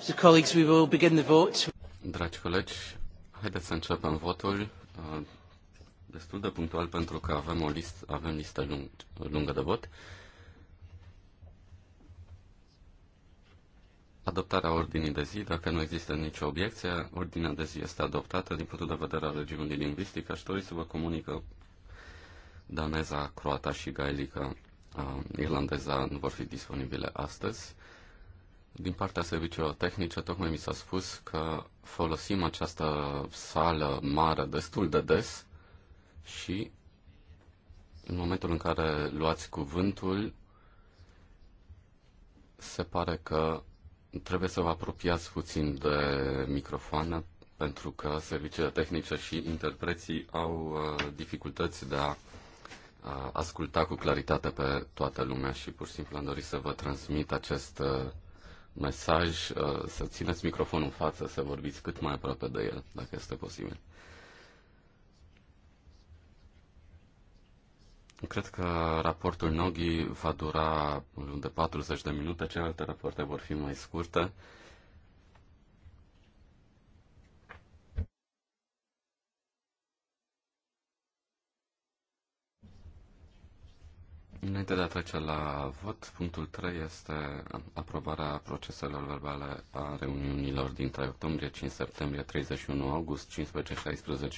So colleagues, we will begin the vote. Dragi colegi, haideți să începem votul uh, destul de punctual pentru că avem o listă, avem listă lung, lungă de vot. Adoptarea ordinii de zi, dacă nu există nicio obiecție, ordinea de zi este adoptată din punctul de vedere al regiunii lingvistice. Aș dori să vă comunică daneza, croata și gaelica, uh, irlandeza nu vor fi disponibile astăzi. Din partea serviciilor tehnice, tocmai mi s-a spus că folosim această sală mare destul de des și în momentul în care luați cuvântul, se pare că trebuie să vă apropiați puțin de microfoane pentru că serviciile tehnice și interpreții au uh, dificultăți de a uh, asculta cu claritate pe toată lumea și pur și simplu am dorit să vă transmit acest uh, mesaj uh, să țineți microfonul în față, să vorbiți cât mai aproape de el, dacă este posibil. Cred că raportul Noghi va dura de 40 de minute, celelalte rapoarte vor fi mai scurte. Înainte de a trece la vot, punctul 3 este aprobarea proceselor verbale a reuniunilor dintre octombrie, 5 septembrie, 31 august,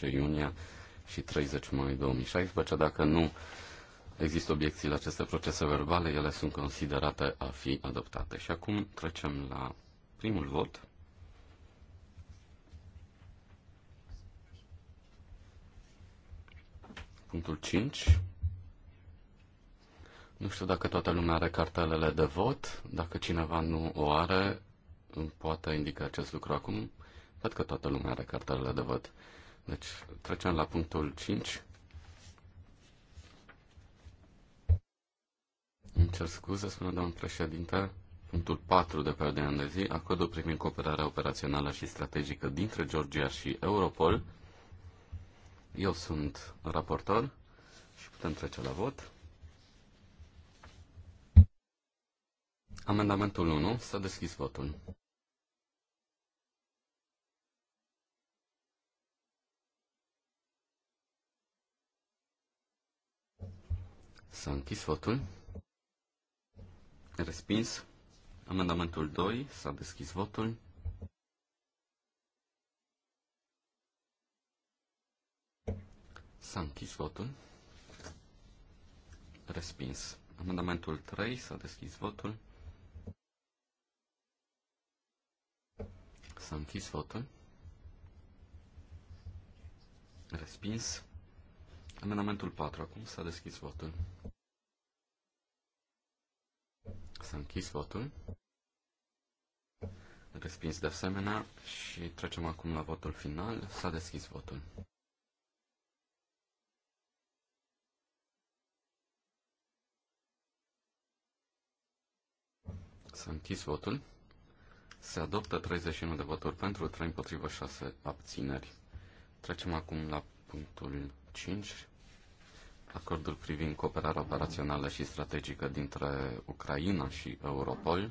15-16 iunie și 30 mai 2016. Dacă nu există obiecții la aceste procese verbale, ele sunt considerate a fi adoptate. Și acum trecem la primul vot. Punctul 5 nu știu dacă toată lumea are cartelele de vot. Dacă cineva nu o are, îmi poate indica acest lucru acum. Văd că toată lumea are cartelele de vot. Deci trecem la punctul 5. Îmi cer scuze, spune domnul președinte. Punctul 4 de pe ordinea de zi, acordul privind cooperarea operațională și strategică dintre Georgia și Europol. Eu sunt raportor și putem trece la vot. Amendamentul 1. S-a deschis votul. S-a închis votul. Respins. Amendamentul 2. S-a deschis votul. S-a închis votul. Respins. Amendamentul 3. S-a deschis votul. S-a închis votul. Respins. Amendamentul 4. Acum s-a deschis votul. S-a închis votul. Respins de asemenea și trecem acum la votul final. S-a deschis votul. S-a închis votul. Se adoptă 31 de voturi pentru, 3 împotrivă, 6 abțineri. Trecem acum la punctul 5. Acordul privind cooperarea operațională și strategică dintre Ucraina și Europol.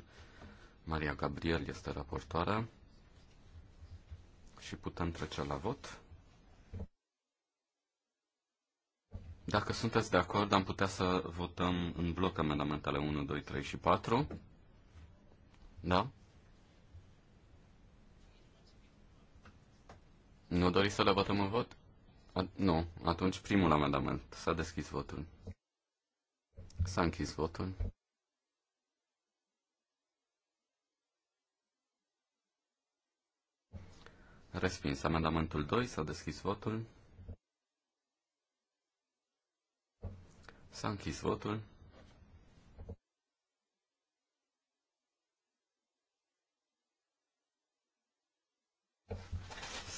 Maria Gabriel este raportoarea și putem trece la vot. Dacă sunteți de acord, am putea să votăm în bloc amendamentele 1, 2, 3 și 4. Da? Nu doriți să le votăm în vot? A, nu. Atunci primul amendament. S-a deschis votul. S-a închis votul. Respins. Amendamentul 2. S-a deschis votul. S-a închis votul.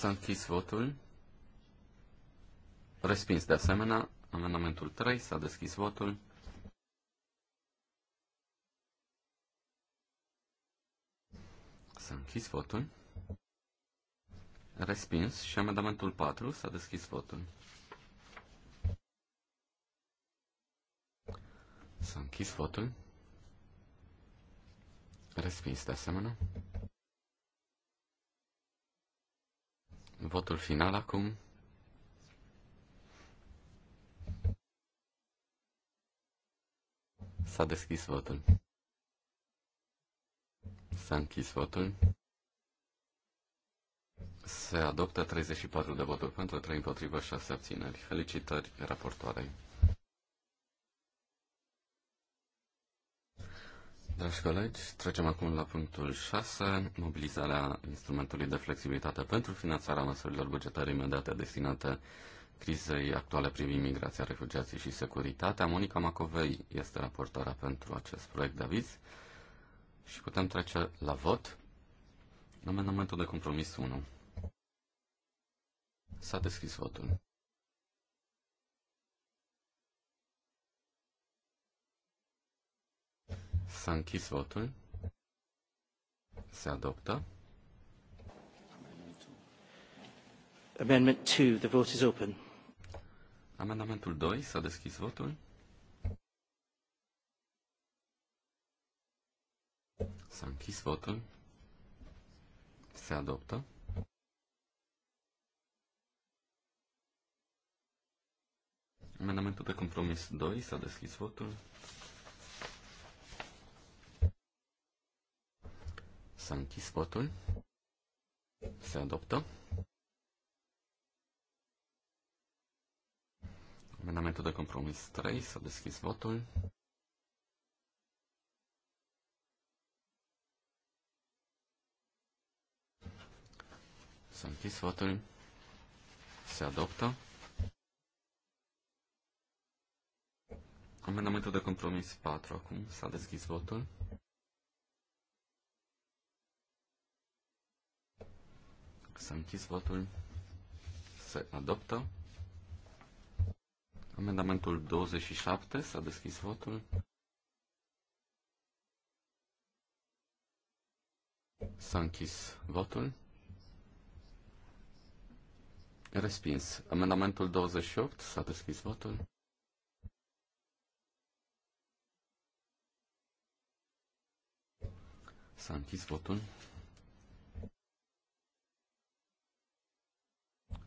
S-a închis votul. Respins de asemenea. Amendamentul 3. S-a deschis votul. S-a închis votul. Respins și amendamentul 4 s-a deschis votul. S-a închis votul. Respins de asemenea. Votul final acum. S-a deschis votul. S-a închis votul. Se adoptă 34 de voturi pentru, 3 împotrivă, 6 abțineri. Felicitări raportoarei. Dragi colegi, trecem acum la punctul 6, mobilizarea instrumentului de flexibilitate pentru finanțarea măsurilor bugetare imediate destinate crizei actuale privind migrația, refugiații și securitatea. Monica Macovei este raportoarea pentru acest proiect de aviz și putem trece la vot. Amendamentul de compromis 1. S-a deschis votul. S-a închis votul. Se adoptă. Amendment 2, the vote is open. Amendamentul 2, s-a deschis votul. S-a închis votul. Se adoptă. Amendamentul pe compromis 2, s-a deschis votul. S-a închis votul. Se adoptă. Amendamentul de compromis 3. S-a deschis votul. S-a închis votul. Se adoptă. Amendamentul de compromis 4 acum. S-a deschis votul. să închis votul. Se adoptă. Amendamentul 27. S-a deschis votul. S-a închis votul. Respins. Amendamentul 28. S-a deschis votul. S-a închis votul.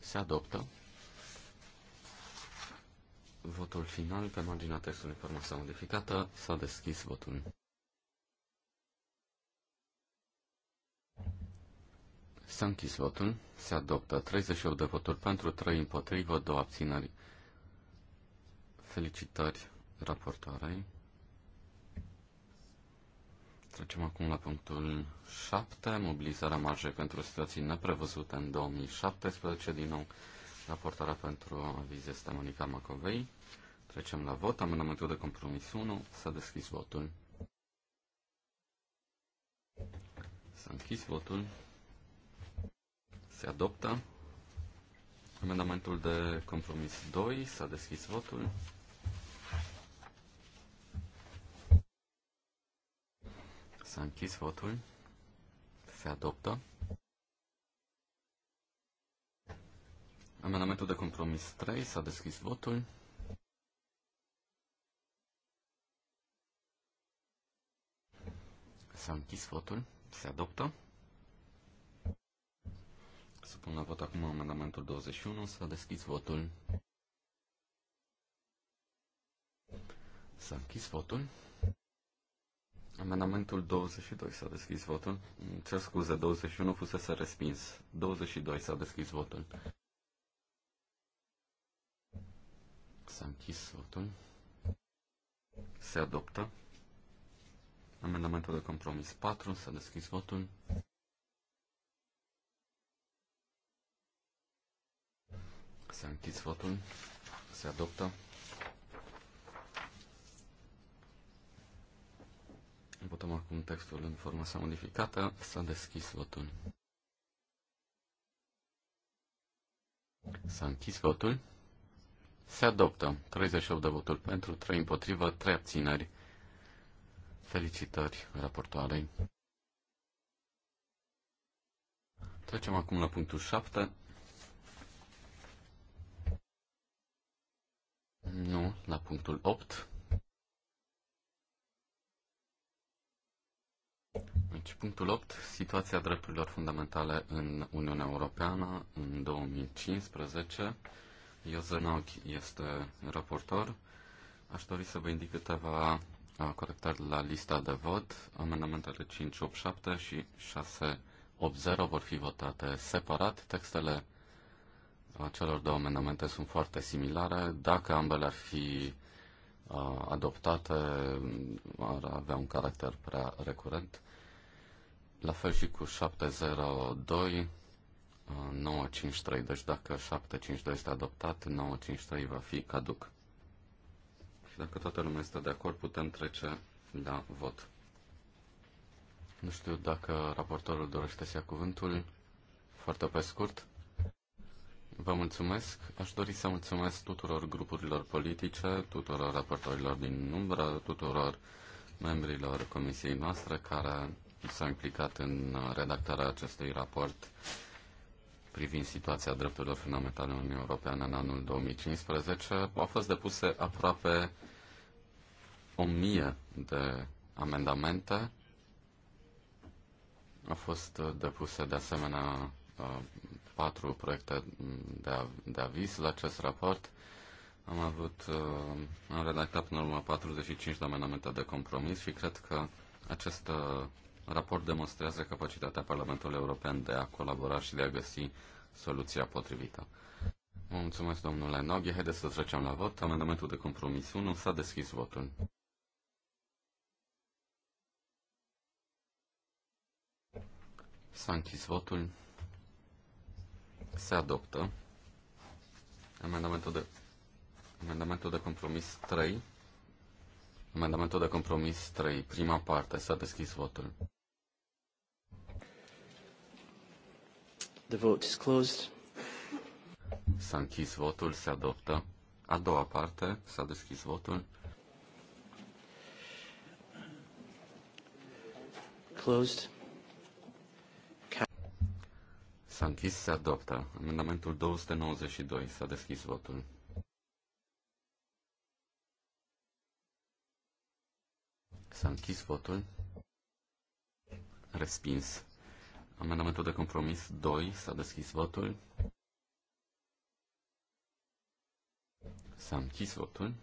Se adoptă. Votul final pe marginea textului informația modificată. S-a deschis votul. S-a închis votul. Se adoptă 38 de voturi pentru, 3 împotrivă, 2 abțineri. Felicitări raportoarei. Trecem acum la punctul 7, mobilizarea marjei pentru situații neprevăzute în 2017, din nou raportarea pentru aviz este Monica Macovei. Trecem la vot, amendamentul de compromis 1, s-a deschis votul. S-a închis votul. Se adoptă. Amendamentul de compromis 2, s-a deschis votul. S-a închis votul. Se adoptă. Amendamentul de compromis 3. S-a deschis votul. S-a închis votul. Se adoptă. pun la vot acum amendamentul 21. S-a deschis votul. S-a închis votul. Amendamentul 22 s-a deschis votul. Ce scuze, 21 fusese respins. 22 s-a deschis votul. S-a închis votul. Se adoptă. Amendamentul de compromis 4 s-a deschis votul. S-a închis votul. Se adoptă. Votăm acum textul în forma sa modificată. S-a deschis votul. S-a închis votul. Se adoptă 38 de voturi pentru, 3 împotrivă, 3 abțineri. Felicitări raportoarei. Trecem acum la punctul 7. Nu, la punctul 8. Deci, punctul 8, situația drepturilor fundamentale în Uniunea Europeană în 2015. Iosef Nauch este raportor. Aș dori să vă indic câteva corectări la lista de vot. Amendamentele 587 și 680 vor fi votate separat. Textele celor două amendamente sunt foarte similare. Dacă ambele ar fi adoptate, ar avea un caracter prea recurent. La fel și cu 702, 953, deci dacă 752 este adoptat, 953 va fi caduc. Și dacă toată lumea este de acord, putem trece la vot. Nu știu dacă raportorul dorește să ia cuvântul foarte pe scurt. Vă mulțumesc. Aș dori să mulțumesc tuturor grupurilor politice, tuturor raportorilor din umbră, tuturor membrilor comisiei noastre care s-a implicat în redactarea acestui raport privind situația drepturilor fundamentale în Uniunea Europeană în anul 2015, au fost depuse aproape o mie de amendamente. Au fost depuse de asemenea patru proiecte de, de aviz la acest raport. Am avut, am redactat până la urmă 45 de amendamente de compromis și cred că acest raport demonstrează capacitatea Parlamentului European de a colabora și de a găsi soluția potrivită. Vă mulțumesc, domnule Noghi. Haideți să trecem la vot. Amendamentul de compromis 1 s-a deschis votul. S-a închis votul. Se adoptă. Amendamentul de, amendamentul de compromis 3. Amendamentul de compromis 3, prima parte, s-a deschis votul. The vote is closed. S-a închis votul, se adoptă. A doua parte, s-a deschis votul. Closed. S-a închis, se adoptă. Amendamentul 292, s-a deschis votul. S-a închis votul. Respins. Amendamentul de compromis 2. S-a deschis votul. S-a închis votul.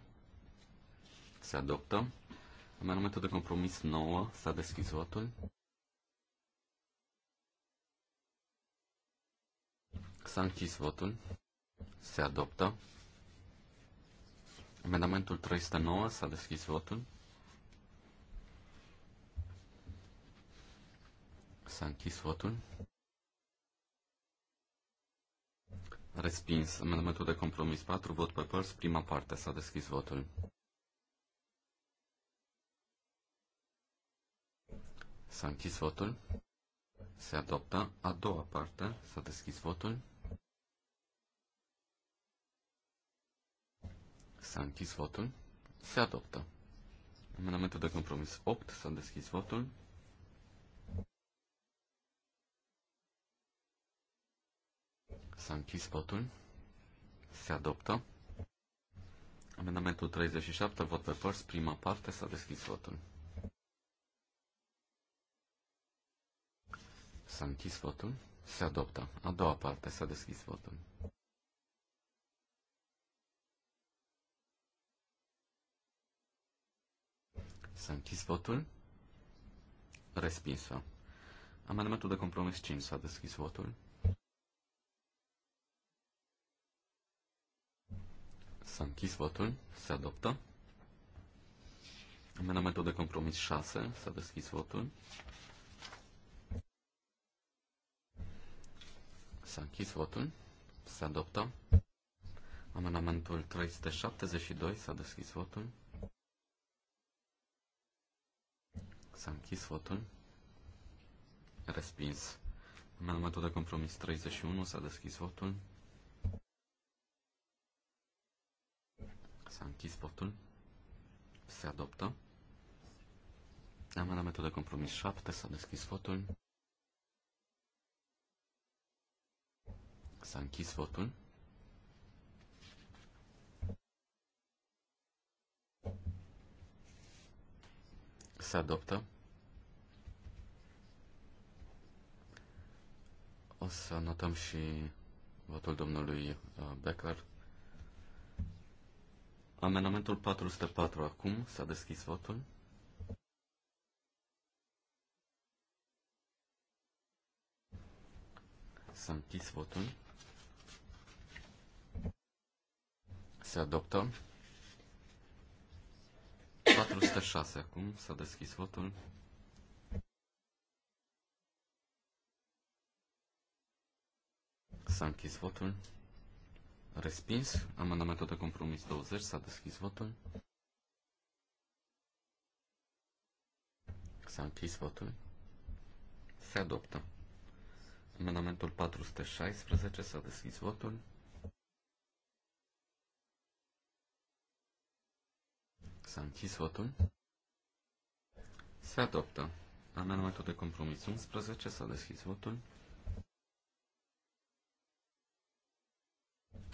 Se adoptă. Amendamentul de compromis 9. S-a deschis votul. S-a închis votul. Se adoptă. Amendamentul 309. S-a deschis votul. S-a închis votul. Respins. Amendamentul de compromis 4, vot pe părți, prima parte. S-a deschis votul. S-a închis votul. Se adoptă. A doua parte. S-a deschis votul. S-a închis votul. Se adoptă. Amendamentul de compromis 8. S-a deschis votul. S-a închis votul. Se adoptă. Amendamentul 37, vot pe părți, prima parte, s-a deschis votul. S-a închis votul. Se adoptă. A doua parte, s-a deschis votul. S-a închis votul. Respinsă. Amendamentul de compromis 5 s-a deschis votul. S-a închis votul. Se adoptă. Amendamentul de compromis 6. S-a deschis votul. S-a închis votul. Se adoptă. Amendamentul 372. S-a deschis votul. S-a închis votul. Respins. Amendamentul de compromis 31. S-a deschis votul. S-a închis votul. Se adoptă. Amendamentul metodă compromis 7. S-a deschis votul. S-a închis votul. Se adoptă. O să notăm și votul domnului uh, Becker Amendamentul 404 acum. S-a deschis votul. S-a închis votul. Se adoptă. 406 acum. S-a deschis votul. S-a închis votul. Respins. Amendamentul de compromis 20. S-a deschis votul. S-a închis votul. Se adoptă. Amendamentul 416. S-a deschis votul. S-a închis votul. Se adoptă. Amendamentul de compromis 11. S-a deschis votul.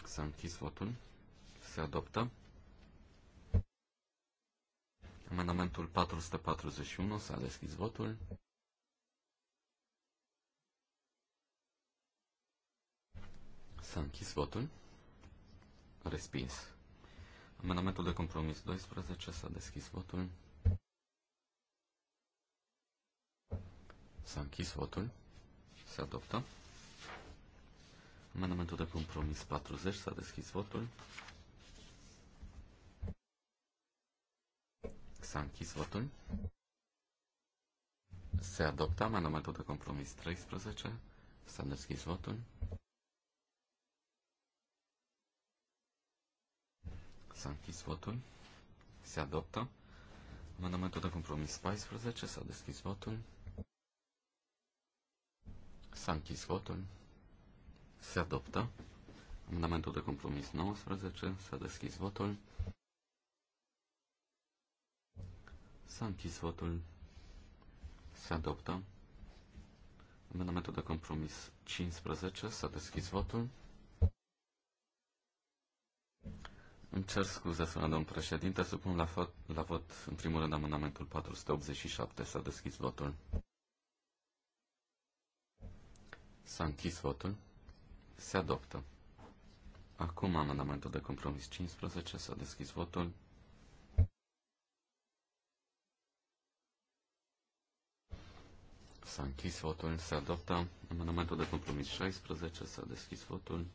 S-a închis votul. Se adoptă. Amendamentul 441. S-a deschis votul. S-a închis votul. Respins. Amendamentul de compromis 12. S-a deschis votul. S-a închis votul. Se adoptă. Amendamentul de compromis 40 s-a deschis votul. S-a închis votul. Se adoptă amendamentul de compromis 13. S-a deschis votul. S-a închis votul. Se adoptă. Amendamentul de compromis 14. S-a deschis votul. S-a închis votul. Se adoptă. Amendamentul de compromis 19. S-a deschis votul. S-a închis votul. Se adoptă. Amendamentul de compromis 15. S-a deschis votul. Îmi cer scuze, sună domn președinte. Supun la, fo- la vot, în primul rând, amendamentul 487. S-a deschis votul. S-a închis votul. Se adoptă. Acum amendamentul de compromis 15. S-a deschis votul. S-a închis votul. Se adoptă. Amendamentul de compromis 16. S-a deschis votul.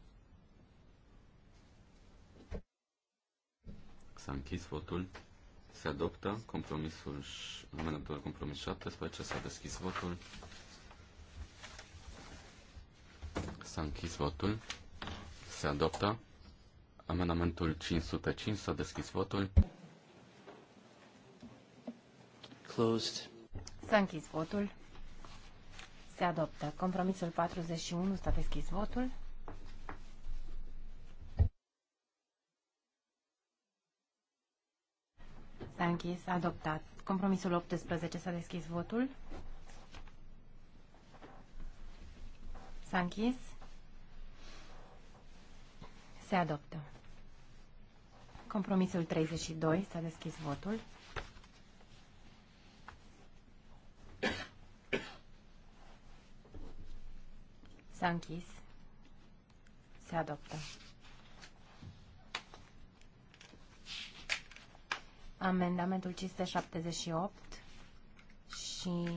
S-a închis votul. Se adoptă. Compromisul, amendamentul de compromis 17. S-a deschis votul. S-a închis votul. Se adoptă. Amendamentul 505 s-a deschis votul. Closed. S-a închis votul. Se adoptă. Compromisul 41 s-a deschis votul. S-a închis. Adoptat. Compromisul 18 s-a deschis votul. S-a închis. Se adoptă. Compromisul 32. S-a deschis votul. S-a închis. Se adoptă. Amendamentul 578 și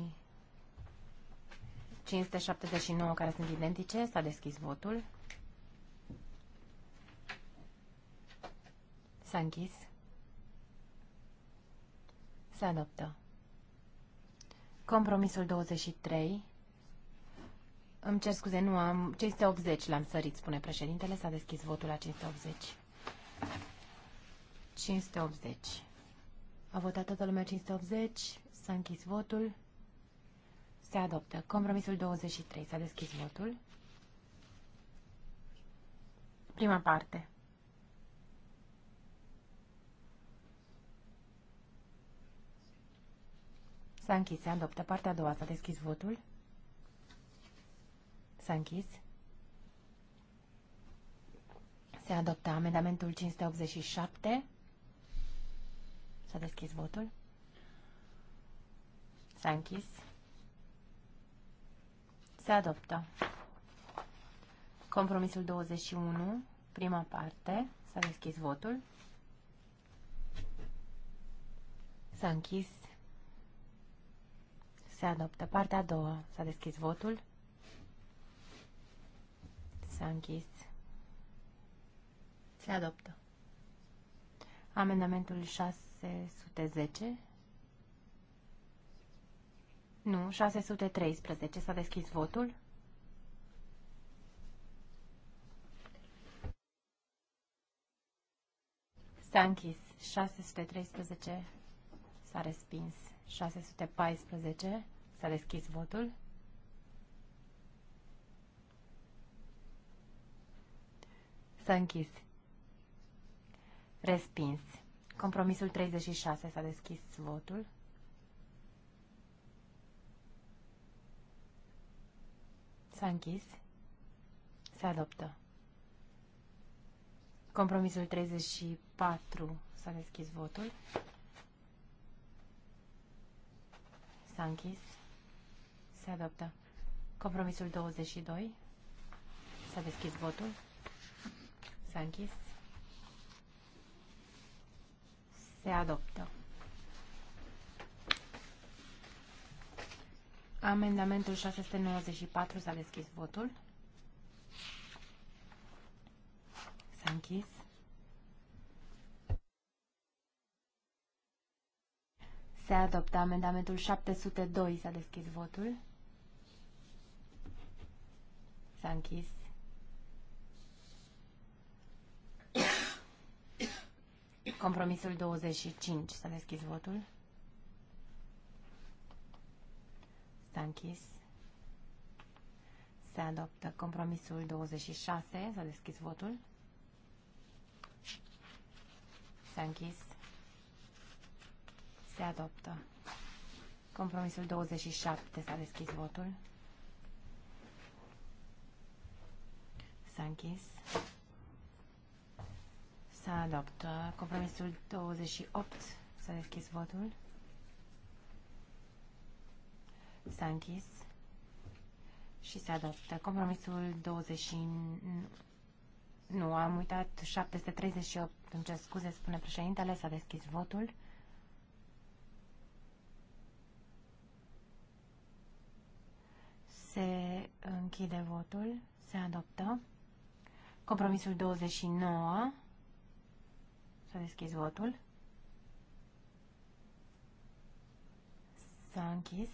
579 care sunt identice. S-a deschis votul. S-a închis. Se adoptă. Compromisul 23. Îmi cer scuze, nu am... 580 l-am sărit, spune președintele. S-a deschis votul la 580. 580. A votat toată lumea 580. S-a închis votul. Se adoptă. Compromisul 23. S-a deschis votul. Prima parte. S-a închis, se adoptă. Partea a doua, s-a deschis votul. S-a închis. Se adoptă amendamentul 587. S-a deschis votul. S-a închis. Se adoptă. Compromisul 21, prima parte, s-a deschis votul. S-a închis. Se adoptă. Partea a doua. S-a deschis votul. S-a închis. Se adoptă. Amendamentul 610. Nu, 613. S-a deschis votul. S-a închis. 613 s-a respins. 614. S-a deschis votul. S-a închis. Respins. Compromisul 36. S-a deschis votul. S-a închis. Se adoptă. Compromisul 34. S-a deschis votul. S-a închis. Se adoptă. Compromisul 22. S-a deschis votul. S-a închis. Se adoptă. Amendamentul 694 s-a deschis votul. S-a închis. Se adoptă amendamentul 702. S-a deschis votul. S-a închis. Compromisul 25. S-a deschis votul. S-a închis. Se adoptă compromisul 26. S-a deschis votul. S-a închis. Se adoptă. Compromisul 27 s-a deschis votul. S-a închis. S-a adoptă. Compromisul 28 s-a deschis votul. S-a închis. Și se adoptă. Compromisul 29 Nu, am uitat 738. Îmi cer scuze, spune președintele. S-a deschis votul. închide votul, se adoptă. Compromisul 29, s-a deschis votul. S-a închis,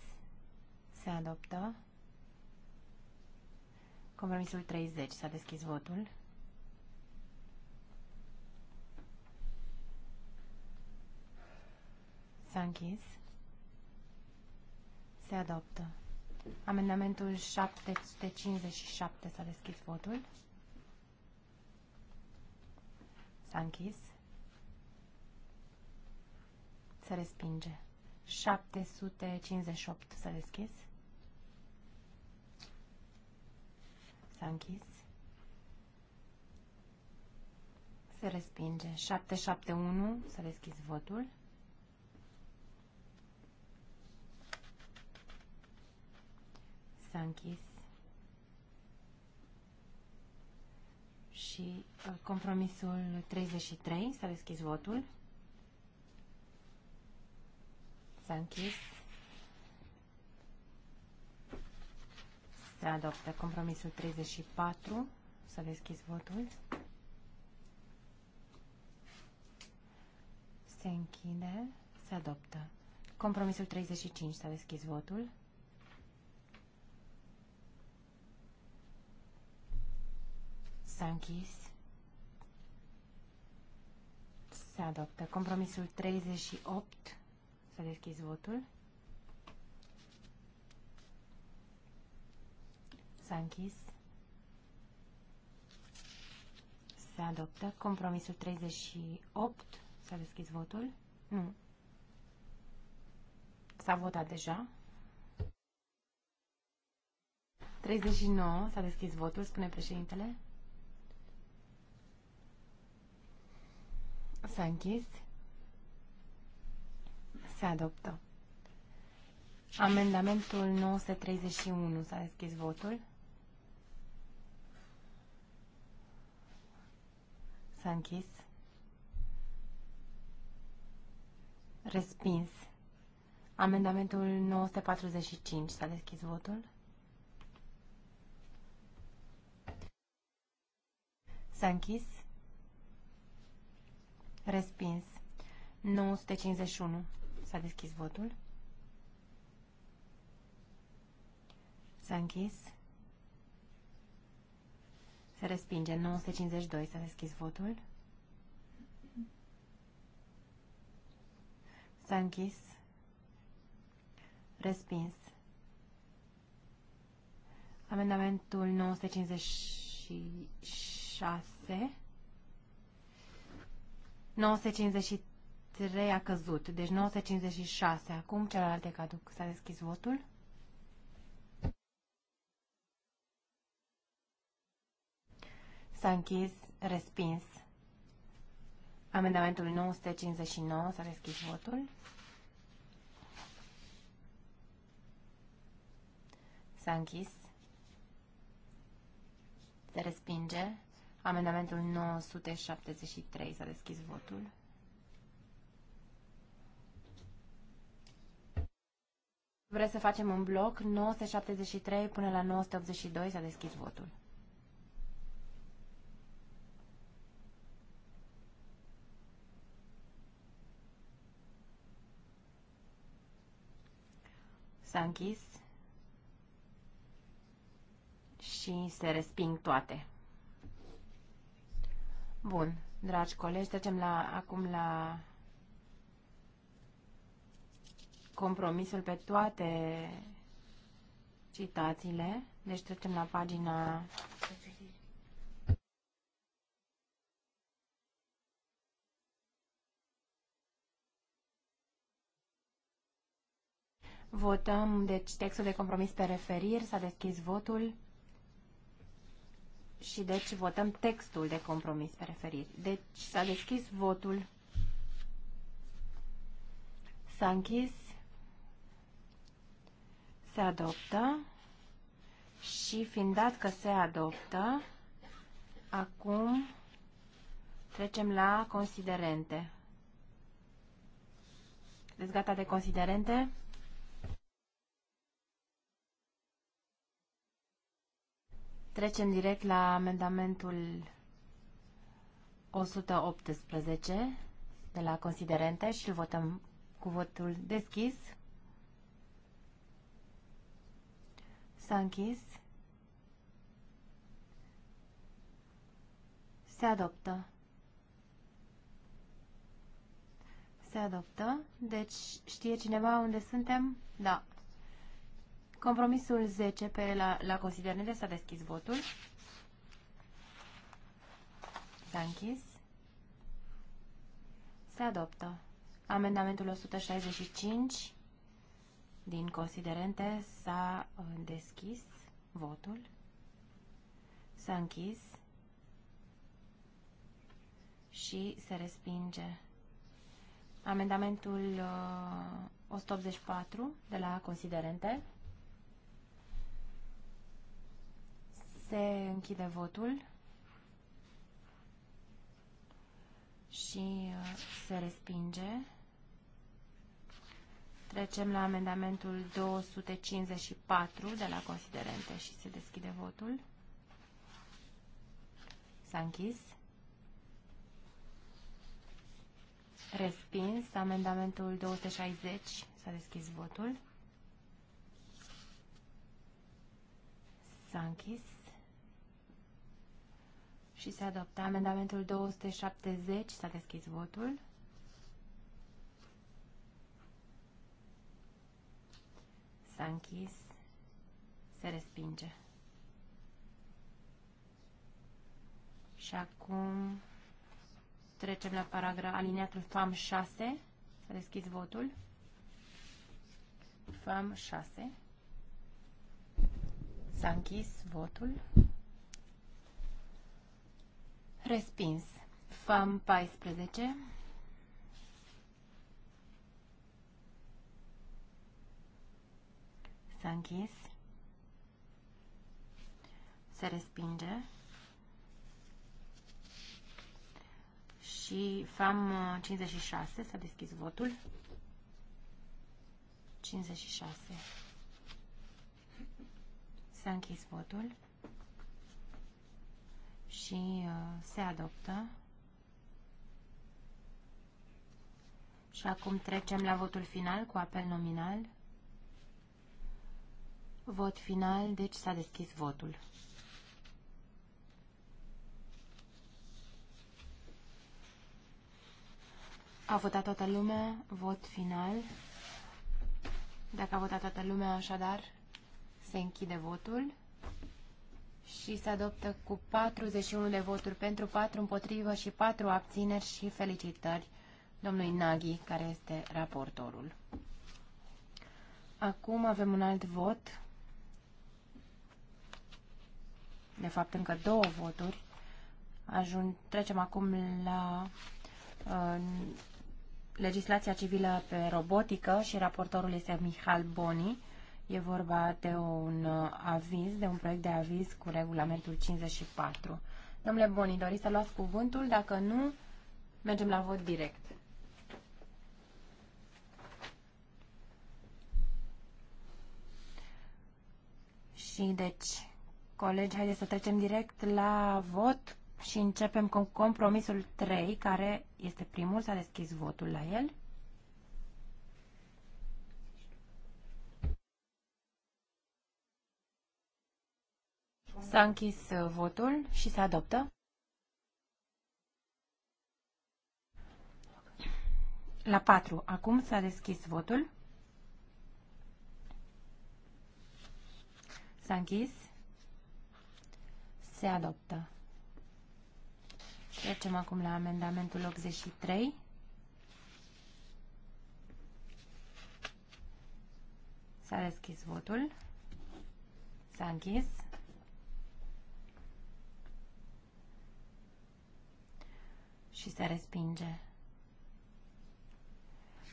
se adoptă. Compromisul 30, s-a deschis votul. S-a închis. Se adoptă. Amendamentul 757 s-a deschis votul. S-a închis. Se respinge. 758 s-a deschis. S-a închis. Se respinge. 771 s-a deschis votul. s-a închis. Și uh, compromisul 33, s-a deschis votul. S-a închis. Se adoptă compromisul 34, s-a deschis votul. Se închide, se adoptă. Compromisul 35, s-a deschis votul. S-a închis. Se adoptă. Compromisul 38. Să deschizi votul. S-a închis. Se adoptă. Compromisul 38. S-a deschis votul. Nu. S-a votat deja. 39. S-a deschis votul, spune președintele. S-a închis. Se adoptă. Amendamentul 931. S-a deschis votul. S-a închis. Respins. Amendamentul 945. S-a deschis votul. S-a închis. Respins. 951. S-a deschis votul. S-a închis. Se respinge. 952. S-a deschis votul. S-a închis. Respins. Amendamentul 956 953 a căzut, deci 956. Acum celelalte caduc. S-a deschis votul. S-a închis, respins. Amendamentul 959 s-a deschis votul. S-a închis. Se respinge. Amendamentul 973. S-a deschis votul. Vreți să facem un bloc? 973 până la 982 s-a deschis votul. S-a închis și se resping toate. Bun, dragi colegi, trecem la, acum la compromisul pe toate citațiile. Deci trecem la pagina... Votăm, deci, textul de compromis pe referir S-a deschis votul și deci votăm textul de compromis pe referiri. Deci s-a deschis votul. S-a închis. Se adoptă. Și fiind dat că se adoptă, acum trecem la considerente. Deci gata de considerente? Trecem direct la amendamentul 118 de la considerente și îl votăm cu votul deschis. S-a închis. Se adoptă. Se adoptă. Deci știe cineva unde suntem? Da. Compromisul 10 pe la, la considerente s-a deschis votul. S-a închis. Se adoptă. Amendamentul 165 din considerente s-a uh, deschis votul. S-a închis și se respinge. Amendamentul 184 uh, de la considerente Se închide votul și uh, se respinge. Trecem la amendamentul 254 de la considerente și se deschide votul. S-a închis. Respins amendamentul 260. S-a deschis votul. S-a închis și se adoptă. Amendamentul 270 s-a deschis votul. S-a închis. Se respinge. Și acum trecem la paragraf aliniatul FAM 6. Să deschid votul. FAM 6. S-a închis votul. Respins. FAM 14. S-a închis. Se respinge. Și FAM 56. Uh, S-a deschis votul. 56. S-a închis votul și uh, se adoptă. Și acum trecem la votul final cu apel nominal. Vot final, deci s-a deschis votul. A votat toată lumea, vot final. Dacă a votat toată lumea, așadar, se închide votul și se adoptă cu 41 de voturi pentru, 4 împotrivă și 4 abțineri și felicitări domnului Naghi, care este raportorul. Acum avem un alt vot. De fapt, încă două voturi. Ajung, trecem acum la uh, legislația civilă pe robotică și raportorul este Mihal Boni. E vorba de un uh, aviz, de un proiect de aviz cu regulamentul 54. Domnule Boni, doriți să luați cuvântul? Dacă nu, mergem la vot direct. Și deci, colegi, haideți să trecem direct la vot și începem cu compromisul 3, care este primul, s-a deschis votul la el. S-a închis uh, votul și se adoptă. La 4. Acum s-a deschis votul. S-a închis. Se adoptă. Trecem acum la amendamentul 83. S-a deschis votul. S-a închis. și se respinge.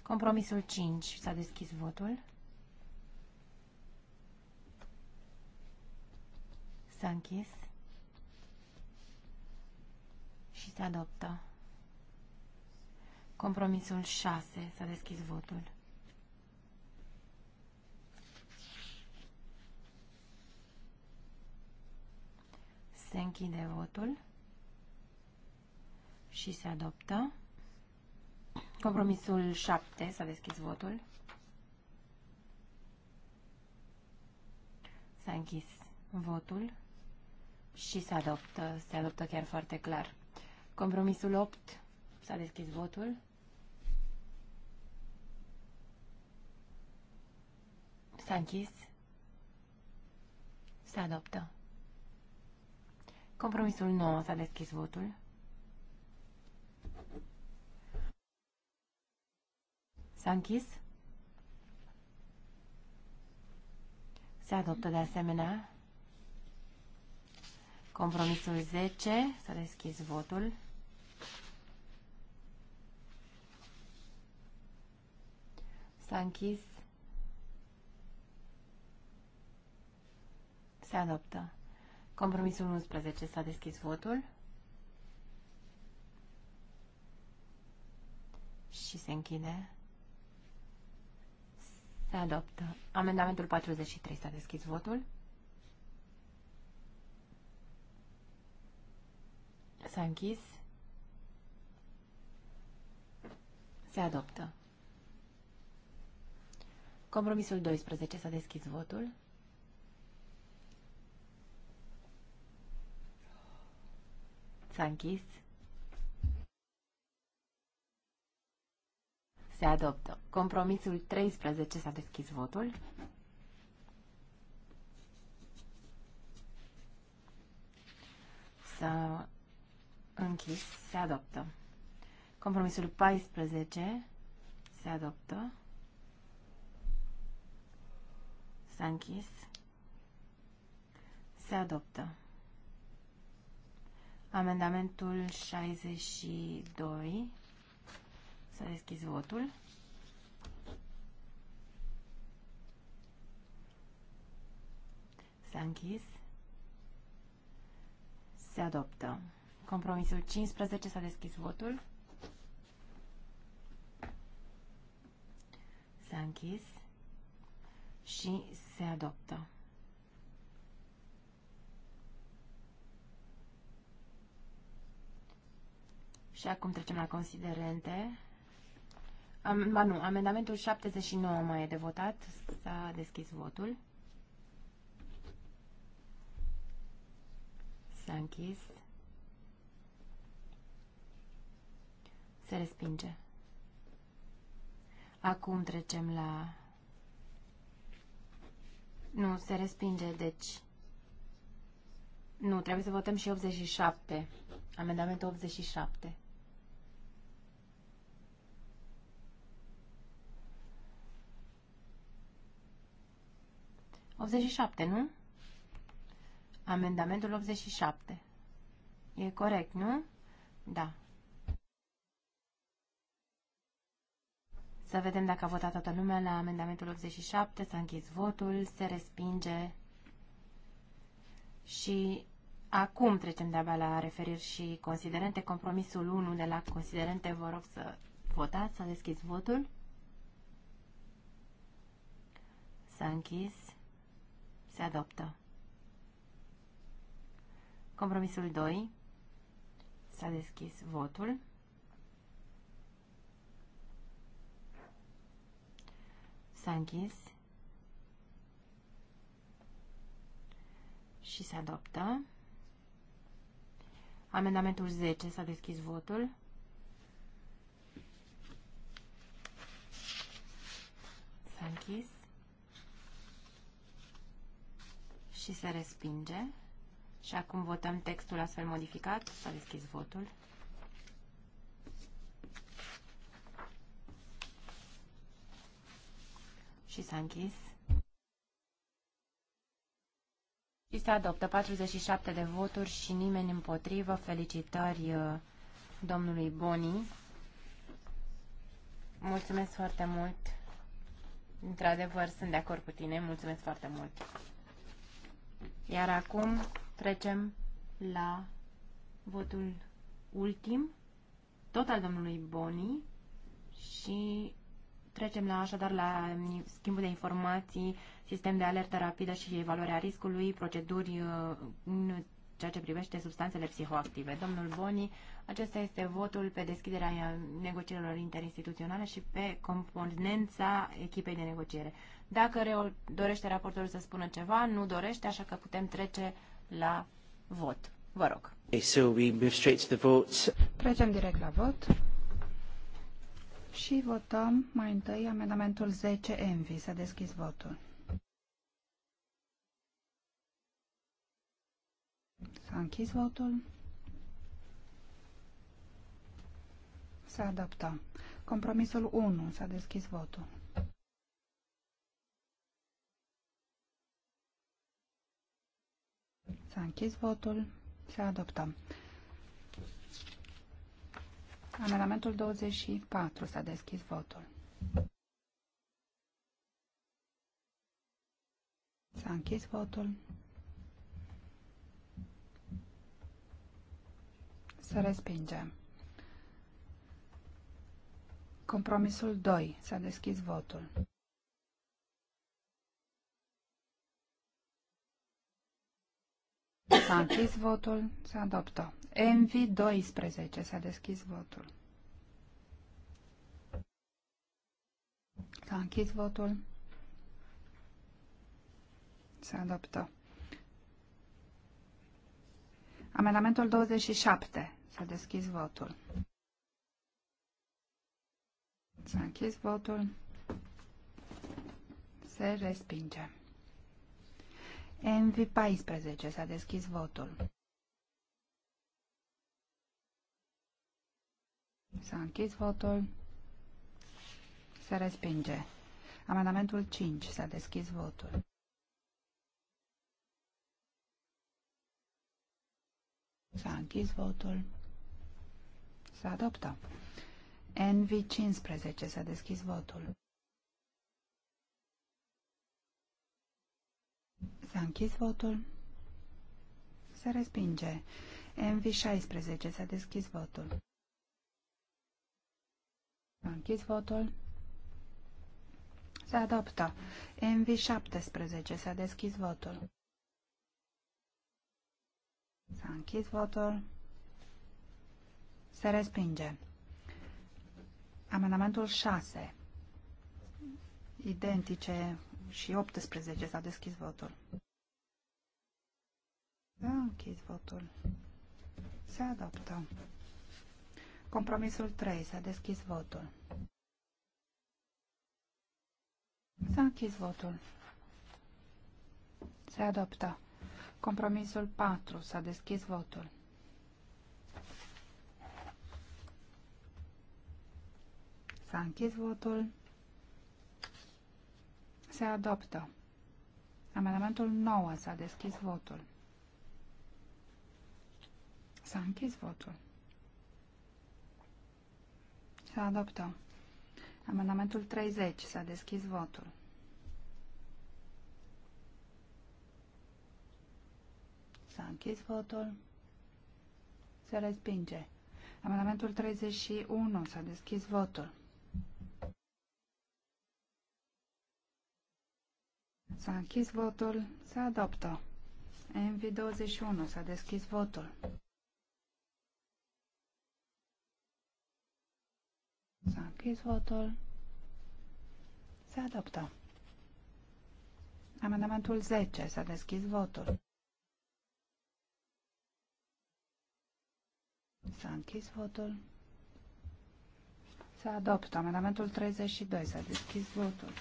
Compromisul 5. S-a deschis votul. S-a închis. Și se adoptă. Compromisul 6. S-a deschis votul. Se închide votul și se adoptă. Compromisul 7, s-a deschis votul. S-a închis votul și se adoptă, se adoptă chiar foarte clar. Compromisul 8, s-a deschis votul. S-a închis. Se adoptă. Compromisul 9 s-a deschis votul. S-a închis. Se adoptă de asemenea compromisul 10. S-a deschis votul. S-a închis. Se adoptă. Compromisul 11. S-a deschis votul. Și se închide. Se adoptă. Amendamentul 43. S-a deschis votul. S-a închis. Se adoptă. Compromisul 12. S-a deschis votul. S-a închis. Se adoptă. Compromisul 13 s-a deschis votul. S-a închis. Se adoptă. Compromisul 14 se adoptă. S-a închis. Se adoptă. Amendamentul 62 să deschizi votul. S-a închis. Se adoptă. Compromisul 15 s-a deschis votul. S-a închis și se adoptă. Și acum trecem la considerente. Am, ba nu, amendamentul 79 mai e de votat. S-a deschis votul. S-a închis. Se respinge. Acum trecem la... Nu, se respinge, deci... Nu, trebuie să votăm și 87. Amendamentul 87. 87, nu? Amendamentul 87. E corect, nu? Da. Să vedem dacă a votat toată lumea la amendamentul 87, s-a închis votul, se respinge și acum trecem de-abia la referiri și considerente. Compromisul 1 de la considerente, vă rog să votați, să deschis votul. S-a închis se adoptă. Compromisul 2. S-a deschis votul. S-a închis. Și se adoptă. Amendamentul 10. S-a deschis votul. S-a închis. și se respinge. Și acum votăm textul astfel modificat. S-a deschis votul. Și s-a închis. Și se adoptă 47 de voturi și nimeni împotrivă. Felicitări uh, domnului Boni. Mulțumesc foarte mult. Într-adevăr, sunt de acord cu tine. Mulțumesc foarte mult. Iar acum trecem la votul ultim, tot al domnului Boni și trecem la așadar la schimbul de informații, sistem de alertă rapidă și evaluarea riscului, proceduri uh, în ceea ce privește substanțele psihoactive. Domnul Boni, acesta este votul pe deschiderea negocierilor interinstituționale și pe componența echipei de negociere. Dacă dorește raportorul să spună ceva, nu dorește, așa că putem trece la vot. Vă rog. Okay, so we move straight to the votes. Trecem direct la vot. Și votăm mai întâi amendamentul 10 Envi. Să deschis votul. S-a închis votul. Se adoptă. Compromisul 1. S-a deschis votul. S-a închis votul. Se adoptă. Amendamentul 24. S-a deschis votul. S-a închis votul. se respinge. Compromisul 2. S-a deschis votul. S-a închis votul, se adoptă. Envi 12, s-a deschis votul. S-a închis votul, se adoptă. Amendamentul 27, S-a deschis votul. S-a închis votul. Se respinge. MV14. S-a deschis votul. S-a închis votul. Se respinge. Amendamentul 5. S-a deschis votul. S-a închis votul. Se adoptă. NV 15. S-a deschis votul. S-a închis votul. Se respinge. NV 16. S-a deschis votul. S-a închis votul. Se adoptă. NV 17. S-a deschis votul. S-a închis votul. Se respinge. Amendamentul 6. Identice și 18 s-a deschis votul. S-a închis votul. Se adoptă. Compromisul 3. S-a deschis votul. S-a închis votul. Se adoptă. Compromisul 4. S-a deschis votul. S-a închis votul. Se adoptă. Amendamentul 9. S-a deschis votul. S-a închis votul. Se adoptă. Amendamentul 30. S-a deschis votul. S-a închis votul. Se respinge. Amendamentul 31. S-a deschis votul. S-a închis votul. Se adoptă. MV21. S-a deschis votul. S-a închis votul. Se adoptă. Amendamentul 10. S-a deschis votul. S-a închis votul. Se adoptă. Amendamentul 32. S-a deschis votul.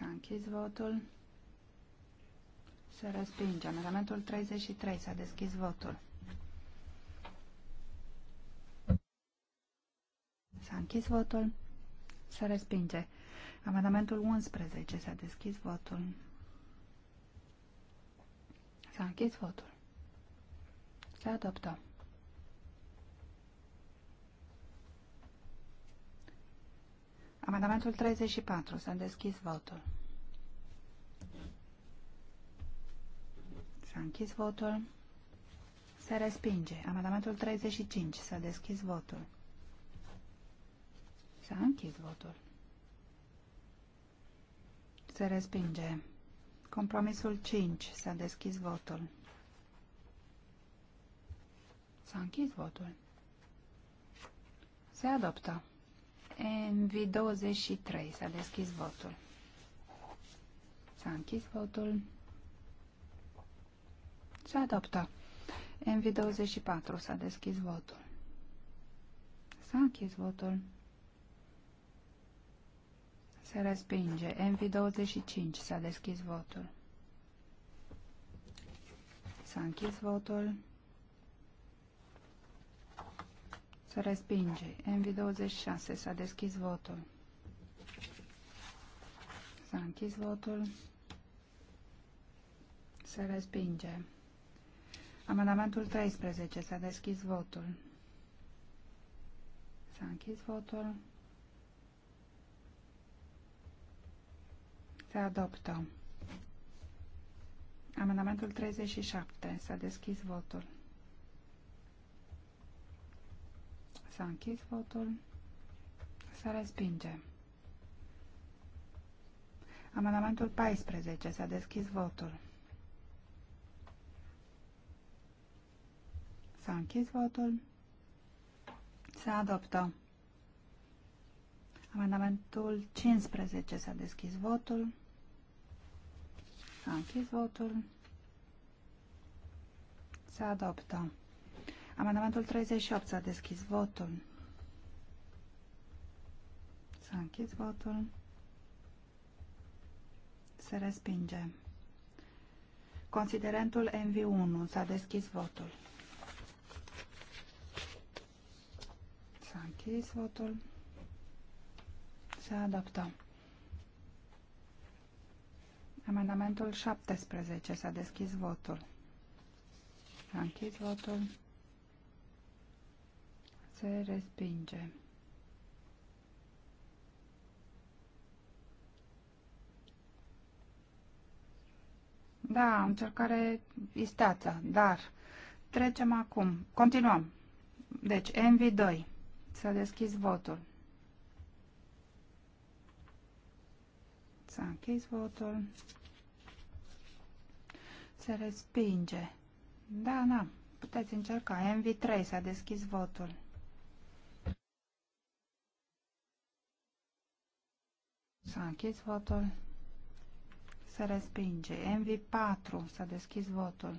Să închis votul. Se respinge. Amendamentul 33. S-a deschis votul. S-a închis votul. Se respinge. Amendamentul 11. S-a deschis votul. S-a închis votul. Se adoptă. Amendamentul 34. S-a deschis votul. S-a închis votul. Se respinge. Amendamentul 35. S-a deschis votul. S-a închis votul. Se respinge. Compromisul 5. S-a deschis votul. S-a închis votul. Se adoptă. NV23. S-a deschis votul. S-a închis votul. Se adoptă. NV24. S-a deschis votul. S-a închis votul. Se respinge. NV25. S-a deschis votul. S-a închis votul. Se respinge. MV26. S-a deschis votul. S-a închis votul. Se respinge. Amendamentul 13. S-a deschis votul. S-a închis votul. Se adoptă. Amendamentul 37. S-a deschis votul. S-a închis votul. s respinge. Amendamentul 14. S-a deschis votul. S-a închis votul. Se adoptă. Amendamentul 15. S-a deschis votul. S-a închis votul. Se adoptă. Amendamentul 38. S-a deschis votul. S-a închis votul. Se respinge. Considerentul MV1. S-a deschis votul. S-a închis votul. Se adoptă. Amendamentul 17. S-a deschis votul. S-a închis votul se respinge. Da, încercare isteață, dar trecem acum. Continuăm. Deci, NV2. Să deschizi votul. să închizi votul. Se respinge. Da, da, puteți încerca. NV3 să deschizi deschis votul. S-a închis votul. Se respinge. MV4. S-a deschis votul.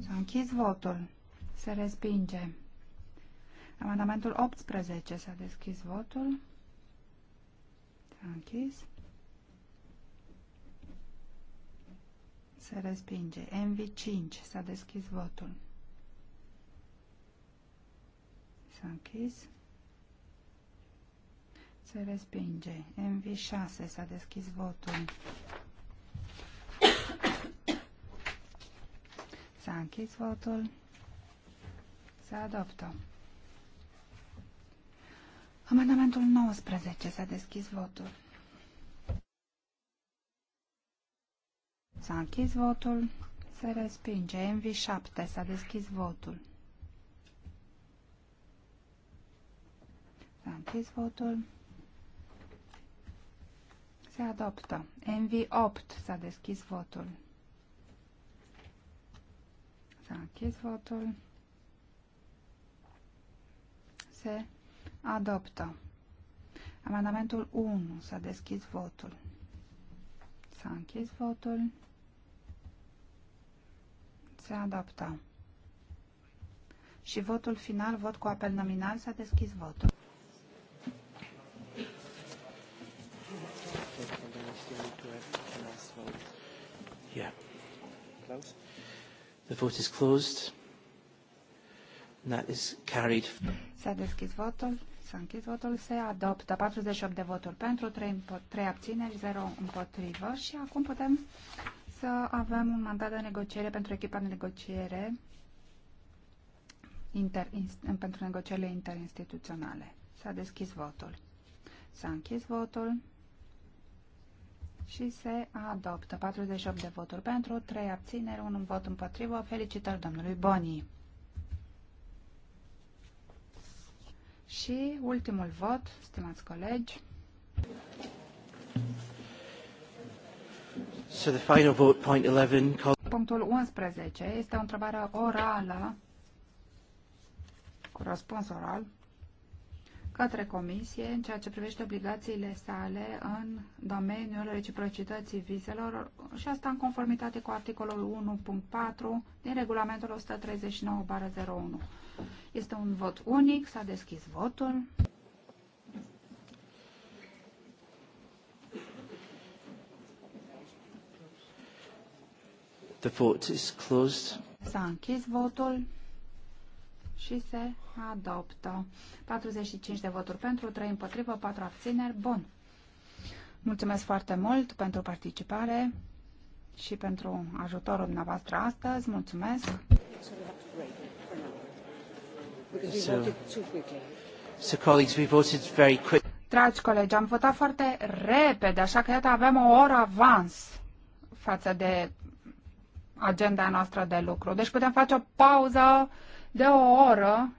S-a închis votul. Se respinge. Amendamentul 18. S-a deschis votul. S-a închis. Se respinge. MV5. S-a deschis votul. S-a închis. Se respinge. MV6. S-a deschis votul. S-a închis votul. Se adoptă. Amendamentul 19. S-a deschis votul. S-a închis votul. Se respinge. MV7. S-a deschis votul. s votul. Se adoptă. NV8. S-a deschis votul. S-a închis votul. Se adoptă. Amendamentul 1. S-a deschis votul. S-a închis votul. Se adoptă. Și votul final, vot cu apel nominal, s-a deschis votul. Yeah. Closed. The vote is closed. And that is carried. S-a deschis votul, s-a închis votul, se adoptă 48 de voturi pentru, 3, 3 abțineri, 0 împotrivă și acum putem să avem un mandat de negociere pentru echipa de negociere inter, in, pentru negocierile interinstituționale. S-a deschis votul. S-a închis votul și se adoptă. 48 de voturi pentru, 3 abțineri, 1 vot împotrivă. Felicitări domnului Boni. Și ultimul vot, stimați colegi. So the final vote, point 11, Punctul 11 este o întrebare orală cu răspuns oral către Comisie în ceea ce privește obligațiile sale în domeniul reciprocității vizelor și asta în conformitate cu articolul 1.4 din regulamentul 139-01. Este un vot unic, s-a deschis votul. The vote is closed. S-a închis votul și se adoptă. 45 de voturi pentru, 3 împotrivă, 4 abțineri. Bun. Mulțumesc foarte mult pentru participare și pentru ajutorul dumneavoastră astăzi. Mulțumesc. So, so colleagues, we voted very Dragi colegi, am votat foarte repede, așa că iată avem o oră avans față de agenda noastră de lucru. Deci putem face o pauză de o oră.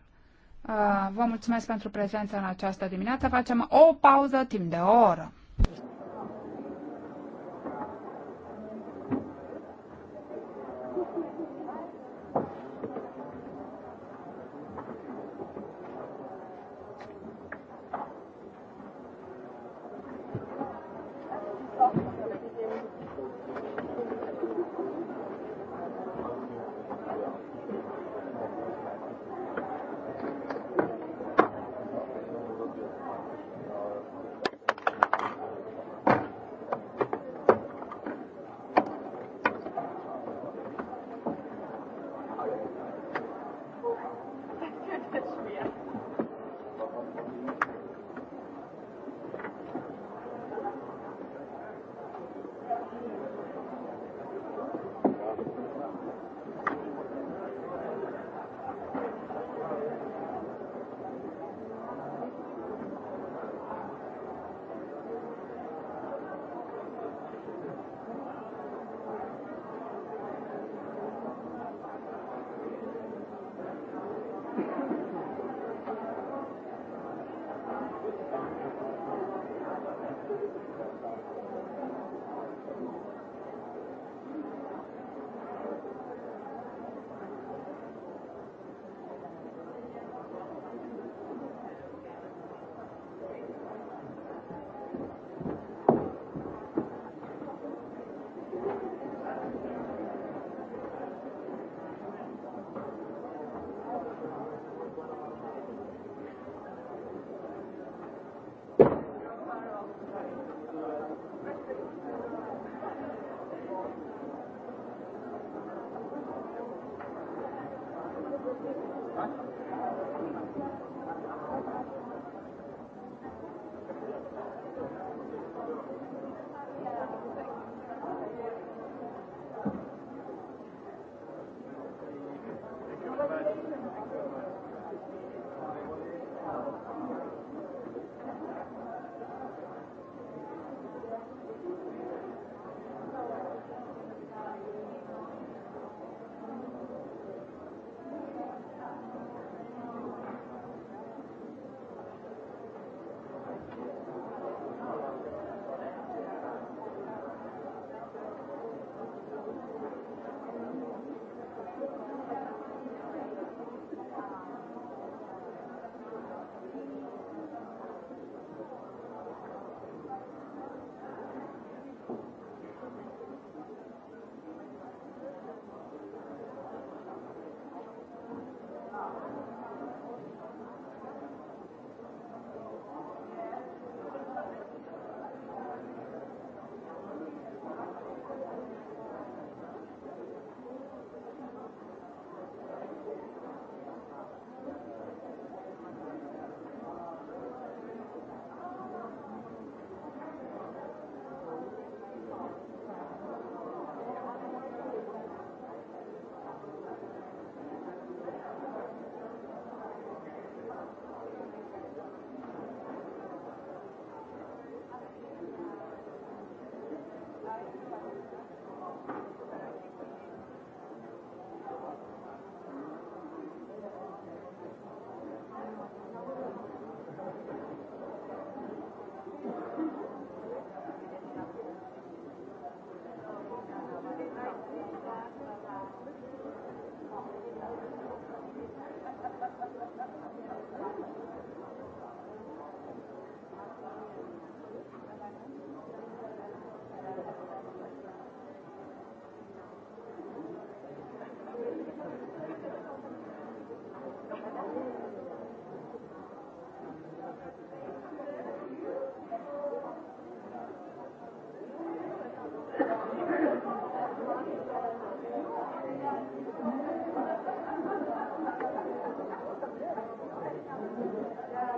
Uh, vă mulțumesc pentru prezența în această dimineață. Facem o pauză timp de o oră.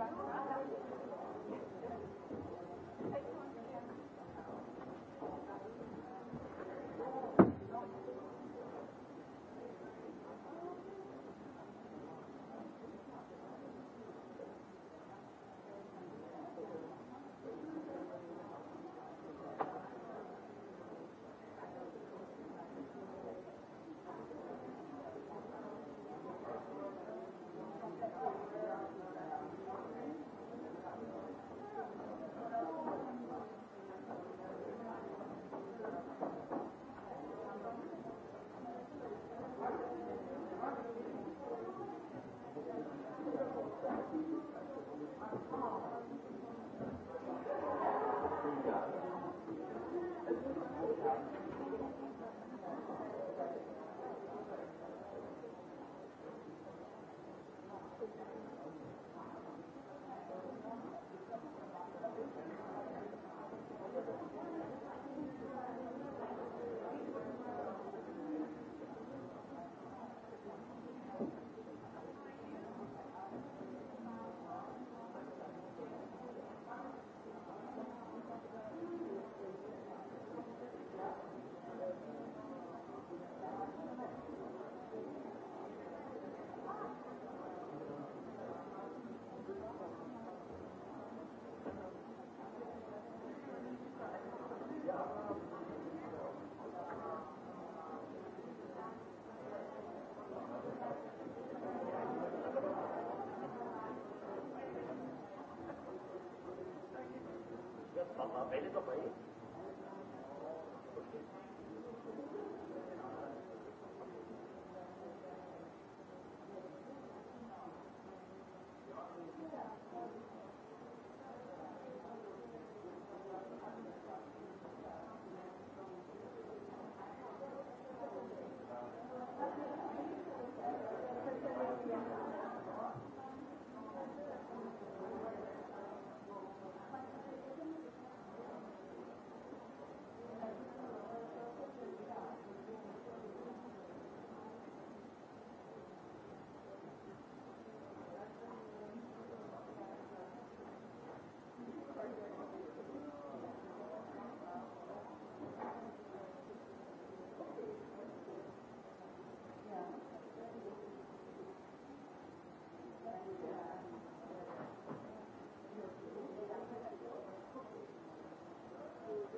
Right. Thank you. Available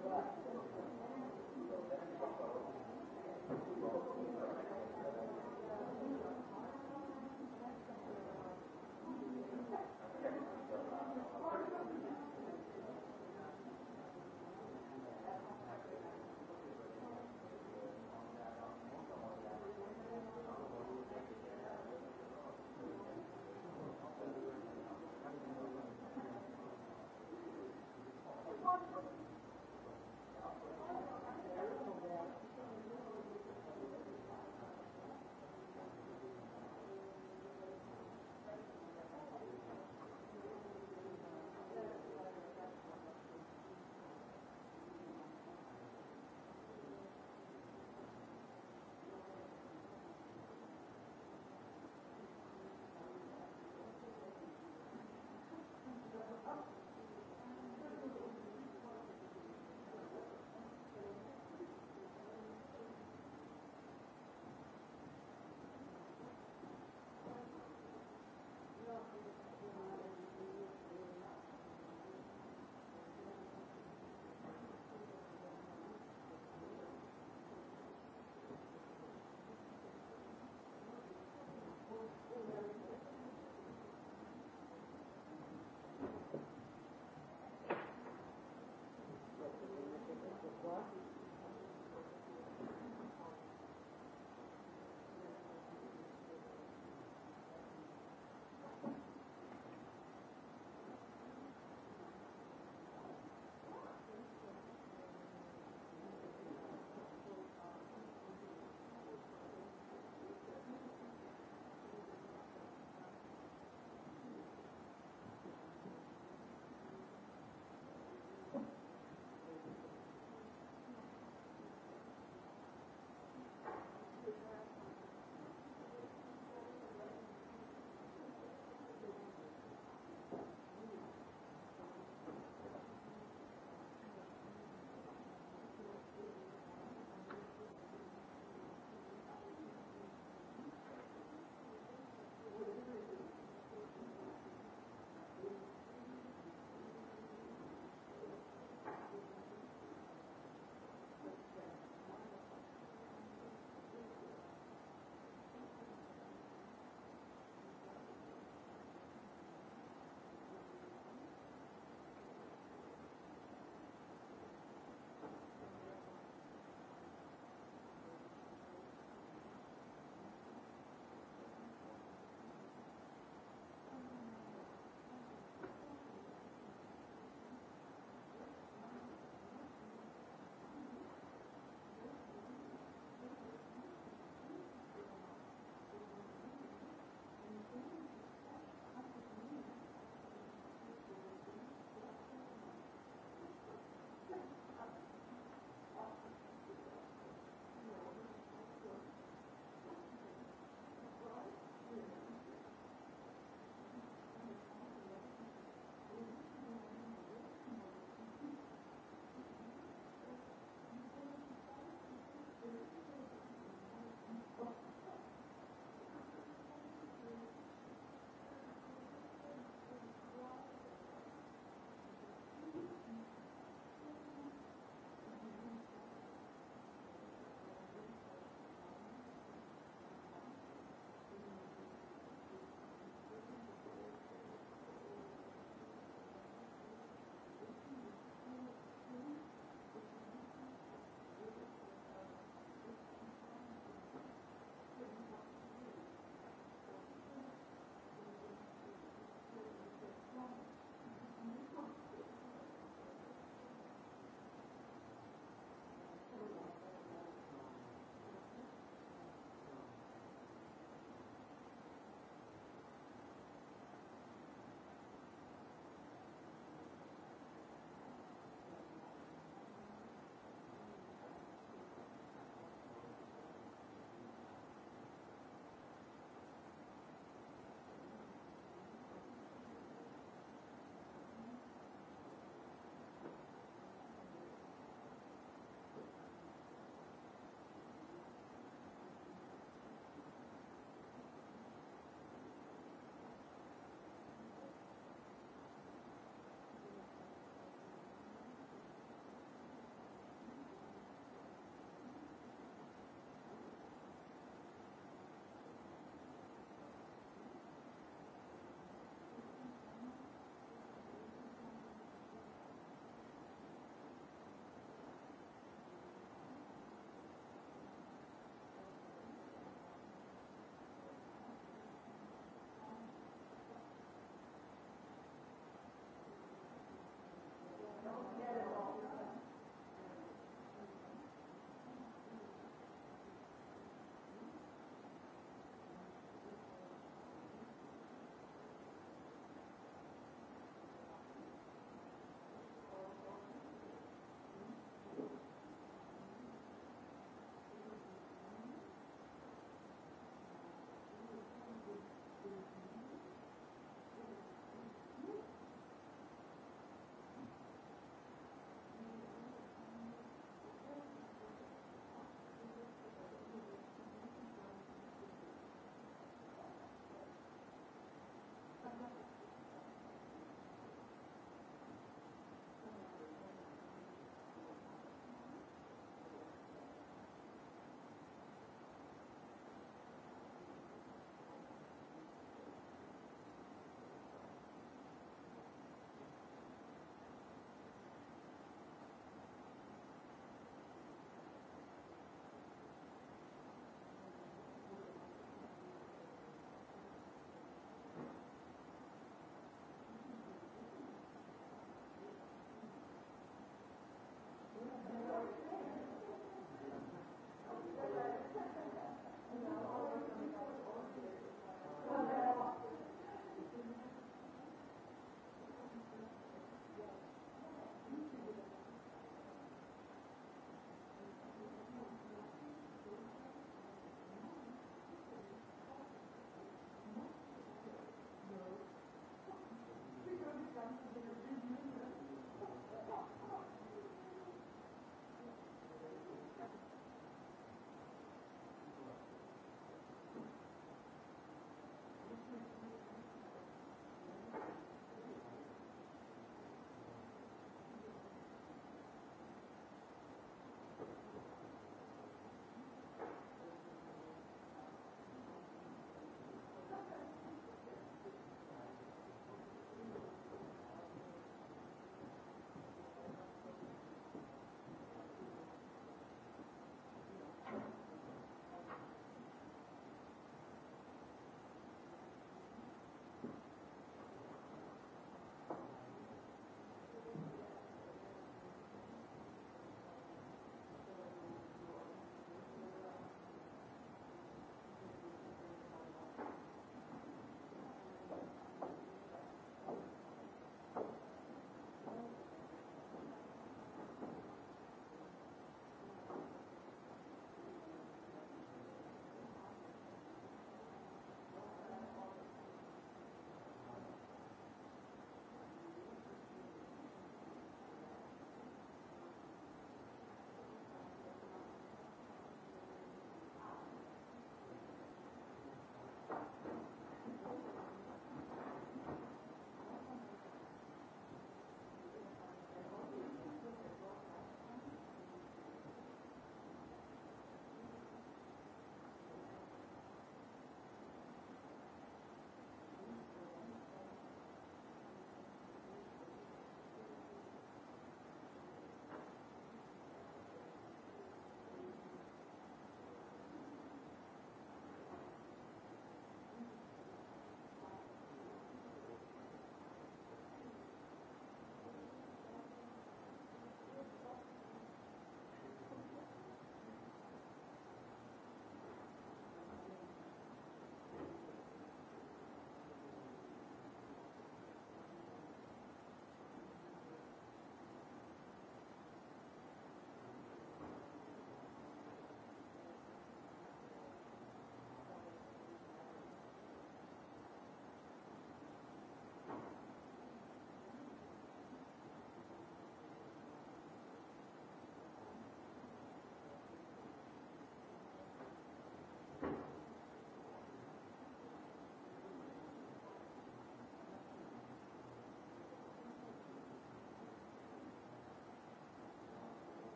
Thank you.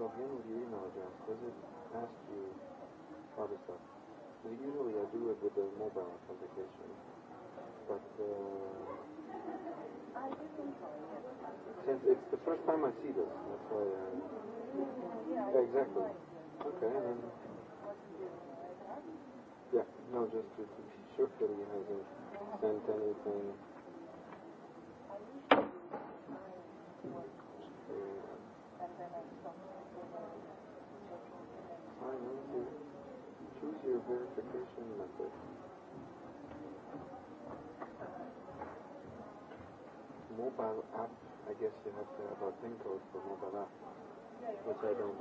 log in with your email address. Does it ask you other stuff? So usually I do it with the mobile authentication, but uh, since it's the first time I see this, that's why. I, uh, yeah, exactly. Okay. Then, yeah. No, just to be sure that he hasn't sent anything. Thank you. Finally, choose your verification method. Mobile app, I guess you have to have a PIN code for mobile app, which I don't.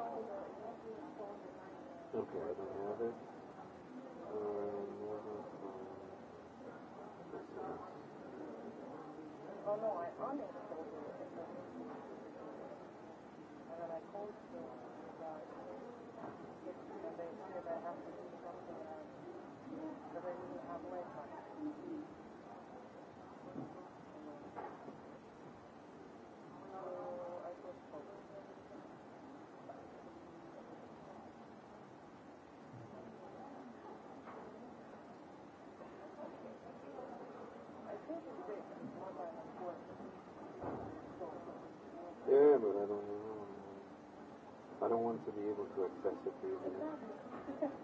Okay, I don't have it. Uh, oh no, I on it that I called them about it, and they said I have to do something else, that I didn't have leg money. sensitive. And,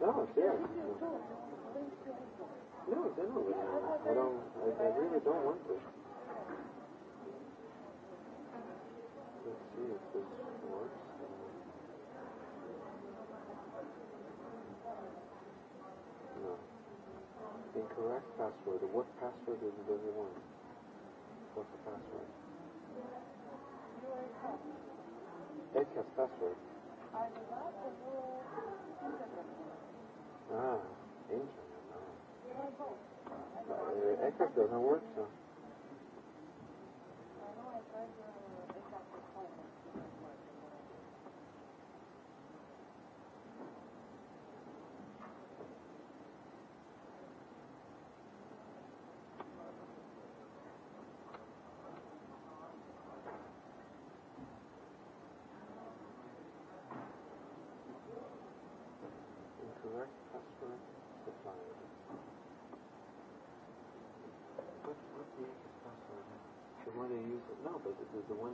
no, sure. No, generally, I don't. I, I really don't want to. Let's see if this works. No. Incorrect password. What password is it does it want? What's the password? Edcast password. Ah, ancient. No. Echo doesn't work, so. I know, I tried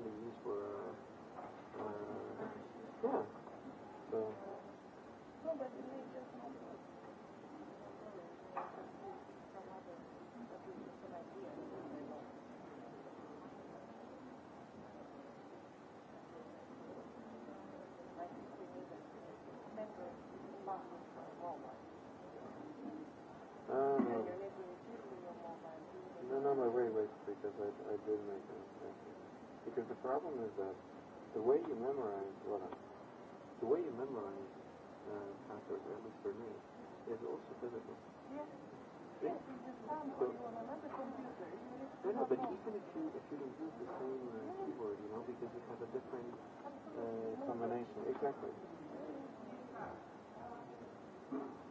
surroundings were, uh, yeah. is that the way you memorize, well, the way you memorize uh, passwords, at least for me, is also physical. Yes. Yeah. Yes, it's so, on another computer. know, but even if you, if you use the same uh, keyboard, you know, because you have a different uh, combination. Exactly. Mm.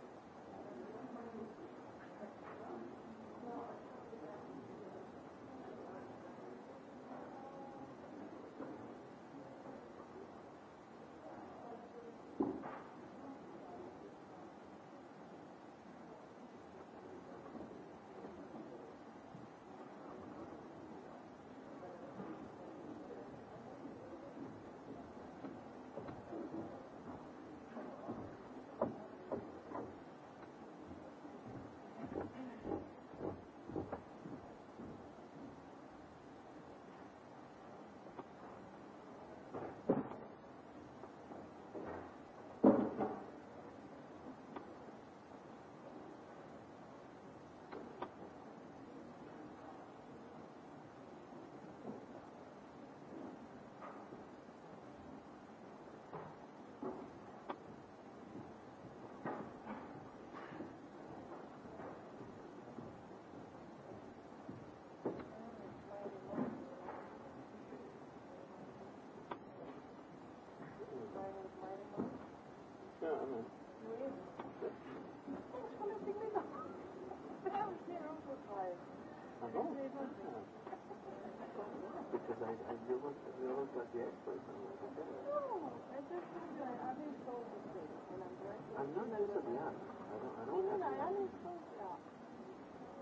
know. Because I, I there was there was not the expert on what to do. No, I just I've been told this thing, and I'm very. I'm not necessarily young. I don't. I don't. No, no, I'm not so young.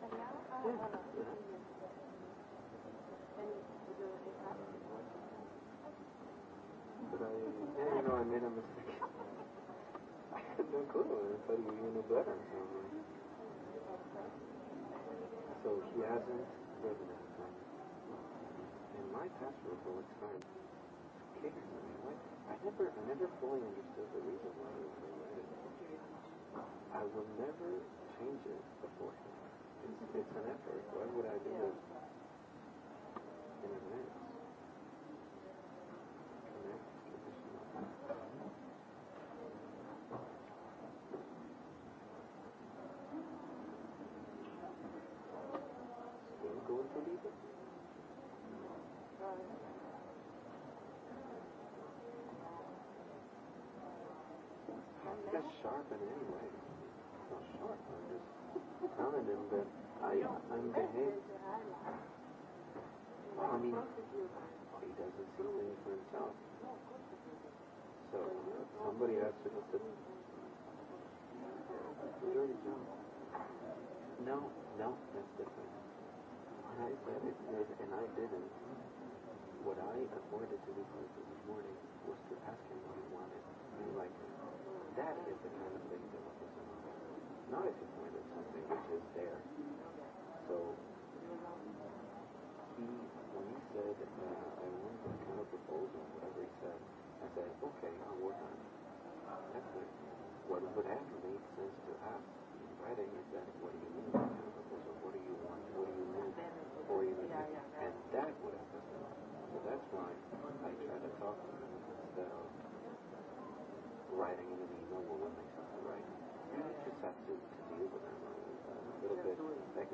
And now I have an opinion. And you know, it happened. But I, yeah, you know, I made a mistake. I had no clue. I thought you knew better. So. So he hasn't written it. And my password will expire. Kicks me. What? I never, I never fully understood the reason why it was related. I will never change it beforehand. It's, it's an effort. Why would I do it in advance? didn't. What I avoided to doing this morning was to ask him what he wanted. And like, that is the kind of thing that looks Not if you point something which is there. So, he, when he said, uh, I want that kind of proposal, whatever he said, I said, okay, I'll work on it. That's it. What would actually make sense to ask? in writing is that what he before you. yeah, yeah, yeah. and that would have happened. So that's why I try to talk to them instead of writing in an email what makes up the right. You just have to, to deal with them a little bit. Like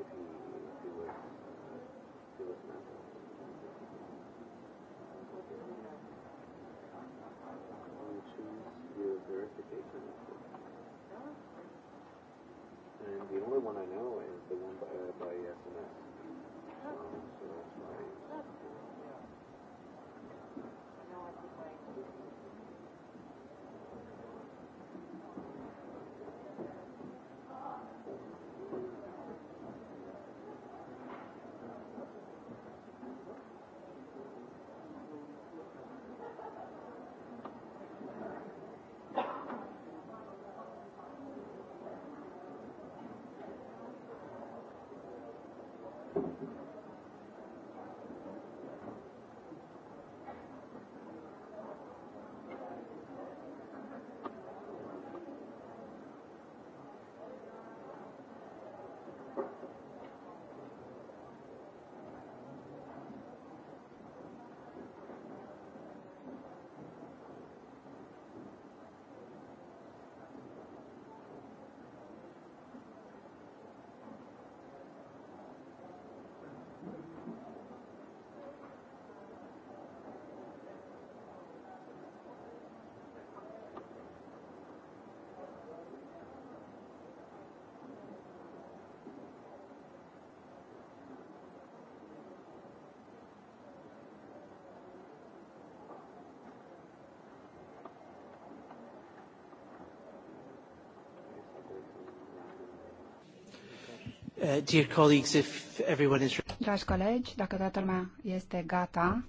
Uh, dear colleagues, if everyone is... Dragi colegi, dacă toată lumea este gata,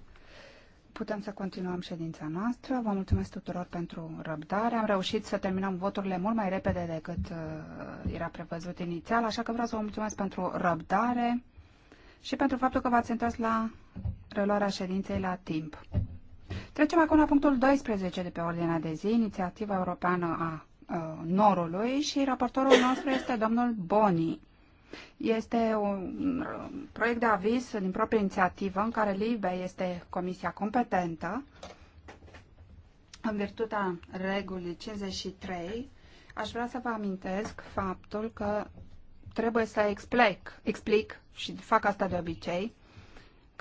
putem să continuăm ședința noastră. Vă mulțumesc tuturor pentru răbdare. Am reușit să terminăm voturile mult mai repede decât uh, era prevăzut inițial, așa că vreau să vă mulțumesc pentru răbdare și pentru faptul că v-ați întors la reluarea ședinței la timp. Trecem acum la punctul 12 de pe ordinea de zi, inițiativa europeană a uh, norului și raportorul nostru este domnul Boni. Este un proiect de aviz din proprie inițiativă în care LIBE este comisia competentă. În virtutea regulii 53, aș vrea să vă amintesc faptul că trebuie să explic, explic și fac asta de obicei,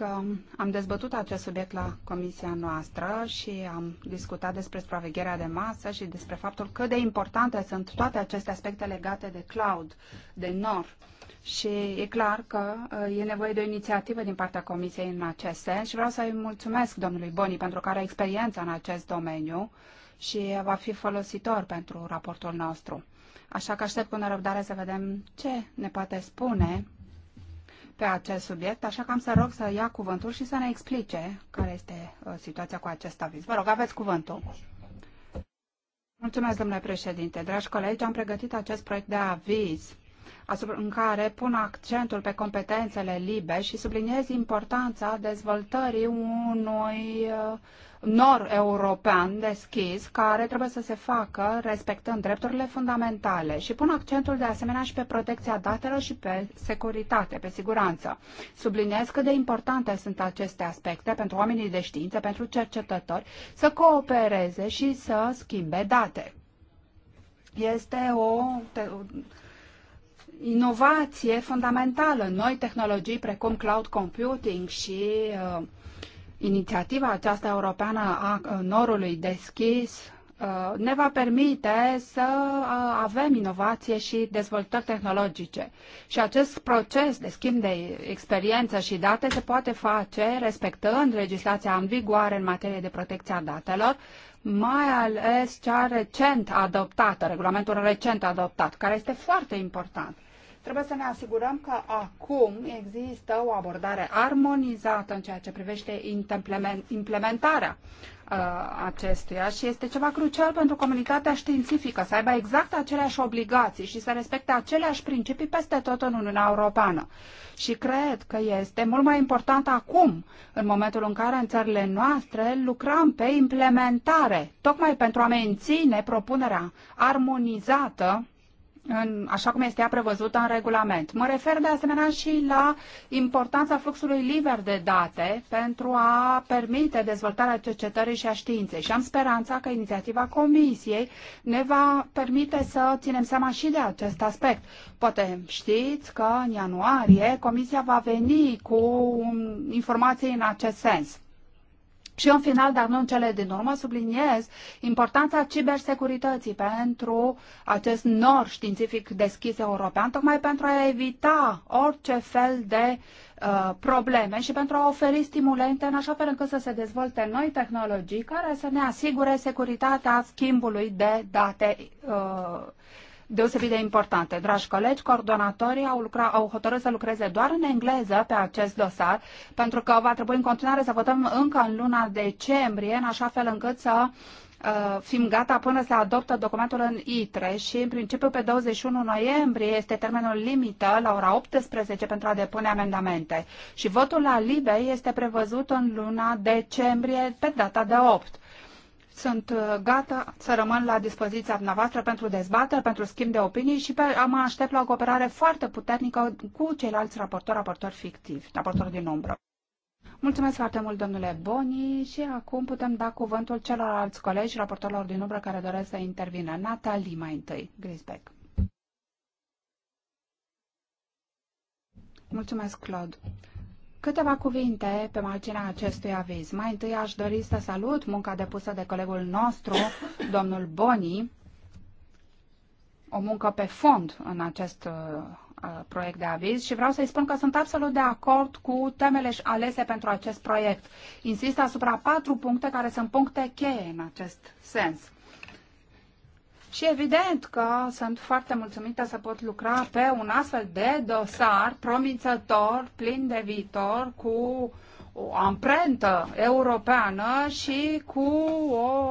că am dezbătut acest subiect la comisia noastră și am discutat despre supravegherea de masă și despre faptul cât de importante sunt toate aceste aspecte legate de cloud, de NOR. Și e clar că uh, e nevoie de o inițiativă din partea comisiei în acest sens și vreau să-i mulțumesc domnului Boni pentru că are experiență în acest domeniu și va fi folositor pentru raportul nostru. Așa că aștept cu nerăbdare să vedem ce ne poate spune pe acest subiect, așa că am să rog să ia cuvântul și să ne explice care este uh, situația cu acest aviz. Vă rog, aveți cuvântul. Mulțumesc, domnule președinte. Dragi colegi, am pregătit acest proiect de aviz asupra, în care pun accentul pe competențele libe și subliniez importanța dezvoltării unui uh, nor european deschis care trebuie să se facă respectând drepturile fundamentale și pun accentul de asemenea și pe protecția datelor și pe securitate, pe siguranță. Subliniez cât de importante sunt aceste aspecte pentru oamenii de știință, pentru cercetători, să coopereze și să schimbe date. Este o, te, inovație fundamentală, noi tehnologii precum cloud computing și uh, inițiativa aceasta europeană a uh, norului deschis uh, ne va permite să uh, avem inovație și dezvoltări tehnologice. Și acest proces de schimb de experiență și date se poate face respectând legislația în vigoare în materie de protecție a datelor, mai ales cea recent adoptată, regulamentul recent adoptat, care este foarte important. Trebuie să ne asigurăm că acum există o abordare armonizată în ceea ce privește implementarea uh, acestuia și este ceva crucial pentru comunitatea științifică să aibă exact aceleași obligații și să respecte aceleași principii peste tot în Uniunea Europeană. Și cred că este mult mai important acum, în momentul în care în țările noastre lucrăm pe implementare, tocmai pentru a menține propunerea armonizată în, așa cum este ea prevăzută în regulament. Mă refer de asemenea și la importanța fluxului liber de date pentru a permite dezvoltarea cercetării și a științei și am speranța că inițiativa Comisiei ne va permite să ținem seama și de acest aspect. Poate știți că în ianuarie Comisia va veni cu informații în acest sens. Și în final, dar nu în cele din urmă, subliniez importanța cibersecurității pentru acest nor științific deschis european, tocmai pentru a evita orice fel de uh, probleme și pentru a oferi stimulente în așa fel încât să se dezvolte noi tehnologii care să ne asigure securitatea schimbului de date uh, deosebit de importante. Dragi colegi, coordonatorii au, lucra, au hotărât să lucreze doar în engleză pe acest dosar, pentru că va trebui în continuare să votăm încă în luna decembrie, în așa fel încât să uh, fim gata până se adoptă documentul în ITRE și în principiu pe 21 noiembrie este termenul limită la ora 18 pentru a depune amendamente și votul la LIBE este prevăzut în luna decembrie pe data de 8. Sunt uh, gata să rămân la dispoziția dumneavoastră pentru dezbatere, pentru schimb de opinii și pe, mă aștept la o cooperare foarte puternică cu ceilalți raportori, raportori fictivi, raportori din umbră. Mulțumesc foarte mult, domnule Boni, și acum putem da cuvântul celorlalți colegi, raportorilor din umbră care doresc să intervină. Natalie mai întâi, Grisbeck. Mulțumesc, Claude. Câteva cuvinte pe marginea acestui aviz. Mai întâi aș dori să salut munca depusă de colegul nostru, domnul Boni, o muncă pe fond în acest uh, uh proiect de aviz și vreau să-i spun că sunt absolut de acord cu temele alese pentru acest proiect. Insist asupra patru puncte care sunt puncte cheie în acest sens. Și evident că sunt foarte mulțumită să pot lucra pe un astfel de dosar promițător, plin de viitor, cu o amprentă europeană și cu o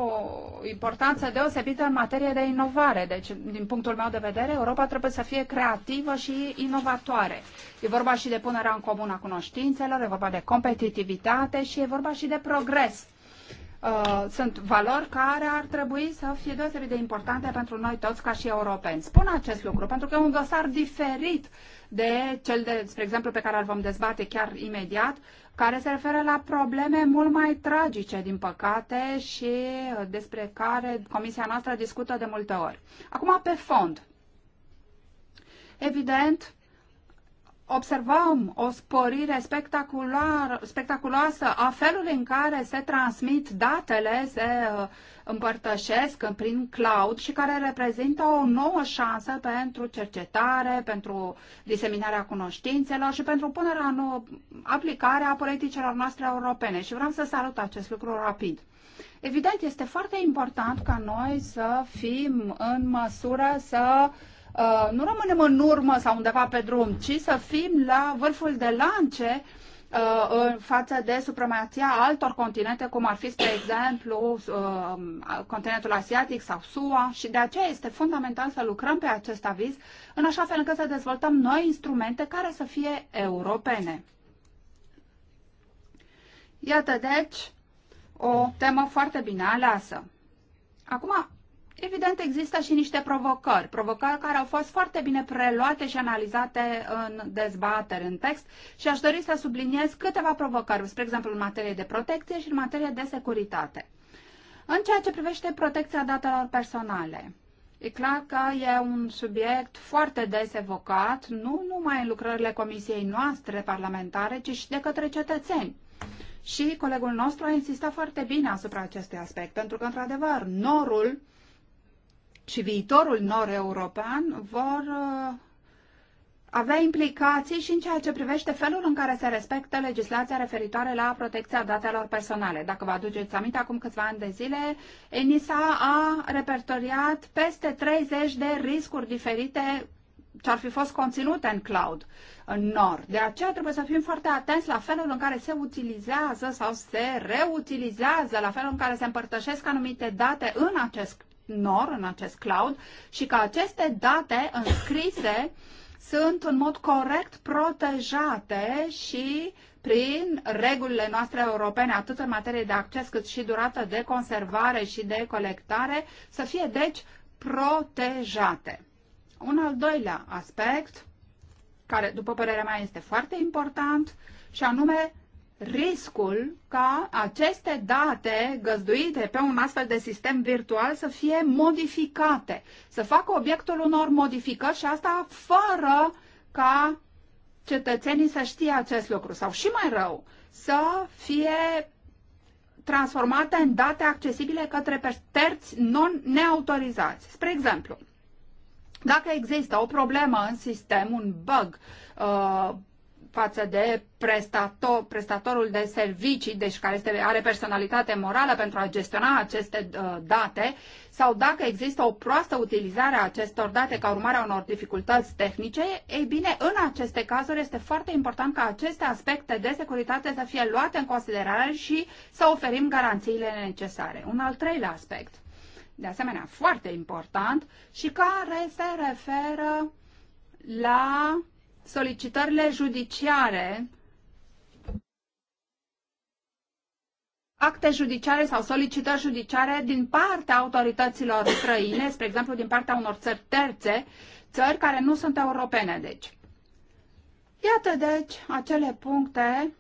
importanță deosebită în materie de inovare. Deci, din punctul meu de vedere, Europa trebuie să fie creativă și inovatoare. E vorba și de punerea în comun a cunoștințelor, e vorba de competitivitate și e vorba și de progres Uh, sunt valori care ar trebui să fie deosebit de importante pentru noi toți ca și europeni. Spun acest lucru pentru că e un dosar diferit de cel, de, spre exemplu, pe care îl vom dezbate chiar imediat, care se referă la probleme mult mai tragice, din păcate, și despre care comisia noastră discută de multe ori. Acum, pe fond. Evident, observăm o sporire spectaculoasă a felului în care se transmit datele, se uh, împărtășesc prin cloud și care reprezintă o nouă șansă pentru cercetare, pentru diseminarea cunoștințelor și pentru punerea în aplicare a politicilor noastre europene. Și vreau să salut acest lucru rapid. Evident, este foarte important ca noi să fim în măsură să uh, Uh, nu rămânem în urmă sau undeva pe drum, ci să fim la vârful de lance uh, în față de supremația altor continente, cum ar fi, spre exemplu, uh, continentul asiatic sau SUA și de aceea este fundamental să lucrăm pe acest aviz în așa fel încât să dezvoltăm noi instrumente care să fie europene. Iată, deci, o temă foarte bine aleasă. Acum, Evident, există și niște provocări, provocări care au fost foarte bine preluate și analizate în dezbatere, în text și aș dori să subliniez câteva provocări, spre exemplu în materie de protecție și în materie de securitate. În ceea ce privește protecția datelor personale, e clar că e un subiect foarte des evocat, nu numai în lucrările comisiei noastre parlamentare, ci și de către cetățeni. Și colegul nostru a insistat foarte bine asupra acestui aspect, pentru că, într-adevăr, norul și viitorul nord-european vor uh, avea implicații și în ceea ce privește felul în care se respectă legislația referitoare la protecția datelor personale. Dacă vă aduceți aminte, acum câțiva ani de zile, ENISA a repertoriat peste 30 de riscuri diferite ce ar fi fost conținute în cloud, în NOR. De aceea trebuie să fim foarte atenți la felul în care se utilizează sau se reutilizează, la felul în care se împărtășesc anumite date în acest NOR, în acest cloud, și că aceste date înscrise sunt în mod corect protejate și prin regulile noastre europene, atât în materie de acces cât și durată de conservare și de colectare, să fie deci protejate. Un al doilea aspect, care după părerea mea este foarte important, și anume riscul ca aceste date găzduite pe un astfel de sistem virtual să fie modificate, să facă obiectul unor modificări și asta fără ca cetățenii să știe acest lucru sau și mai rău, să fie transformate în date accesibile către terți non neautorizați. Spre exemplu, dacă există o problemă în sistem, un bug, uh, față de prestator, prestatorul de servicii, deci care este, are personalitate morală pentru a gestiona aceste uh, date, sau dacă există o proastă utilizare a acestor date ca urmare a unor dificultăți tehnice, ei bine, în aceste cazuri este foarte important ca aceste aspecte de securitate să fie luate în considerare și să oferim garanțiile necesare. Un al treilea aspect, de asemenea foarte important, și care se referă la solicitările judiciare, acte judiciare sau solicitări judiciare din partea autorităților străine, spre exemplu din partea unor țări terțe, țări care nu sunt europene, deci. Iată, deci, acele puncte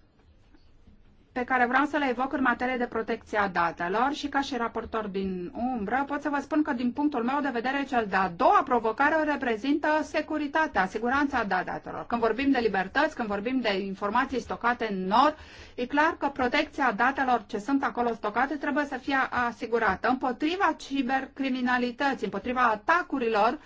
pe care vreau să le evoc în materie de protecție a datelor și ca și raportor din umbră pot să vă spun că din punctul meu de vedere cel de-a doua provocare reprezintă securitatea, siguranța datelor. Când vorbim de libertăți, când vorbim de informații stocate în nor, e clar că protecția datelor ce sunt acolo stocate trebuie să fie asigurată împotriva cibercriminalității, împotriva atacurilor uh,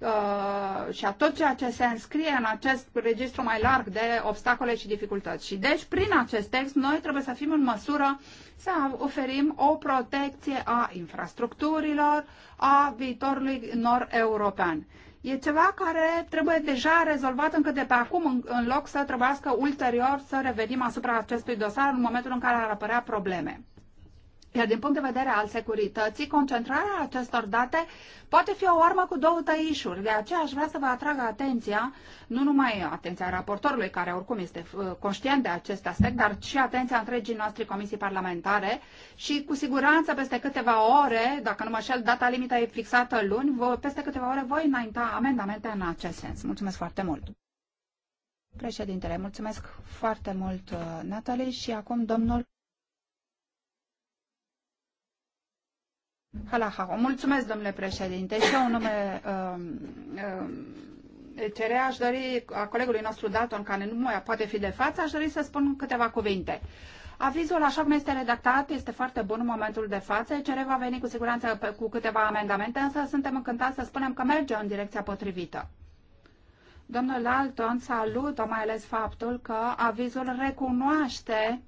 Uh, și a tot ceea ce se înscrie în acest registru mai larg de obstacole și dificultăți. Și deci, prin acest text, noi trebuie să fim în măsură să oferim o protecție a infrastructurilor, a viitorului nord-european. E ceva care trebuie deja rezolvat încă de pe acum, în, în loc să trebuiască ulterior să revenim asupra acestui dosar în momentul în care ar apărea probleme. Iar din punct de vedere al securității, concentrarea acestor date poate fi o armă cu două tăișuri. De aceea aș vrea să vă atrag atenția, nu numai atenția raportorului, care oricum este uh, conștient de acest aspect, dar și atenția întregii noastre comisii parlamentare și cu siguranță peste câteva ore, dacă nu mă șel, data limită e fixată luni, peste câteva ore voi înainta amendamente în acest sens. Mulțumesc foarte mult! Președintele, mulțumesc foarte mult, uh, Natalie, și acum domnul Halahaho. Mulțumesc, domnule președinte. Și eu, în nume um, um, ECR, aș dori, a colegului nostru Daton, care nu mai poate fi de față, aș dori să spun câteva cuvinte. Avizul, așa cum este redactat, este foarte bun în momentul de față. ECR va veni cu siguranță cu câteva amendamente, însă suntem încântați să spunem că merge în direcția potrivită. Domnul Dalton salută mai ales faptul că avizul recunoaște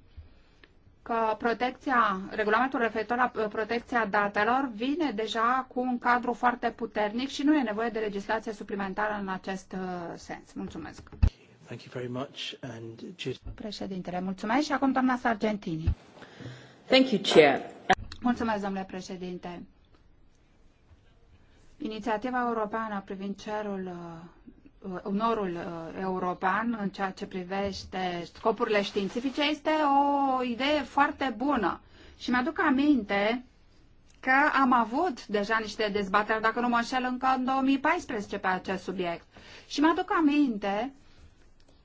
că protecția, regulamentul referitor la protecția datelor vine deja cu un cadru foarte puternic și nu e nevoie de legislație suplimentară în acest uh, sens. Mulțumesc. Thank you very much and... Președintele, mulțumesc și acum doamna Sargentini. Thank you, Chair. Mulțumesc, domnule președinte. Inițiativa europeană privind cerul uh, Uh, norul uh, european în ceea ce privește scopurile științifice este o idee foarte bună. Și mi-aduc aminte că am avut deja niște dezbateri, dacă nu mă înșel, încă în 2014 pe acest subiect. Și mi-aduc aminte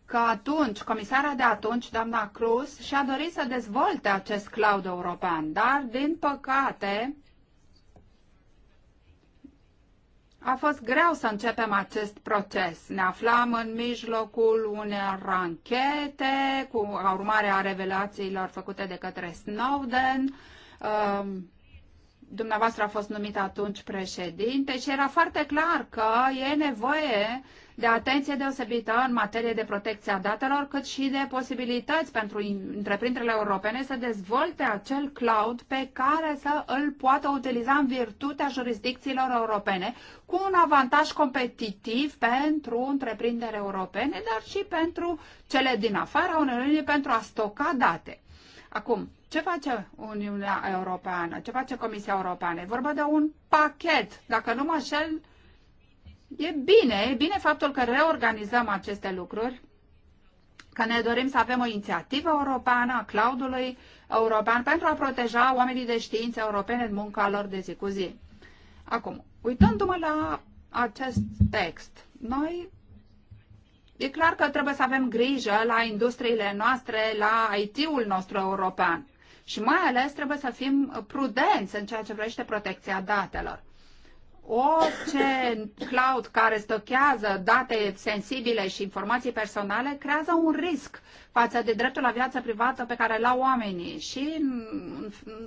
că atunci, comisara de atunci, doamna Cruz, și-a dorit să dezvolte acest cloud european, dar, din păcate, A fost greu să începem acest proces. Ne aflam în mijlocul unei ranchete cu a urmare a revelațiilor făcute de către Snowden. Uh, dumneavoastră a fost numit atunci președinte și era foarte clar că e nevoie de atenție deosebită în materie de protecție a datelor, cât și de posibilități pentru întreprinderile europene să dezvolte acel cloud pe care să îl poată utiliza în virtutea jurisdicțiilor europene, cu un avantaj competitiv pentru întreprinderile europene, dar și pentru cele din afara Uniunii pentru a stoca date. Acum, ce face Uniunea Europeană? Ce face Comisia Europeană? E vorba de un pachet. Dacă nu mă șel, E bine, e bine faptul că reorganizăm aceste lucruri, că ne dorim să avem o inițiativă europeană a cloudului european pentru a proteja oamenii de știință europene în munca lor de zi cu zi. Acum, uitându-mă la acest text, noi e clar că trebuie să avem grijă la industriile noastre, la IT-ul nostru european și mai ales trebuie să fim prudenți în ceea ce privește protecția datelor orice cloud care stochează date sensibile și informații personale creează un risc față de dreptul la viață privată pe care l-au oamenii. Și,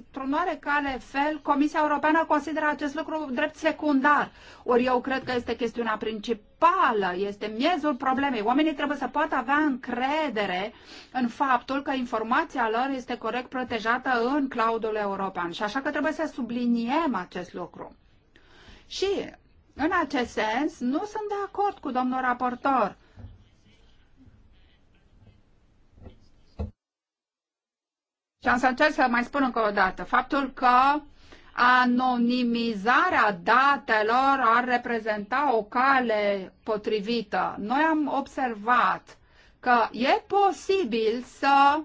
într-un oarecare fel, Comisia Europeană consideră acest lucru drept secundar. Ori eu cred că este chestiunea principală, este miezul problemei. Oamenii trebuie să poată avea încredere în faptul că informația lor este corect protejată în cloudul european. Și așa că trebuie să subliniem acest lucru. Și, în acest sens, nu sunt de acord cu domnul raportor. Și am să încerc să mai spun încă o dată. Faptul că anonimizarea datelor ar reprezenta o cale potrivită. Noi am observat că e posibil să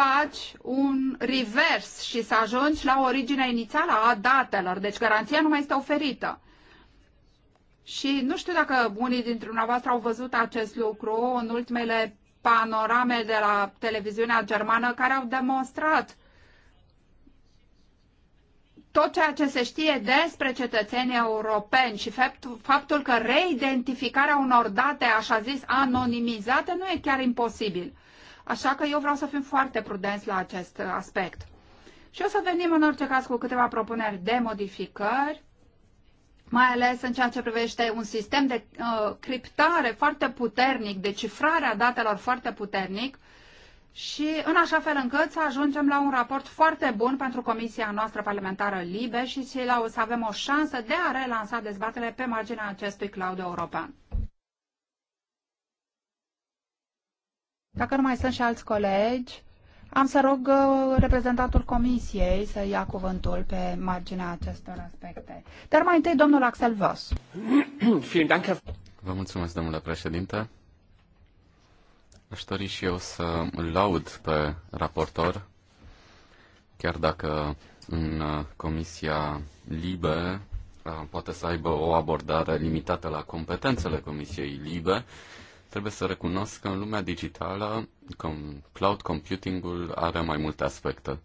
faci un revers și să ajungi la originea inițială a datelor. Deci garanția nu mai este oferită. Și nu știu dacă unii dintre dumneavoastră au văzut acest lucru în ultimele panorame de la televiziunea germană care au demonstrat tot ceea ce se știe despre cetățenii europeni și faptul, faptul că reidentificarea unor date, așa zis, anonimizate, nu e chiar imposibil. Așa că eu vreau să fim foarte prudenți la acest aspect. Și o să venim în orice caz cu câteva propuneri de modificări, mai ales în ceea ce privește un sistem de uh, criptare foarte puternic, de cifrare a datelor foarte puternic, și în așa fel încât să ajungem la un raport foarte bun pentru Comisia noastră parlamentară LIBE și să avem o șansă de a relansa dezbatele pe marginea acestui cloud european. Dacă nu mai sunt și alți colegi, am să rog uh, reprezentantul comisiei să ia cuvântul pe marginea acestor aspecte. Dar mai întâi, domnul Axel Voss. Vă mulțumesc, domnule președinte. Aș dori și eu să laud pe raportor, chiar dacă în Comisia Libe uh, poate să aibă o abordare limitată la competențele Comisiei Libe, Trebuie să recunosc că în lumea digitală cloud computingul are mai multe aspecte.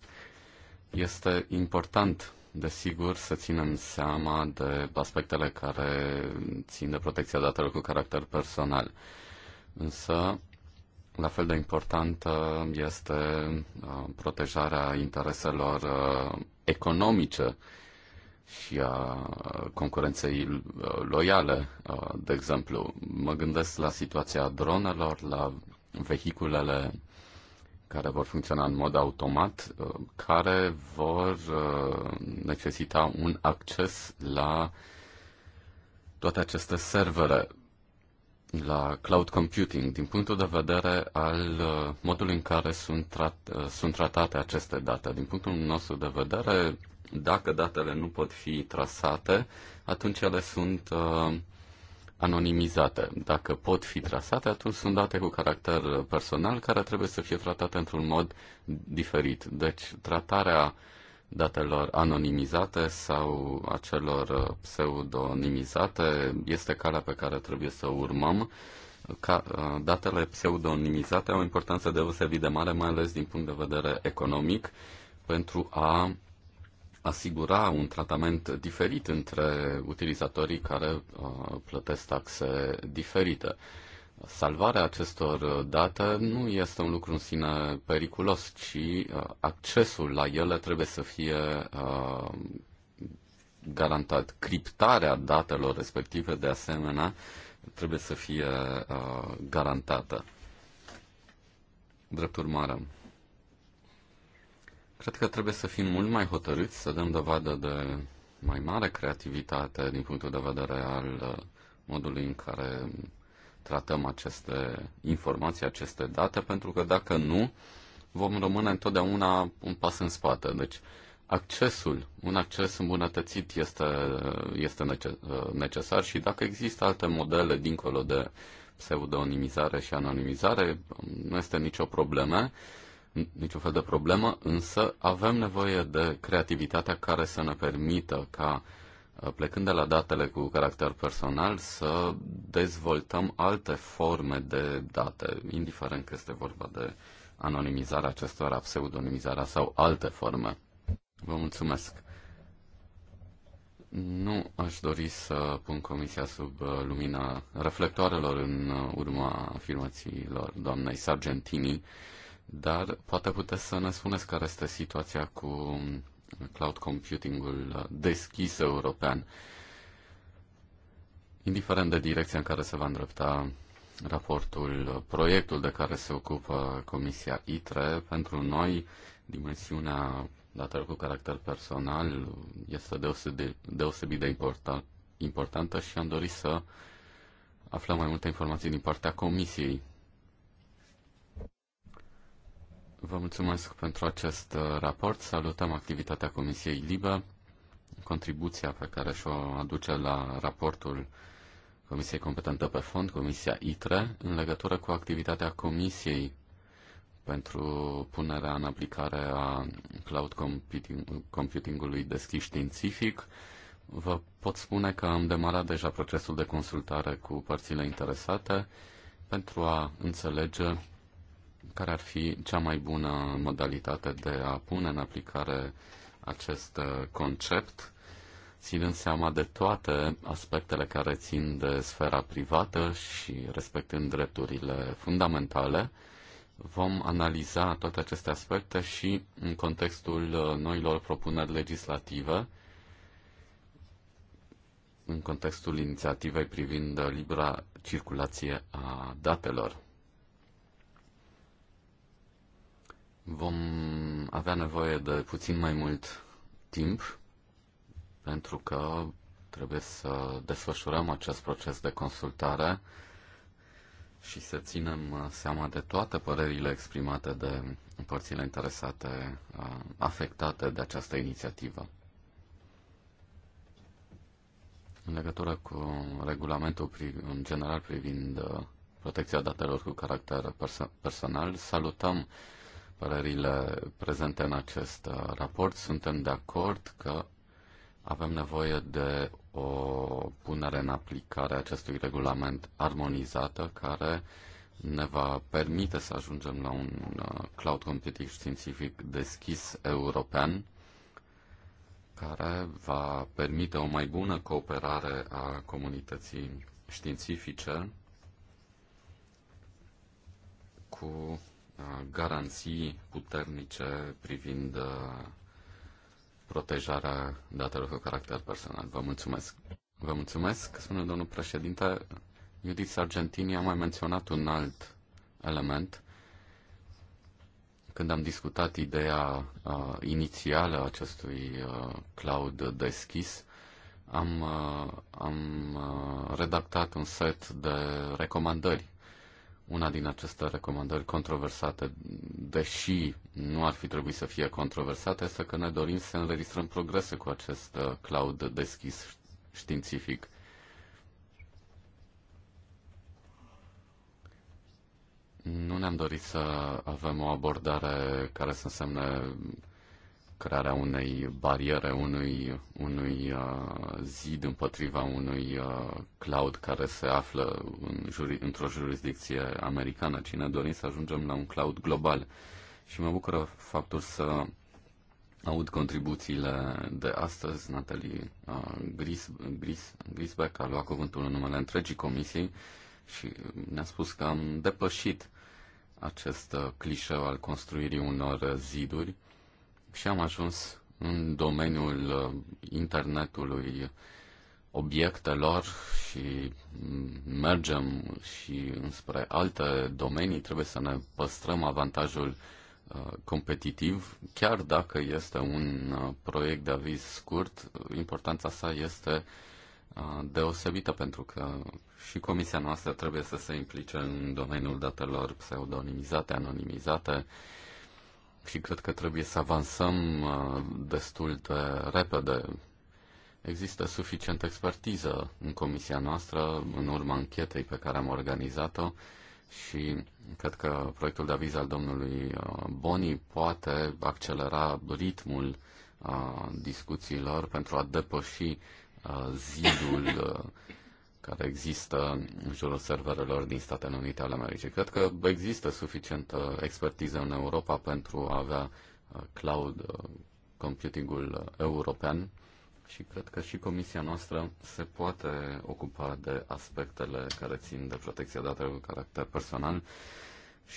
Este important, desigur, să ținem seama de aspectele care țin de protecția datelor cu caracter personal. Însă, la fel de importantă este uh, protejarea intereselor uh, economice și a concurenței uh, loiale, uh, de exemplu. Mă gândesc la situația dronelor, la vehiculele care vor funcționa în mod automat, uh, care vor necesita un acces la toate aceste servere, la cloud computing, din punctul de vedere al modului în care sunt, trat, sunt tratate aceste date. Din punctul nostru de vedere, dacă datele nu pot fi trasate, atunci ele sunt uh, anonimizate. Dacă pot fi trasate, atunci sunt date cu caracter personal care trebuie să fie tratate într-un mod diferit. Deci, tratarea datelor anonimizate sau a celor pseudonimizate este calea pe care trebuie să o urmăm. Ca, uh, datele pseudonimizate au o importanță deosebit de mare, mai ales din punct de vedere economic, pentru a asigura un tratament diferit între utilizatorii care uh, plătesc taxe diferite. Salvarea acestor date nu este un lucru în sine periculos, ci uh, accesul la ele trebuie să fie uh, garantat. Criptarea datelor respective, de asemenea, trebuie să fie garantată. Drept urmare, Cred că trebuie să fim mult mai hotărâți, să dăm dovadă de mai mare creativitate din punctul de vedere al uh, modului în care tratăm aceste informații, aceste date, pentru că dacă nu, vom rămâne întotdeauna un pas în spate. Deci, accesul, un acces îmbunătățit este, este uh, necesar și dacă există alte modele dincolo de pseudonimizare și anonimizare, nu este nicio problemă niciun fel de problemă, însă avem nevoie de creativitatea care să ne permită ca, uh, plecând de la datele cu caracter personal, să dezvoltăm alte forme de date, indiferent că este vorba de anonimizarea acestora, pseudonimizarea sau alte forme. Vă mulțumesc! Nu aș dori să pun comisia sub uh, lumina reflectoarelor în uh, urma afirmațiilor doamnei Sargentini. Dar poate puteți să ne spuneți care este situația cu cloud computingul deschis european, indiferent de direcția în care se va îndrepta raportul, proiectul de care se ocupă Comisia ITRE, pentru noi dimensiunea datelor cu caracter personal este deosebit, de importantă și am dorit să aflăm mai multe informații din partea Comisiei Vă mulțumesc pentru acest uh, raport. Salutăm activitatea Comisiei Libă, contribuția pe care și-o aduce la raportul Comisiei competentă pe fond, Comisia ITRE, în legătură cu activitatea Comisiei pentru punerea în aplicare a cloud computing, computingului deschis științific. Vă pot spune că am demarat deja procesul de consultare cu părțile interesate pentru a înțelege care ar fi cea mai bună modalitate de a pune în aplicare acest uh, concept, ținând seama de toate aspectele care țin de sfera privată și respectând drepturile fundamentale, vom analiza toate aceste aspecte și în contextul uh, noilor propuneri legislative, în contextul inițiativei privind libera circulație a datelor. Vom avea nevoie de puțin mai mult timp pentru că trebuie să desfășurăm acest proces de consultare și să ținem uh, seama de toate părerile exprimate de părțile interesate uh, afectate de această inițiativă. În legătură cu regulamentul în general privind uh, protecția datelor cu caracter perso- personal, salutăm uh, părerile prezente în acest uh, raport. Suntem de acord că avem nevoie de o punere în aplicare a acestui regulament armonizată care ne va permite să ajungem la un uh, cloud computing științific deschis european care va permite o mai bună cooperare a comunității științifice cu garanții puternice privind uh, protejarea datelor cu caracter personal. Vă mulțumesc. Vă mulțumesc, spune domnul președinte. Judith Argentini a mai menționat un alt element. Când am discutat ideea uh, inițială a acestui uh, cloud deschis, am, uh, am uh, redactat un set de recomandări una din aceste recomandări controversate, deși nu ar fi trebuit să fie controversate, este că ne dorim să înregistrăm progrese cu acest uh, cloud deschis științific. Nu ne-am dorit să avem o abordare care să însemne crearea unei bariere, unui, unui uh, zid împotriva unui uh, cloud care se află în juri, într-o jurisdicție americană, ci ne dorim să ajungem la un cloud global. Și mă bucură faptul să aud contribuțiile de astăzi. Natalie uh, Gris, Gris, Grisbeck a luat cuvântul în numele întregii comisii și ne-a spus că am depășit acest uh, clișeu al construirii unor uh, ziduri și am ajuns în domeniul uh, internetului obiectelor și mm, mergem și înspre alte domenii, trebuie să ne păstrăm avantajul uh, competitiv, chiar dacă este un uh, proiect de aviz scurt, importanța sa este deosebită pentru că și comisia noastră trebuie să se implice în domeniul datelor pseudonimizate, anonimizate, și cred că trebuie să avansăm uh, destul de repede. Există suficientă expertiză în comisia noastră, în urma închetei pe care am organizat-o și cred că proiectul de aviz al domnului uh, Boni poate accelera ritmul uh, discuțiilor pentru a depăși zidul care există în jurul serverelor din Statele Unite ale Americii. Cred că există suficientă expertiză în Europa pentru a avea uh, cloud uh, computingul european și cred că și comisia noastră se poate ocupa de aspectele care țin de protecția datelor cu caracter personal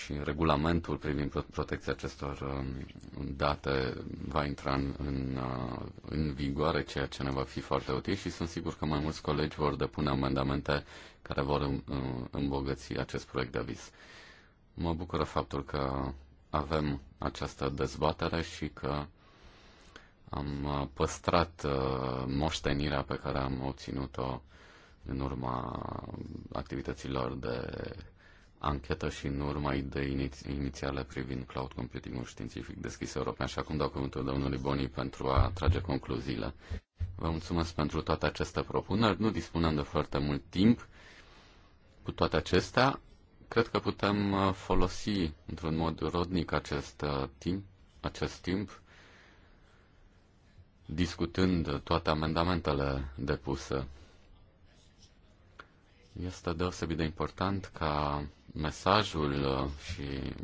și regulamentul privind protecția acestor um, date va intra în, în, uh, în vigoare, ceea ce ne va fi foarte util și sunt sigur că mai mulți colegi vor depune amendamente care vor um, uh, îmbogăți acest proiect de aviz. Mă bucură faptul că avem această dezbatere și că am uh, păstrat moștenirea pe care am obținut-o în urma activităților de anchetă și în urma idei inițiale privind cloud computingul științific deschis european. Și acum dau cuvântul domnului Boni pentru a trage concluziile. Vă mulțumesc pentru toate aceste propuneri. Nu dispunem de foarte mult timp. Cu toate acestea, cred că putem uh, folosi într-un mod rodnic acest uh, timp, acest timp discutând toate amendamentele depuse. Este deosebit de important ca mesajul uh, și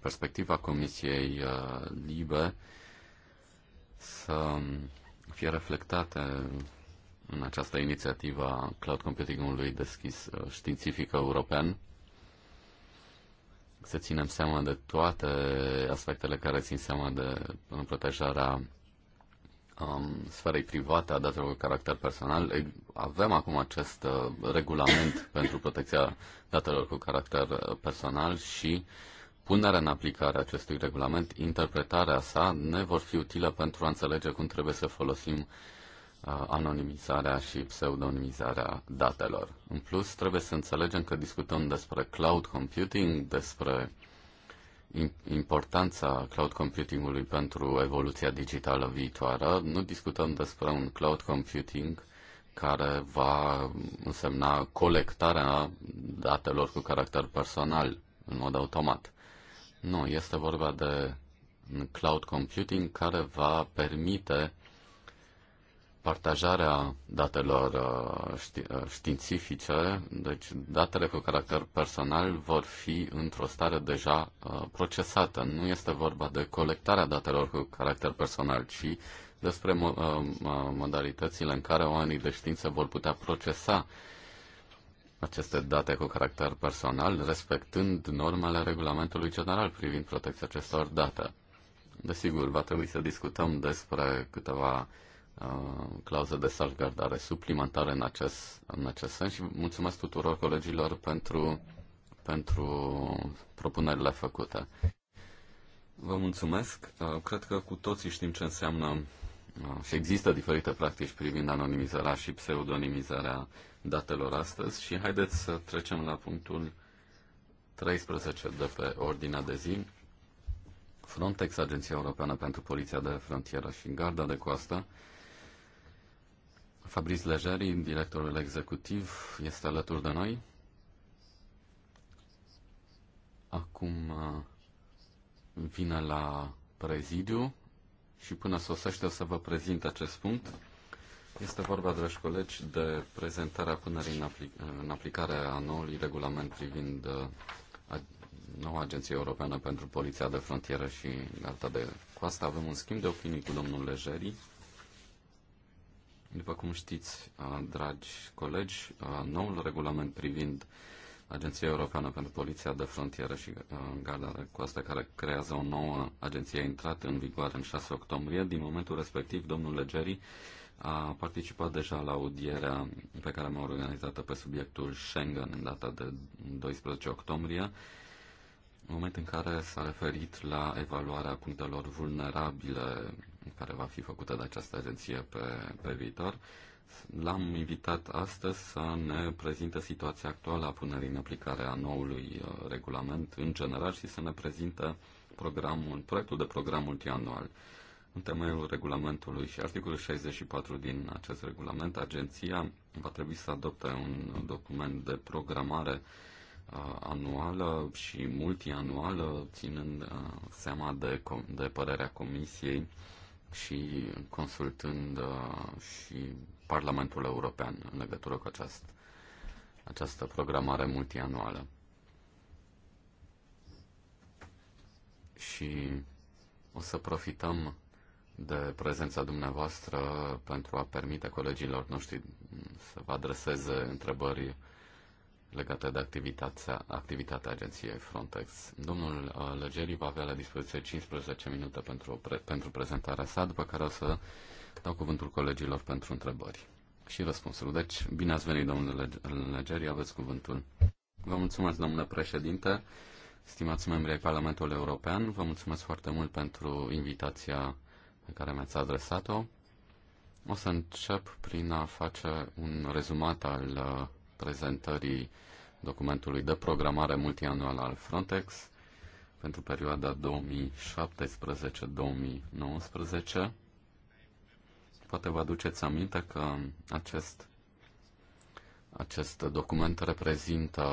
perspectiva Comisiei uh, Libe să fie reflectate în această inițiativă a cloud computingului deschis uh, științific european. Să ținem seama de toate aspectele care țin seama de protejarea um, sferei private a datelor cu caracter personal. Avem acum acest uh, regulament pentru protecția datelor cu caracter uh, personal și punerea în aplicare a acestui regulament, interpretarea sa, ne vor fi utile pentru a înțelege cum trebuie să folosim uh, anonimizarea și pseudonimizarea datelor. În plus, trebuie să înțelegem că discutăm despre cloud computing, despre uh, importanța cloud computingului pentru evoluția digitală viitoare. Nu discutăm despre un cloud computing care va însemna colectarea datelor cu caracter personal în mod automat. Nu, este vorba de cloud computing care va permite partajarea datelor uh, uh, științifice, deci datele cu caracter personal vor fi într-o stare deja uh, procesată. Nu este vorba de colectarea datelor cu caracter personal, ci despre modalitățile în care oamenii de știință vor putea procesa aceste date cu caracter personal, respectând normele regulamentului general privind protecția acestor date. Desigur, va trebui să discutăm despre câteva uh, Uh, clauză de salvgardare suplimentare în acest, în acest sens și mulțumesc tuturor colegilor pentru, pentru propunerile făcute. Vă mulțumesc. Uh, cred că cu toții știm ce înseamnă uh, și există diferite practici privind anonimizarea și pseudonimizarea datelor astăzi și haideți să trecem la punctul 13 de pe ordinea de zi. Frontex, Agenția Europeană pentru Poliția de Frontieră și Garda de Coastă, Fabrice Lejeri, directorul executiv, este alături de noi. Acum uh, vine la prezidiu și până sosește o să vă prezint acest punct. Este vorba, dragi colegi, de prezentarea punerii în, apli- în aplicare a noului regulament privind uh, noua Agenție Europeană pentru Poliția de Frontieră și Garda de Coastă. Avem un schimb de opinii cu domnul Lejeri după cum știți, uh, dragi colegi, uh, noul regulament privind Agenția Europeană pentru Poliția de Frontieră și uh, Garda de Coastă, care creează o nouă agenție, a intrat în vigoare în 6 octombrie. Din momentul respectiv, domnul Legeri a participat deja la audierea pe care am organizat-o pe subiectul Schengen în data de 12 octombrie, moment în care s-a referit la evaluarea punctelor vulnerabile care va fi făcută de această agenție pe, pe viitor. L-am invitat astăzi să ne prezinte situația actuală a punerii în aplicare a noului uh, regulament în general și să ne prezinte programul, proiectul de program multianual. În temeiul regulamentului și articolul 64 din acest regulament, agenția va trebui să adopte un document de programare uh, anuală și multianuală, ținând uh, seama de, de părerea Comisiei și consultând uh, și Parlamentul European în legătură cu această, această programare multianuală. Și o să profităm de prezența dumneavoastră pentru a permite colegilor noștri să vă adreseze întrebări legate de activitatea, activitatea agenției Frontex. Domnul uh, Lăgerii va avea la dispoziție 15 minute pentru, pentru prezentarea sa, după care o să dau cuvântul colegilor pentru întrebări și răspunsuri. Deci, bine ați venit, domnule Lăgerii, aveți cuvântul. Vă mulțumesc, domnule președinte, stimați membri ai Parlamentului European, vă mulțumesc foarte mult pentru invitația pe care mi-ați adresat-o. O să încep prin a face un rezumat al uh, prezentării documentului de programare multianual al Frontex pentru perioada 2017-2019. Poate vă aduceți aminte că acest, acest document reprezintă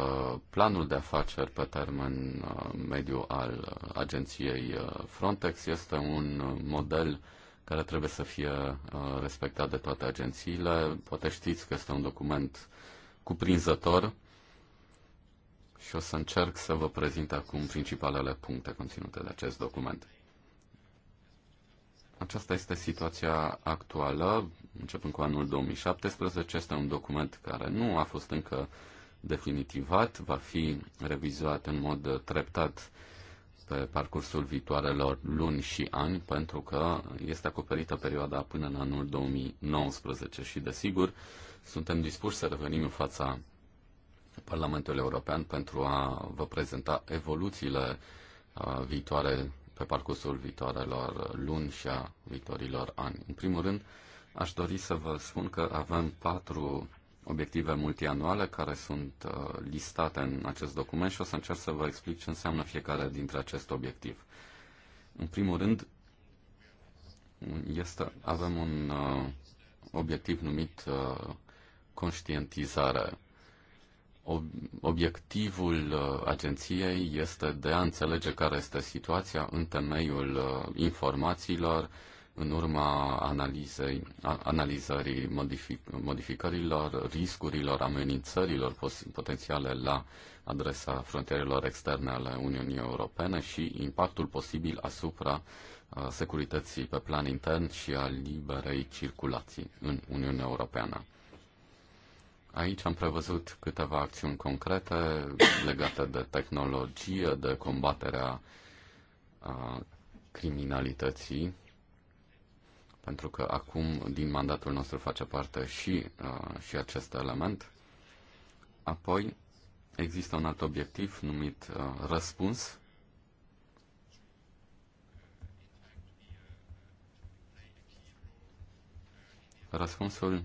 planul de afaceri pe termen uh, mediu al uh, agenției uh, Frontex. Este un model care trebuie să fie respectat de toate agențiile. Poate știți că este un document uh, cuprinzător și o să încerc să vă prezint acum principalele puncte conținute de acest document. Aceasta este situația actuală, începând cu anul 2017. Este un document care nu a fost încă definitivat, va fi revizuat în mod treptat pe parcursul viitoarelor luni și ani, pentru că este acoperită perioada până în anul 2019 și, desigur, suntem dispuși să revenim în fața Parlamentului European pentru a vă prezenta evoluțiile viitoare pe parcursul viitoarelor luni și a viitorilor ani. În primul rând, aș dori să vă spun că avem patru obiective multianuale care sunt listate în acest document și o să încerc să vă explic ce înseamnă fiecare dintre acest obiectiv. În primul rând, este, avem un uh, obiectiv numit uh, conștientizare. Obiectivul uh, agenției este de a înțelege care este situația în temeiul uh, informațiilor, în urma analizei, analizării modific, modificărilor, riscurilor, amenințărilor potențiale la adresa frontierelor externe ale Uniunii Europene și impactul posibil asupra uh, securității pe plan intern și a liberei circulații în Uniunea Europeană. Aici am prevăzut câteva acțiuni concrete legate de tehnologie, de combaterea a criminalității, pentru că acum din mandatul nostru face parte și, a, și acest element. Apoi există un alt obiectiv numit a, răspuns. Răspunsul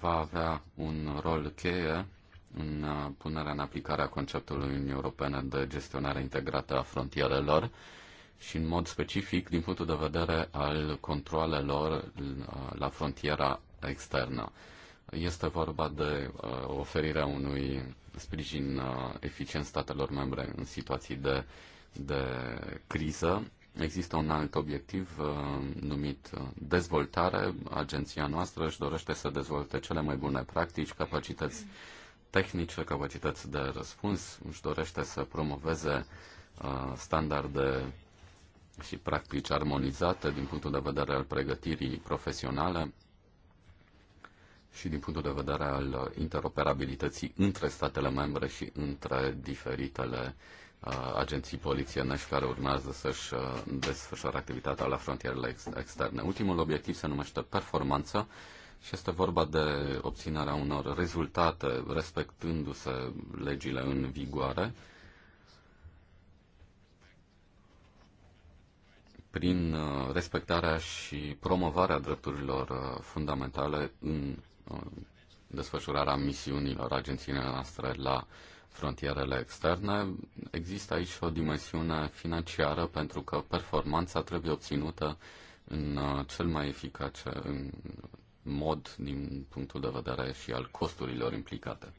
va avea un rol cheie în uh, punerea în aplicare a conceptului Uniunii Europene de gestionare integrată a frontierelor și în mod specific din punctul de vedere al controalelor uh, la frontiera externă. Este vorba de uh, oferirea unui sprijin eficient statelor membre în situații de, de criză Există un alt obiectiv uh, numit uh, dezvoltare. Agenția noastră își dorește să dezvolte cele mai bune practici, capacități tehnice, capacități de răspuns, își dorește să promoveze uh, standarde și practici armonizate din punctul de vedere al pregătirii profesionale și din punctul de vedere al interoperabilității între statele membre și între diferitele uh, agenții polițienești care urmează să-și desfășoare activitatea la frontierele externe. Ultimul obiectiv se numește performanță și este vorba de obținerea unor rezultate respectându-se legile în vigoare prin respectarea și promovarea drepturilor fundamentale în desfășurarea misiunilor agenției noastre la uh, frontierele externe. Există aici o dimensiune financiară pentru că performanța trebuie obținută în uh, cel mai eficace în mod din punctul de vedere și al costurilor implicate.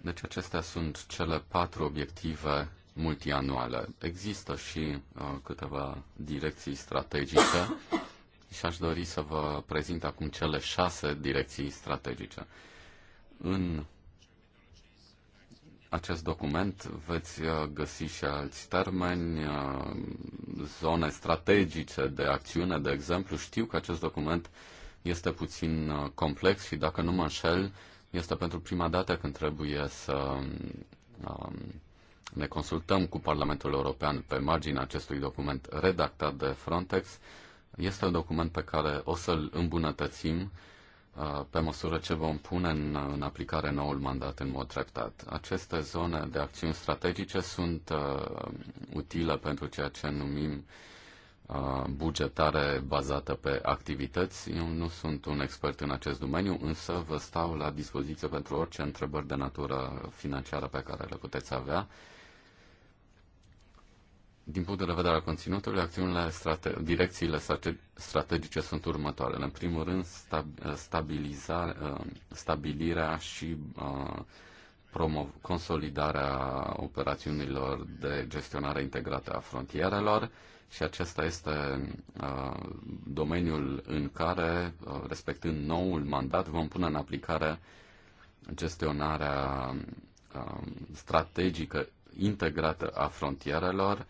Deci acestea sunt cele patru obiective multianuale. Există și uh, câteva direcții strategice și aș dori să vă prezint acum cele șase direcții strategice. În acest document veți uh, găsi și alți termeni, uh, zone strategice de acțiune, de exemplu. Știu că acest document este puțin uh, complex și, dacă nu mă înșel, este pentru prima dată când trebuie să um, ne consultăm cu Parlamentul European pe marginea acestui document redactat de Frontex. Este un document pe care o să-l îmbunătățim pe măsură ce vom pune în, în aplicare noul mandat în mod treptat. Aceste zone de acțiuni strategice sunt uh, utile pentru ceea ce numim uh, bugetare bazată pe activități. Eu nu sunt un expert în acest domeniu, însă vă stau la dispoziție pentru orice întrebări de natură financiară pe care le puteți avea. Din punct de vedere al conținutului, acțiunile strate- direcțiile strate- strategice sunt următoarele. În primul rând, stab- uh, stabilirea și uh, promov- consolidarea operațiunilor de gestionare integrată a frontierelor și acesta este uh, domeniul în care, uh, respectând noul mandat, vom pune în aplicare gestionarea uh, strategică integrată a frontierelor,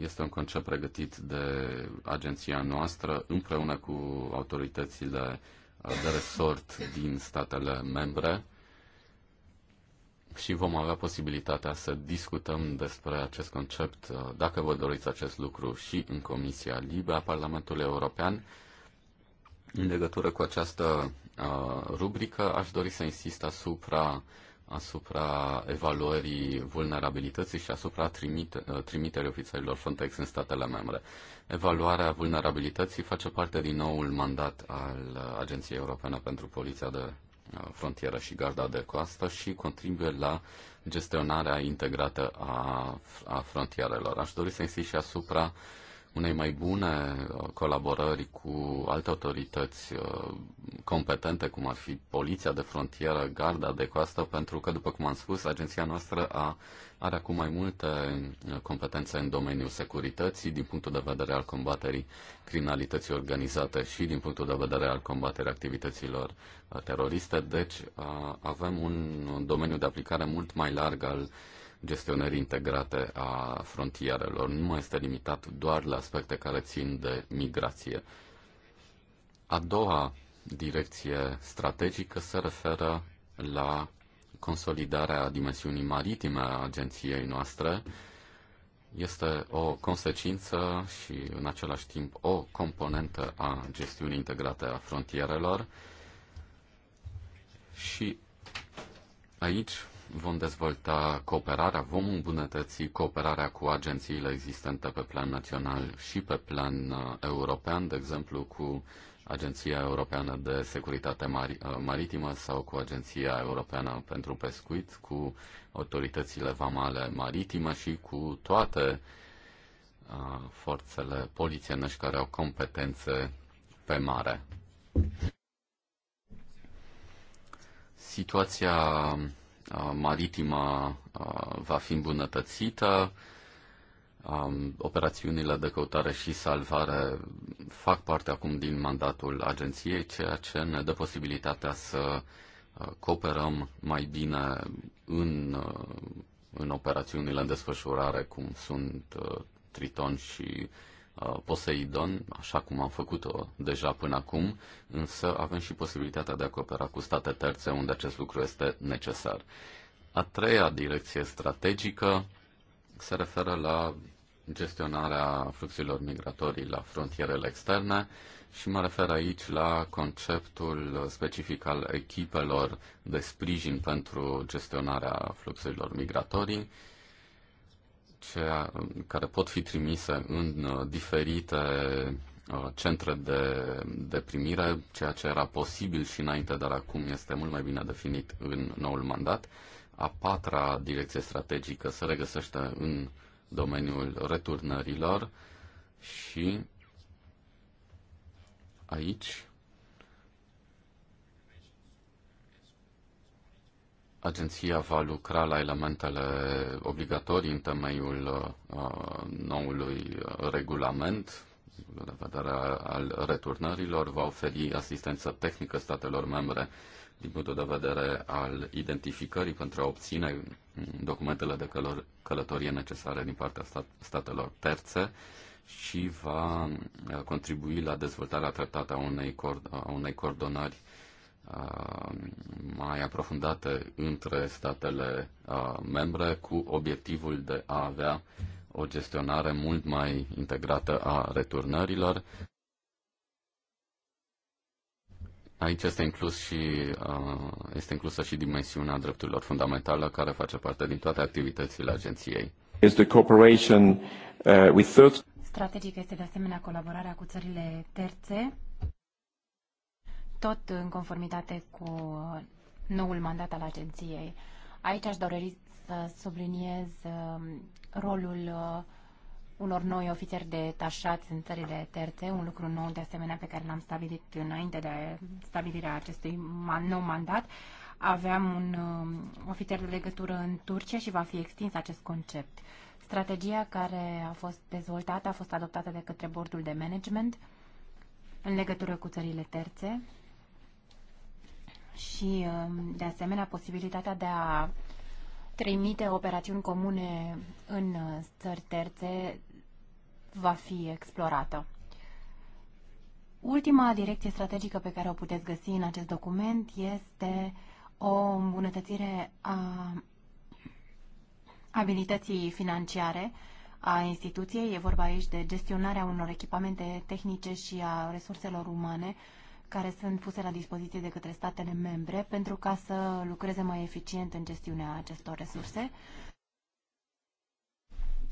este un concept pregătit de agenția noastră împreună cu autoritățile de resort din statele membre și vom avea posibilitatea să discutăm despre acest concept, uh, dacă vă doriți acest lucru, și în Comisia Libe a Parlamentului European. În legătură cu această uh, rubrică, aș dori să insist asupra uh, asupra evaluării vulnerabilității și asupra trimite, uh, trimiterii ofițerilor Frontex în statele membre. Evaluarea vulnerabilității face parte din noul mandat al uh, Agenției Europene pentru Poliția de uh, Frontieră și Garda de Coastă și contribuie la gestionarea integrată a, a frontierelor. Aș dori să insist și asupra uh, unei mai bune uh, colaborări cu alte autorități uh, competente, cum ar fi Poliția de Frontieră, Garda de Coastă, pentru că, după cum am spus, agenția noastră a, are acum mai multe uh, competențe în domeniul securității, din punctul de vedere al combaterii criminalității organizate și din punctul de vedere al combaterii activităților teroriste. Deci avem un domeniu de aplicare mult mai larg al gestionări integrate a frontierelor. Nu mai este limitat doar la aspecte care țin de migrație. A doua direcție strategică se referă la consolidarea dimensiunii maritime a agenției noastre. Este o consecință și în același timp o componentă a gestiunii integrate a frontierelor. Și aici vom dezvolta cooperarea, vom îmbunătăți cooperarea cu agențiile existente pe plan național și pe plan uh, european, de exemplu cu Agenția Europeană de Securitate Mar- uh, Maritimă sau cu Agenția Europeană pentru Pescuit, cu autoritățile vamale maritime și cu toate uh, forțele polițienești care au competențe pe mare. Situația Uh, maritimă uh, va fi îmbunătățită, um, operațiunile de căutare și salvare fac parte acum din mandatul agenției, ceea ce ne dă posibilitatea să uh, cooperăm mai bine în, în operațiunile în desfășurare, cum sunt Triton și Uh, Poseidon, așa cum am făcut-o deja până acum, însă avem și posibilitatea de a coopera cu state terțe unde acest lucru este necesar. A treia direcție strategică se referă la gestionarea fluxurilor migratorii la frontierele externe și mă refer aici la conceptul specific al echipelor de sprijin pentru gestionarea fluxurilor migratorii, cea, care pot fi trimise în uh, diferite uh, centre de, de primire, ceea ce era posibil și înainte, dar acum este mult mai bine definit în noul mandat. A patra direcție strategică se regăsește în domeniul returnărilor și aici Agenția va lucra la elementele obligatorii în temeiul uh, noului uh, regulament de vedere al returnărilor, va oferi asistență tehnică statelor membre din punctul de vedere al identificării pentru a obține mm, documentele de călor, călătorie necesare din partea stat, statelor terțe și va uh, contribui la dezvoltarea treptată a unei, cord, a unei coordonări Uh, mai aprofundate între statele uh, membre cu obiectivul de a avea o gestionare mult mai integrată a returnărilor. Aici este, inclus și, uh, este inclusă și dimensiunea drepturilor fundamentale care face parte din toate activitățile agenției. Este cooperation, with third... este de asemenea colaborarea cu țările terțe tot în conformitate cu noul mandat al agenției. Aici aș dori să subliniez um, rolul uh, unor noi ofițeri detașați în țările terțe, un lucru nou de asemenea pe care l-am stabilit înainte de stabilirea acestui nou mandat. Aveam un um, ofițer de legătură în Turcia și va fi extins acest concept. Strategia care a fost dezvoltată a fost adoptată de către bordul de management în legătură cu țările terțe și, um, de asemenea, posibilitatea de a trimite operațiuni comune în uh, țări terțe va fi explorată. Ultima direcție strategică pe care o puteți găsi în acest document este o îmbunătățire a abilității financiare a instituției. E vorba aici de gestionarea unor echipamente tehnice și a resurselor umane care sunt puse la dispoziție de către statele membre pentru ca să lucreze mai eficient în gestiunea acestor resurse.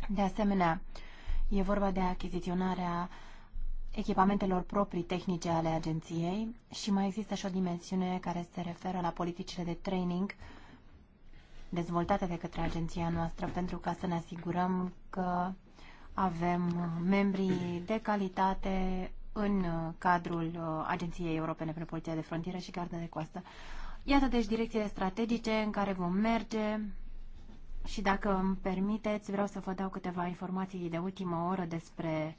De asemenea, e vorba de achiziționarea echipamentelor proprii tehnice ale agenției și mai există și o dimensiune care se referă la politicile de training dezvoltate de către agenția noastră pentru ca să ne asigurăm că avem membrii de calitate în uh, cadrul uh, Agenției Europene pentru Poliția de Frontieră și Garda de Coastă. Iată deci direcțiile strategice în care vom merge și dacă îmi permiteți, vreau să vă dau câteva informații de ultimă oră despre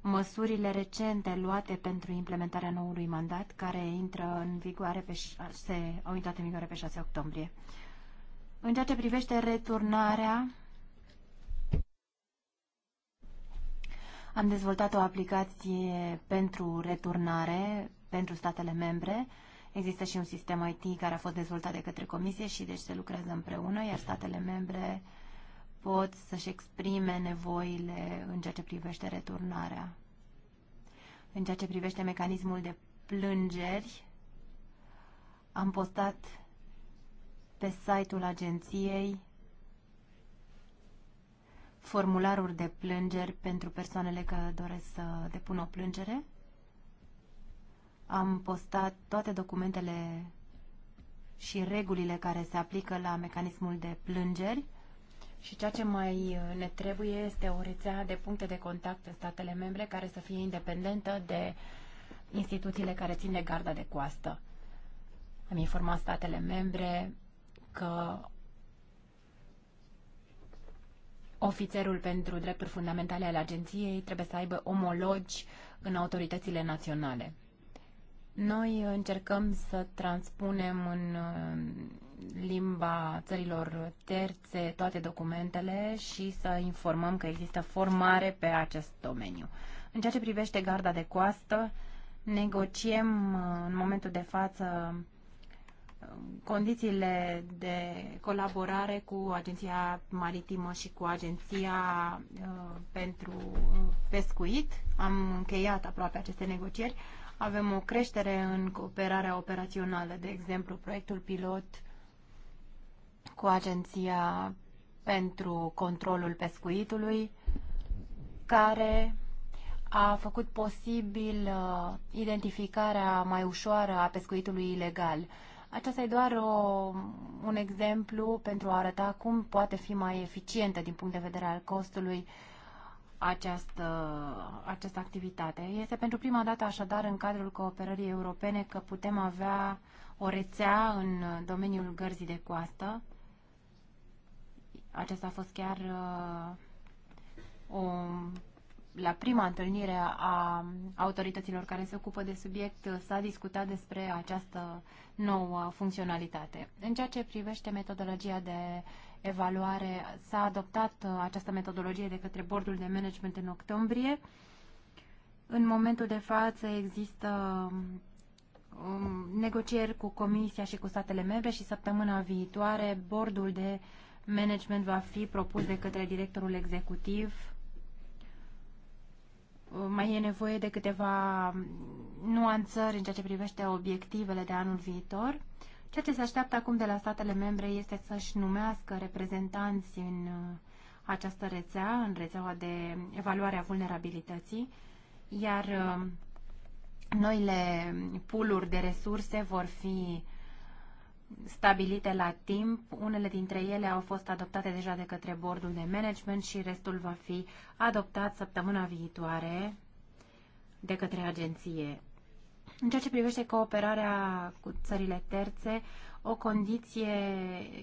măsurile recente luate pentru implementarea noului mandat, care intră în vigoare pe, se, au intrat în vigoare pe 6 octombrie. În ceea ce privește returnarea Am dezvoltat o aplicație pentru returnare pentru statele membre. Există și un sistem IT care a fost dezvoltat de către comisie și deci se lucrează împreună, iar statele membre pot să-și exprime nevoile în ceea ce privește returnarea. În ceea ce privește mecanismul de plângeri, am postat pe site-ul agenției formularuri de plângeri pentru persoanele care doresc să depună o plângere. Am postat toate documentele și regulile care se aplică la mecanismul de plângeri și ceea ce mai ne trebuie este o rețea de puncte de contact în statele membre care să fie independentă de instituțiile care țin de garda de coastă. Am informat statele membre că ofițerul pentru drepturi fundamentale al agenției trebuie să aibă omologi în autoritățile naționale. Noi încercăm să transpunem în uh, limba țărilor terțe toate documentele și să informăm că există formare pe acest domeniu. În ceea ce privește garda de coastă, negociem uh, în momentul de față condițiile de colaborare cu Agenția Maritimă și cu Agenția uh, pentru uh, Pescuit. Am încheiat aproape aceste negocieri. Avem o creștere în cooperarea operațională, de exemplu, proiectul pilot cu Agenția pentru Controlul Pescuitului, care a făcut posibil uh, identificarea mai ușoară a pescuitului ilegal aceasta e doar o, un exemplu pentru a arăta cum poate fi mai eficientă din punct de vedere al costului această, această activitate. Este pentru prima dată așadar în cadrul cooperării europene că putem avea o rețea în domeniul gărzii de coastă. Aceasta a fost chiar uh, o la prima întâlnire a autorităților care se ocupă de subiect s-a discutat despre această nouă funcționalitate. În ceea ce privește metodologia de evaluare, s-a adoptat această metodologie de către bordul de management în octombrie. În momentul de față există um, negocieri cu Comisia și cu statele membre și săptămâna viitoare bordul de management va fi propus de către directorul executiv mai e nevoie de câteva nuanțări în ceea ce privește obiectivele de anul viitor. Ceea ce se așteaptă acum de la statele membre este să-și numească reprezentanți în uh, această rețea, în rețeaua de evaluare a vulnerabilității, iar uh, noile puluri de resurse vor fi stabilite la timp. Unele dintre ele au fost adoptate deja de către bordul de management și restul va fi adoptat săptămâna viitoare de către agenție. În ceea ce privește cooperarea cu țările terțe, o condiție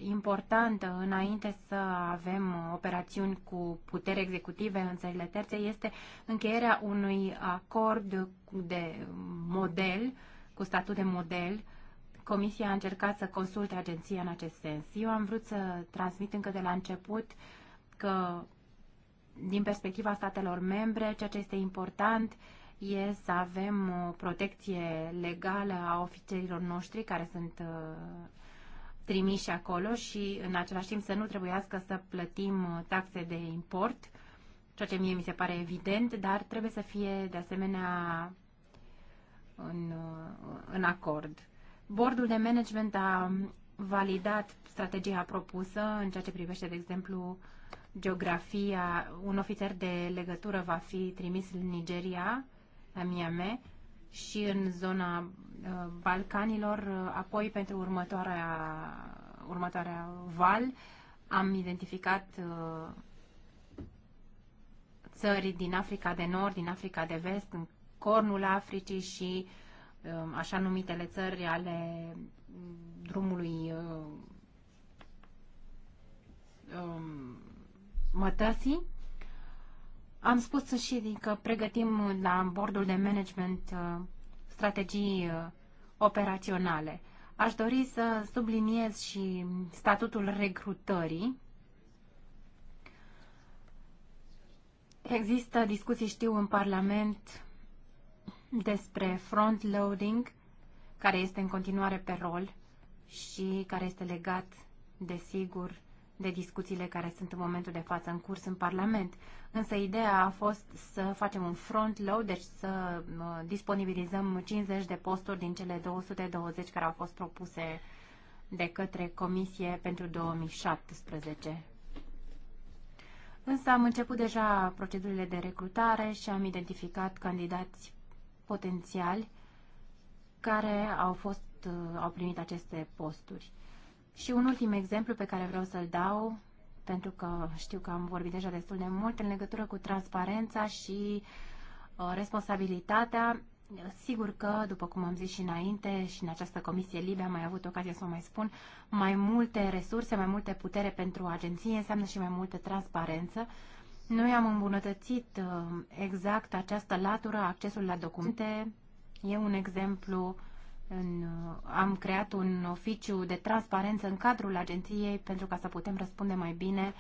importantă înainte să avem operațiuni cu putere executive în țările terțe este încheierea unui acord de model, cu statut de model, Comisia a încercat să consulte agenția în acest sens. Eu am vrut să transmit încă de la început că, din perspectiva statelor membre, ceea ce este important e să avem o uh, protecție legală a ofițerilor noștri care sunt uh, trimiși acolo și, în același timp, să nu trebuiască să plătim uh, taxe de import, ceea ce mie mi se pare evident, dar trebuie să fie, de asemenea, în, în acord. Bordul de management a validat strategia propusă în ceea ce privește, de exemplu, geografia. Un ofițer de legătură va fi trimis în Nigeria, la Miami, și în zona uh, Balcanilor. Uh, apoi, pentru următoarea, următoarea val, am identificat uh, țări din Africa de Nord, din Africa de Vest, în cornul Africii și uh, Um, așa numitele țări ale drumului um, um, mătăsii. Am spus și că pregătim la bordul de management uh, strategii uh, operaționale. Aș dori să subliniez și statutul recrutării. Există discuții, știu, în Parlament despre front-loading, care este în continuare pe rol și care este legat, desigur, de discuțiile care sunt în momentul de față în curs în Parlament. Însă ideea a fost să facem un front load, deci să disponibilizăm 50 de posturi din cele 220 care au fost propuse de către Comisie pentru 2017. Însă am început deja procedurile de recrutare și am identificat candidați potențiali care au, fost, uh, au primit aceste posturi. Și un ultim exemplu pe care vreau să-l dau, pentru că știu că am vorbit deja destul de mult, în legătură cu transparența și uh, responsabilitatea, Sigur că, după cum am zis și înainte, și în această comisie libe am mai avut ocazia să o mai spun, mai multe resurse, mai multe putere pentru agenție înseamnă și mai multă transparență, noi am îmbunătățit uh, exact această latură, accesul la documente. E un exemplu în, uh, am creat un oficiu de transparență în cadrul agenției pentru ca să putem răspunde mai bine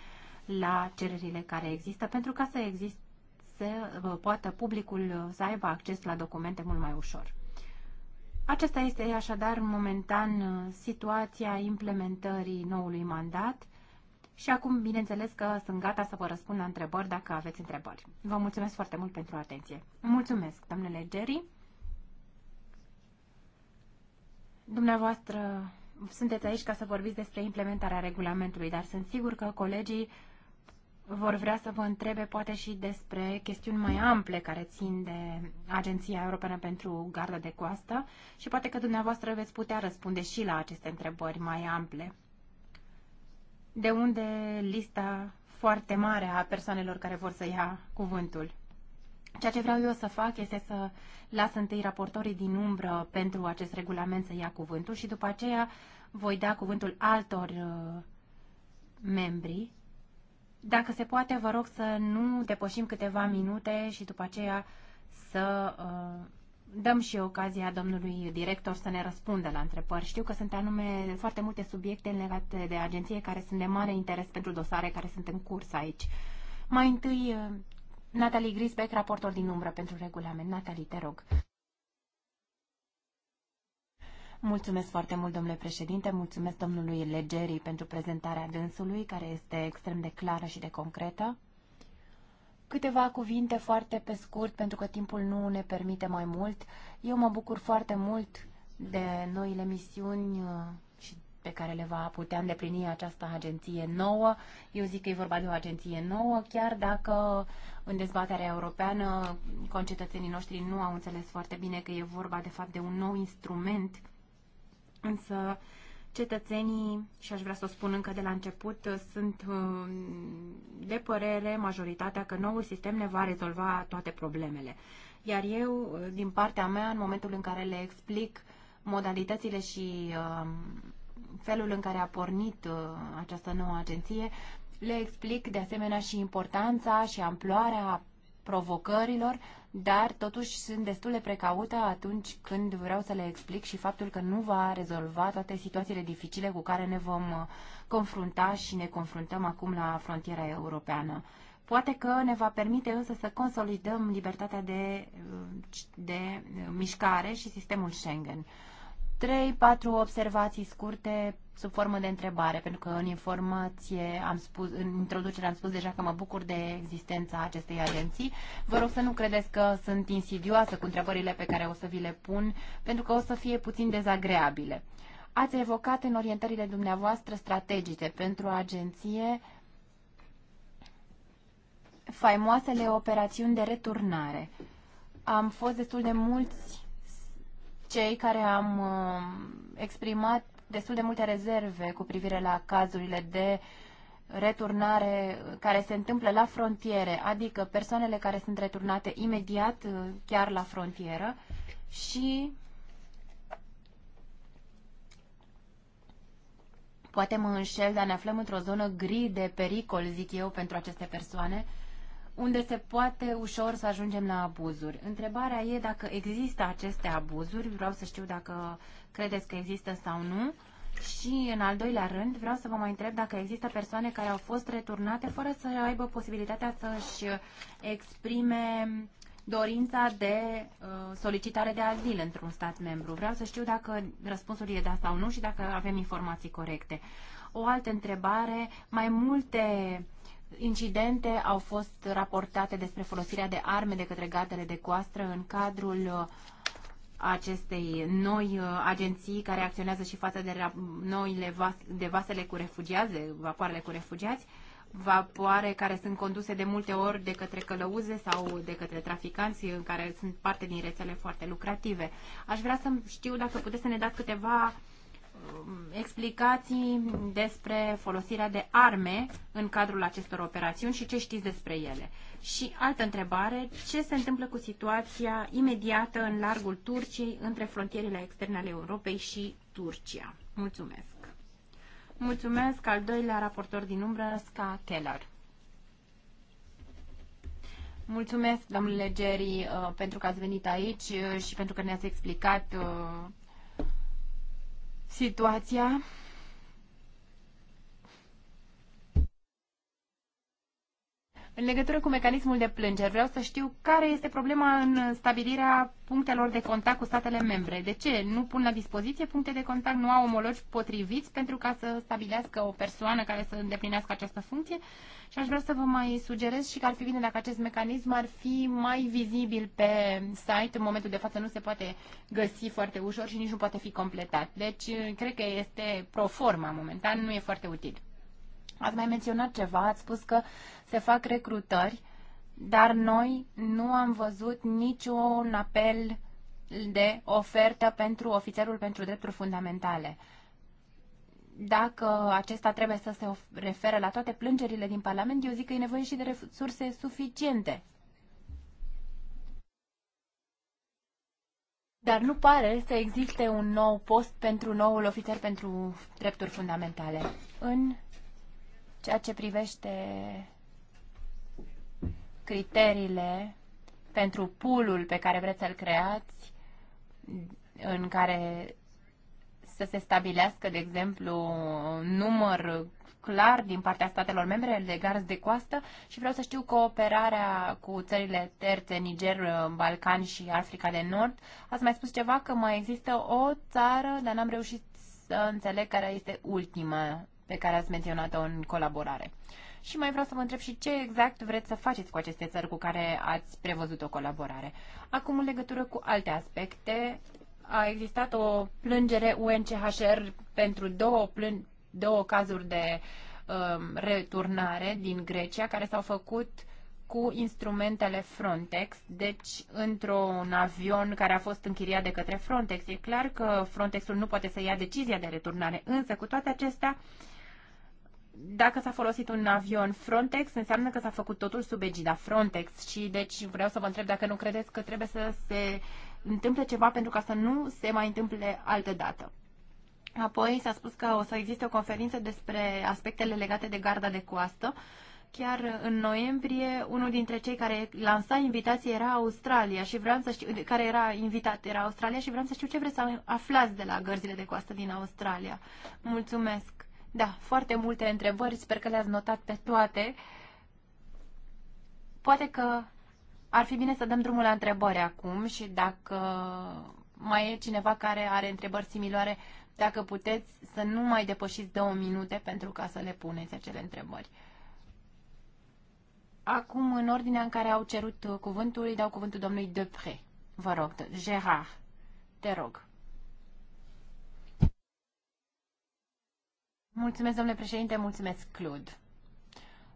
la cererile care există, pentru ca să existe, să uh, poată publicul să aibă acces la documente mult mai ușor. Acesta este așadar momentan situația implementării noului mandat și acum, bineînțeles că sunt gata să vă răspund la întrebări dacă aveți întrebări. Vă mulțumesc foarte mult pentru atenție. Mulțumesc, domnule Jerry. Dumneavoastră sunteți aici ca să vorbiți despre implementarea regulamentului, dar sunt sigur că colegii vor vrea să vă întrebe poate și despre chestiuni mai ample care țin de Agenția Europeană pentru Garda de Coastă și poate că dumneavoastră veți putea răspunde și la aceste întrebări mai ample de unde lista foarte mare a persoanelor care vor să ia cuvântul. Ceea ce vreau eu să fac este să las întâi raportorii din umbră pentru acest regulament să ia cuvântul și după aceea voi da cuvântul altor uh, membri. Dacă se poate, vă rog să nu depășim câteva minute și după aceea să uh, dăm și ocazia domnului director să ne răspundă la întrebări. Știu că sunt anume foarte multe subiecte legate de agenție care sunt de mare interes pentru dosare care sunt în curs aici. Mai întâi, uh, Natalie Grisbeck, raportor din umbră pentru regulament. Natalie, te rog. Mulțumesc foarte mult, domnule președinte, mulțumesc domnului Legerii pentru prezentarea dânsului, care este extrem de clară și de concretă. Câteva cuvinte foarte pe scurt, pentru că timpul nu ne permite mai mult. Eu mă bucur foarte mult de noile misiuni uh, și pe care le va putea îndeplini această agenție nouă. Eu zic că e vorba de o agenție nouă, chiar dacă în dezbaterea europeană concetățenii noștri nu au înțeles foarte bine că e vorba de fapt de un nou instrument, însă uh, Cetățenii, și aș vrea să o spun încă de la început, sunt uh, de părere majoritatea că noul sistem ne va rezolva toate problemele. Iar eu, uh, din partea mea, în momentul în care le explic modalitățile și uh, felul în care a pornit această nouă agenție, le explic de asemenea și importanța și amploarea provocărilor dar totuși sunt destul de precaută atunci când vreau să le explic și faptul că nu va rezolva toate situațiile dificile cu care ne vom uh, confrunta și ne confruntăm acum la frontiera europeană. Poate că ne va permite însă să consolidăm libertatea de, uh, de uh, mișcare și sistemul Schengen. Trei, patru observații scurte sub formă de întrebare, pentru că în informație am spus, în introducere am spus deja că mă bucur de existența acestei agenții. Vă rog să nu credeți că sunt insidioasă cu întrebările pe care o să vi le pun, pentru că o să fie puțin dezagreabile. Ați evocat în orientările dumneavoastră strategice pentru agenție faimoasele operațiuni de returnare. Am fost destul de mulți cei care am um, exprimat destul de multe rezerve cu privire la cazurile de returnare care se întâmplă la frontiere, adică persoanele care sunt returnate imediat uh, chiar la frontieră și poate mă înșel, dar ne aflăm într-o zonă gri de pericol, zic eu, pentru aceste persoane unde se poate ușor să ajungem la abuzuri. Întrebarea e dacă există aceste abuzuri, vreau să știu dacă credeți că există sau nu. Și, în al doilea rând, vreau să vă mai întreb dacă există persoane care au fost returnate fără să aibă posibilitatea să-și exprime dorința de uh, solicitare de azil într-un stat membru. Vreau să știu dacă răspunsul e da sau nu și dacă avem informații corecte. O altă întrebare, mai multe Incidente au fost raportate despre folosirea de arme de către gardele de coastră în cadrul uh, acestei noi uh, agenții care acționează și față de noile vas, de vasele cu refugiați, de vapoarele cu refugiați, vapoare care sunt conduse de multe ori de către călăuze sau de către traficanți în care sunt parte din rețele foarte lucrative. Aș vrea să știu dacă puteți să ne dați câteva explicații despre folosirea de arme în cadrul acestor operațiuni și ce știți despre ele. Și altă întrebare, ce se întâmplă cu situația imediată în largul Turciei între frontierele externe ale Europei și Turcia? Mulțumesc! Mulțumesc al doilea raportor din umbră, Ska Keller. Mulțumesc, domnule Geri, uh, pentru că ați venit aici uh, și pentru că ne-ați explicat uh, situaia În legătură cu mecanismul de plângeri, vreau să știu care este problema în stabilirea punctelor de contact cu statele membre. De ce nu pun la dispoziție puncte de contact, nu au omologi potriviți pentru ca să stabilească o persoană care să îndeplinească această funcție? Și aș vrea să vă mai sugerez și că ar fi bine dacă acest mecanism ar fi mai vizibil pe site. În momentul de față nu se poate găsi foarte ușor și nici nu poate fi completat. Deci, cred că este pro forma momentan, nu e foarte util. Ați mai menționat ceva, ați spus că se fac recrutări, dar noi nu am văzut niciun apel de ofertă pentru ofițerul pentru drepturi fundamentale. Dacă acesta trebuie să se referă la toate plângerile din Parlament, eu zic că e nevoie și de resurse suficiente. Dar nu pare să existe un nou post pentru noul ofițer pentru drepturi fundamentale. În Ceea ce privește criteriile pentru pulul pe care vreți să-l creați, în care să se stabilească, de exemplu, un număr clar din partea statelor membre de garzi de coastă și vreau să știu cooperarea cu țările terțe, Niger, Balcani și Africa de Nord. Ați mai spus ceva că mai există o țară, dar n-am reușit să înțeleg care este ultima pe care ați menționat-o în colaborare. Și mai vreau să vă întreb și ce exact vreți să faceți cu aceste țări cu care ați prevăzut o colaborare. Acum, în legătură cu alte aspecte, a existat o plângere UNCHR pentru două, plân- două cazuri de um, returnare din Grecia care s-au făcut cu instrumentele Frontex, deci într-un avion care a fost închiriat de către Frontex. E clar că Frontexul nu poate să ia decizia de returnare, însă cu toate acestea, uh, dacă s-a folosit un avion Frontex, înseamnă că s-a făcut totul sub egida Frontex și deci vreau să vă întreb dacă nu credeți că trebuie să se întâmple ceva pentru ca să nu se mai întâmple altă dată. Apoi s-a spus că o să existe o conferință despre aspectele legate de garda de coastă. Chiar în noiembrie, unul dintre cei care lansa invitații era Australia și vreau să știu, care era invitat era Australia și vreau să știu ce vreți să aflați de la gărzile de coastă din Australia. Mulțumesc! Da, foarte multe întrebări, sper că le-ați notat pe toate. Poate că ar fi bine să dăm drumul la întrebări acum și dacă mai e cineva care are întrebări similare, dacă puteți să nu mai depășiți două minute pentru ca să le puneți acele întrebări. Acum, în ordinea în care au cerut cuvântul, îi dau cuvântul domnului Depre. Vă rog, Gerard, te rog. Mulțumesc, domnule președinte, mulțumesc, Clud.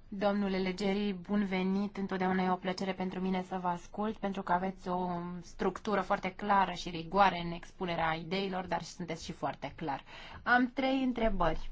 Domnule Legeri, bun venit. Întotdeauna e o plăcere pentru mine să vă ascult, pentru că aveți o structură foarte clară și rigoare în expunerea ideilor, dar sunteți și foarte clar. Am trei întrebări.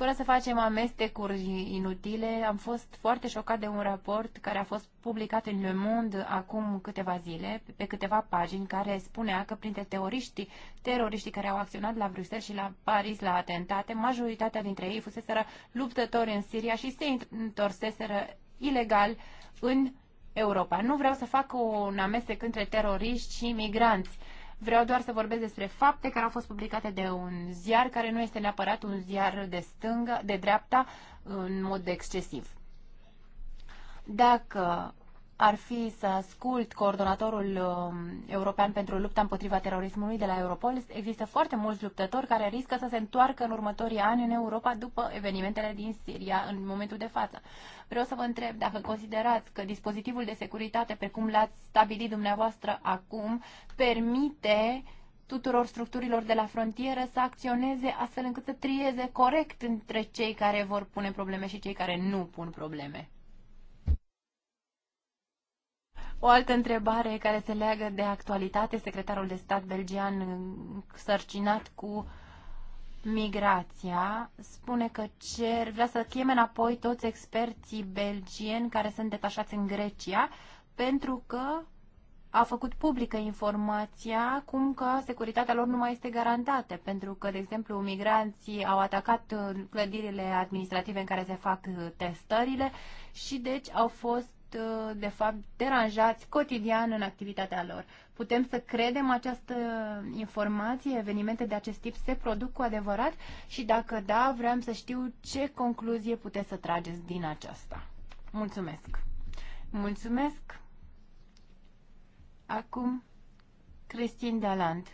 Fără să facem amestecuri inutile, am fost foarte șocat de un raport care a fost publicat în Le Monde acum câteva zile, pe câteva pagini, care spunea că printre teoriștii, teroriștii care au acționat la Bruxelles și la Paris la atentate, majoritatea dintre ei fuseseră luptători în Siria și se întorseseră ilegal în Europa. Nu vreau să fac un amestec între teroriști și migranți Vreau doar să vorbesc despre fapte care au fost publicate de un ziar care nu este neapărat un ziar de stânga, de dreapta, în mod excesiv. Dacă ar fi să ascult coordonatorul um, european pentru lupta împotriva terorismului de la Europol, există foarte mulți luptători care riscă să se întoarcă în următorii ani în Europa după evenimentele din Siria în momentul de față. Vreau să vă întreb dacă considerați că dispozitivul de securitate, precum l-ați stabilit dumneavoastră acum, permite tuturor structurilor de la frontieră să acționeze astfel încât să trieze corect între cei care vor pune probleme și cei care nu pun probleme. O altă întrebare care se leagă de actualitate, secretarul de stat belgian sărcinat cu migrația spune că cer, vrea să cheme înapoi toți experții belgieni care sunt detașați în Grecia pentru că a făcut publică informația cum că securitatea lor nu mai este garantată, pentru că, de exemplu, migranții au atacat uh, clădirile administrative în care se fac uh, testările și, deci, au fost Uh, de fapt, deranjați cotidian în activitatea lor. Putem să credem această informație? Evenimente de acest tip se produc cu adevărat? Și dacă da, vreau să știu ce concluzie puteți să trageți din aceasta. Mulțumesc! Mulțumesc! Acum, Cristin Daland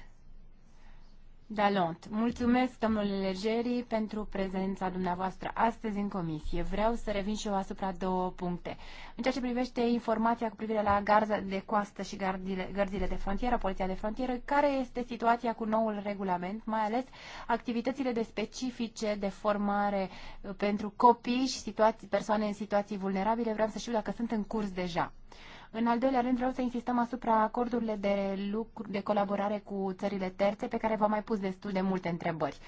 Dalont. Mulțumesc, domnule Legerii, pentru prezența dumneavoastră astăzi în comisie. Vreau să revin și eu asupra două puncte. În ceea ce privește informația cu privire la garza de coastă și gardile, gărzile de frontieră, poliția de frontieră, care este situația cu noul regulament, mai ales activitățile de specifice de formare uh, pentru copii și situații, persoane în situații vulnerabile, vreau să știu dacă sunt în curs deja. În al doilea rând, vreau să insistăm asupra acordurile de lucru, de colaborare cu țările terțe, pe care v-am mai pus destul de multe întrebări.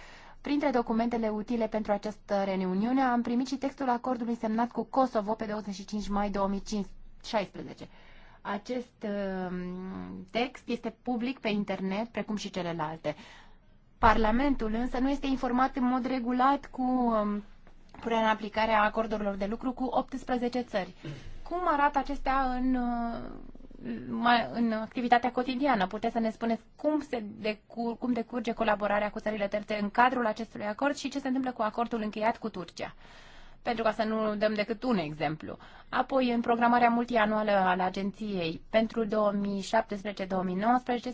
Printre documentele utile pentru această reuniune am primit și textul acordului semnat cu Kosovo pe 25 mai 2016. Acest um, text este public pe internet, precum și celelalte. Parlamentul însă nu este informat în mod regulat cu um, punerea în aplicare a acordurilor de lucru cu 18 țări. Cum arată acestea în, uh, în activitatea cotidiană? Puteți să ne spuneți cum, se decur, cum decurge colaborarea cu țările terțe în cadrul acestui acord și ce se întâmplă cu acordul încheiat cu Turcia? pentru ca să nu dăm decât un exemplu. Apoi, în programarea multianuală al agenției pentru 2017-2019,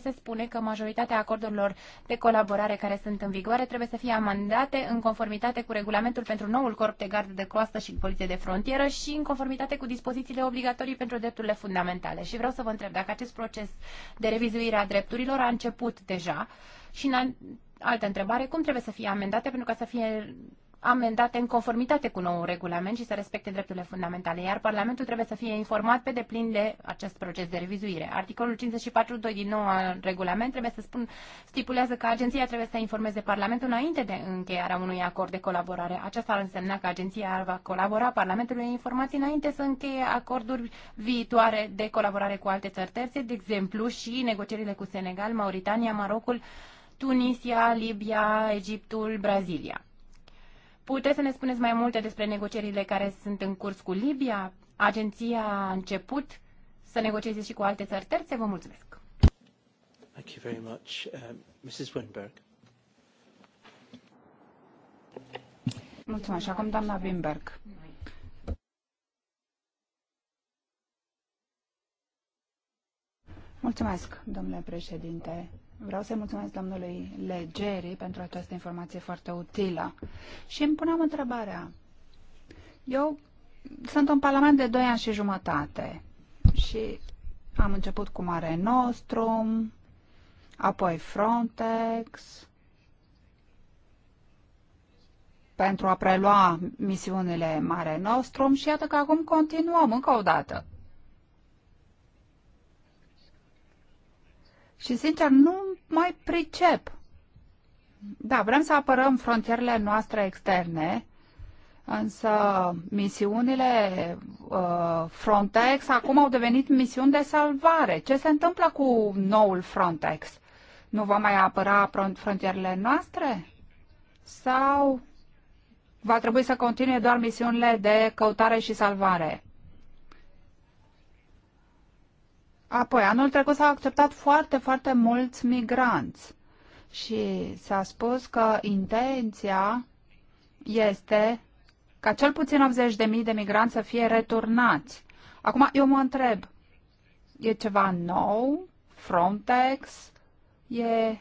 se spune că majoritatea acordurilor de colaborare care sunt în vigoare trebuie să fie amandate în conformitate cu regulamentul pentru noul corp de gardă de coastă și poliție de frontieră și în conformitate cu dispozițiile obligatorii pentru drepturile fundamentale. Și vreau să vă întreb dacă acest proces de revizuire a drepturilor a început deja și în altă întrebare, cum trebuie să fie amendate pentru ca să fie amendate în conformitate cu noul regulament și să respecte drepturile fundamentale, iar Parlamentul trebuie să fie informat pe deplin de acest proces de revizuire. Articolul 54.2 din nou regulament trebuie să spun, stipulează că agenția trebuie să informeze Parlamentul înainte de încheierea unui acord de colaborare. Aceasta ar însemna că agenția va colabora Parlamentului informații înainte să încheie acorduri viitoare de colaborare cu alte țări terțe, de exemplu și negocierile cu Senegal, Mauritania, Marocul, Tunisia, Libia, Egiptul, Brazilia. Puteți să ne spuneți mai multe despre negocierile care sunt în curs cu Libia? Agenția a început să negocieze și cu alte țări terțe? Vă mulțumesc! Thank you very much. uh, Mrs. Winberg. Mulțumesc. Acum doamna Winberg. Mulțumesc, domnule președinte. Vreau să-i mulțumesc domnului Legeri pentru această informație foarte utilă. Și îmi puneam întrebarea. Eu sunt în Parlament de 2 ani și jumătate și am început cu Mare Nostrum, apoi Frontex, pentru a prelua misiunile Mare Nostrum și iată că acum continuăm încă o dată. Și, sincer, nu mai pricep. Da, vrem să apărăm frontierele noastre externe, însă misiunile uh, Frontex acum au devenit misiuni de salvare. Ce se întâmplă cu noul Frontex? Nu va mai apăra frontierele noastre? Sau va trebui să continue doar misiunile de căutare și salvare? Apoi, anul trecut s-au acceptat foarte, foarte mulți migranți și s-a spus că intenția este ca cel puțin 80.000 de migranți să fie returnați. Acum, eu mă întreb, e ceva nou? Frontex? E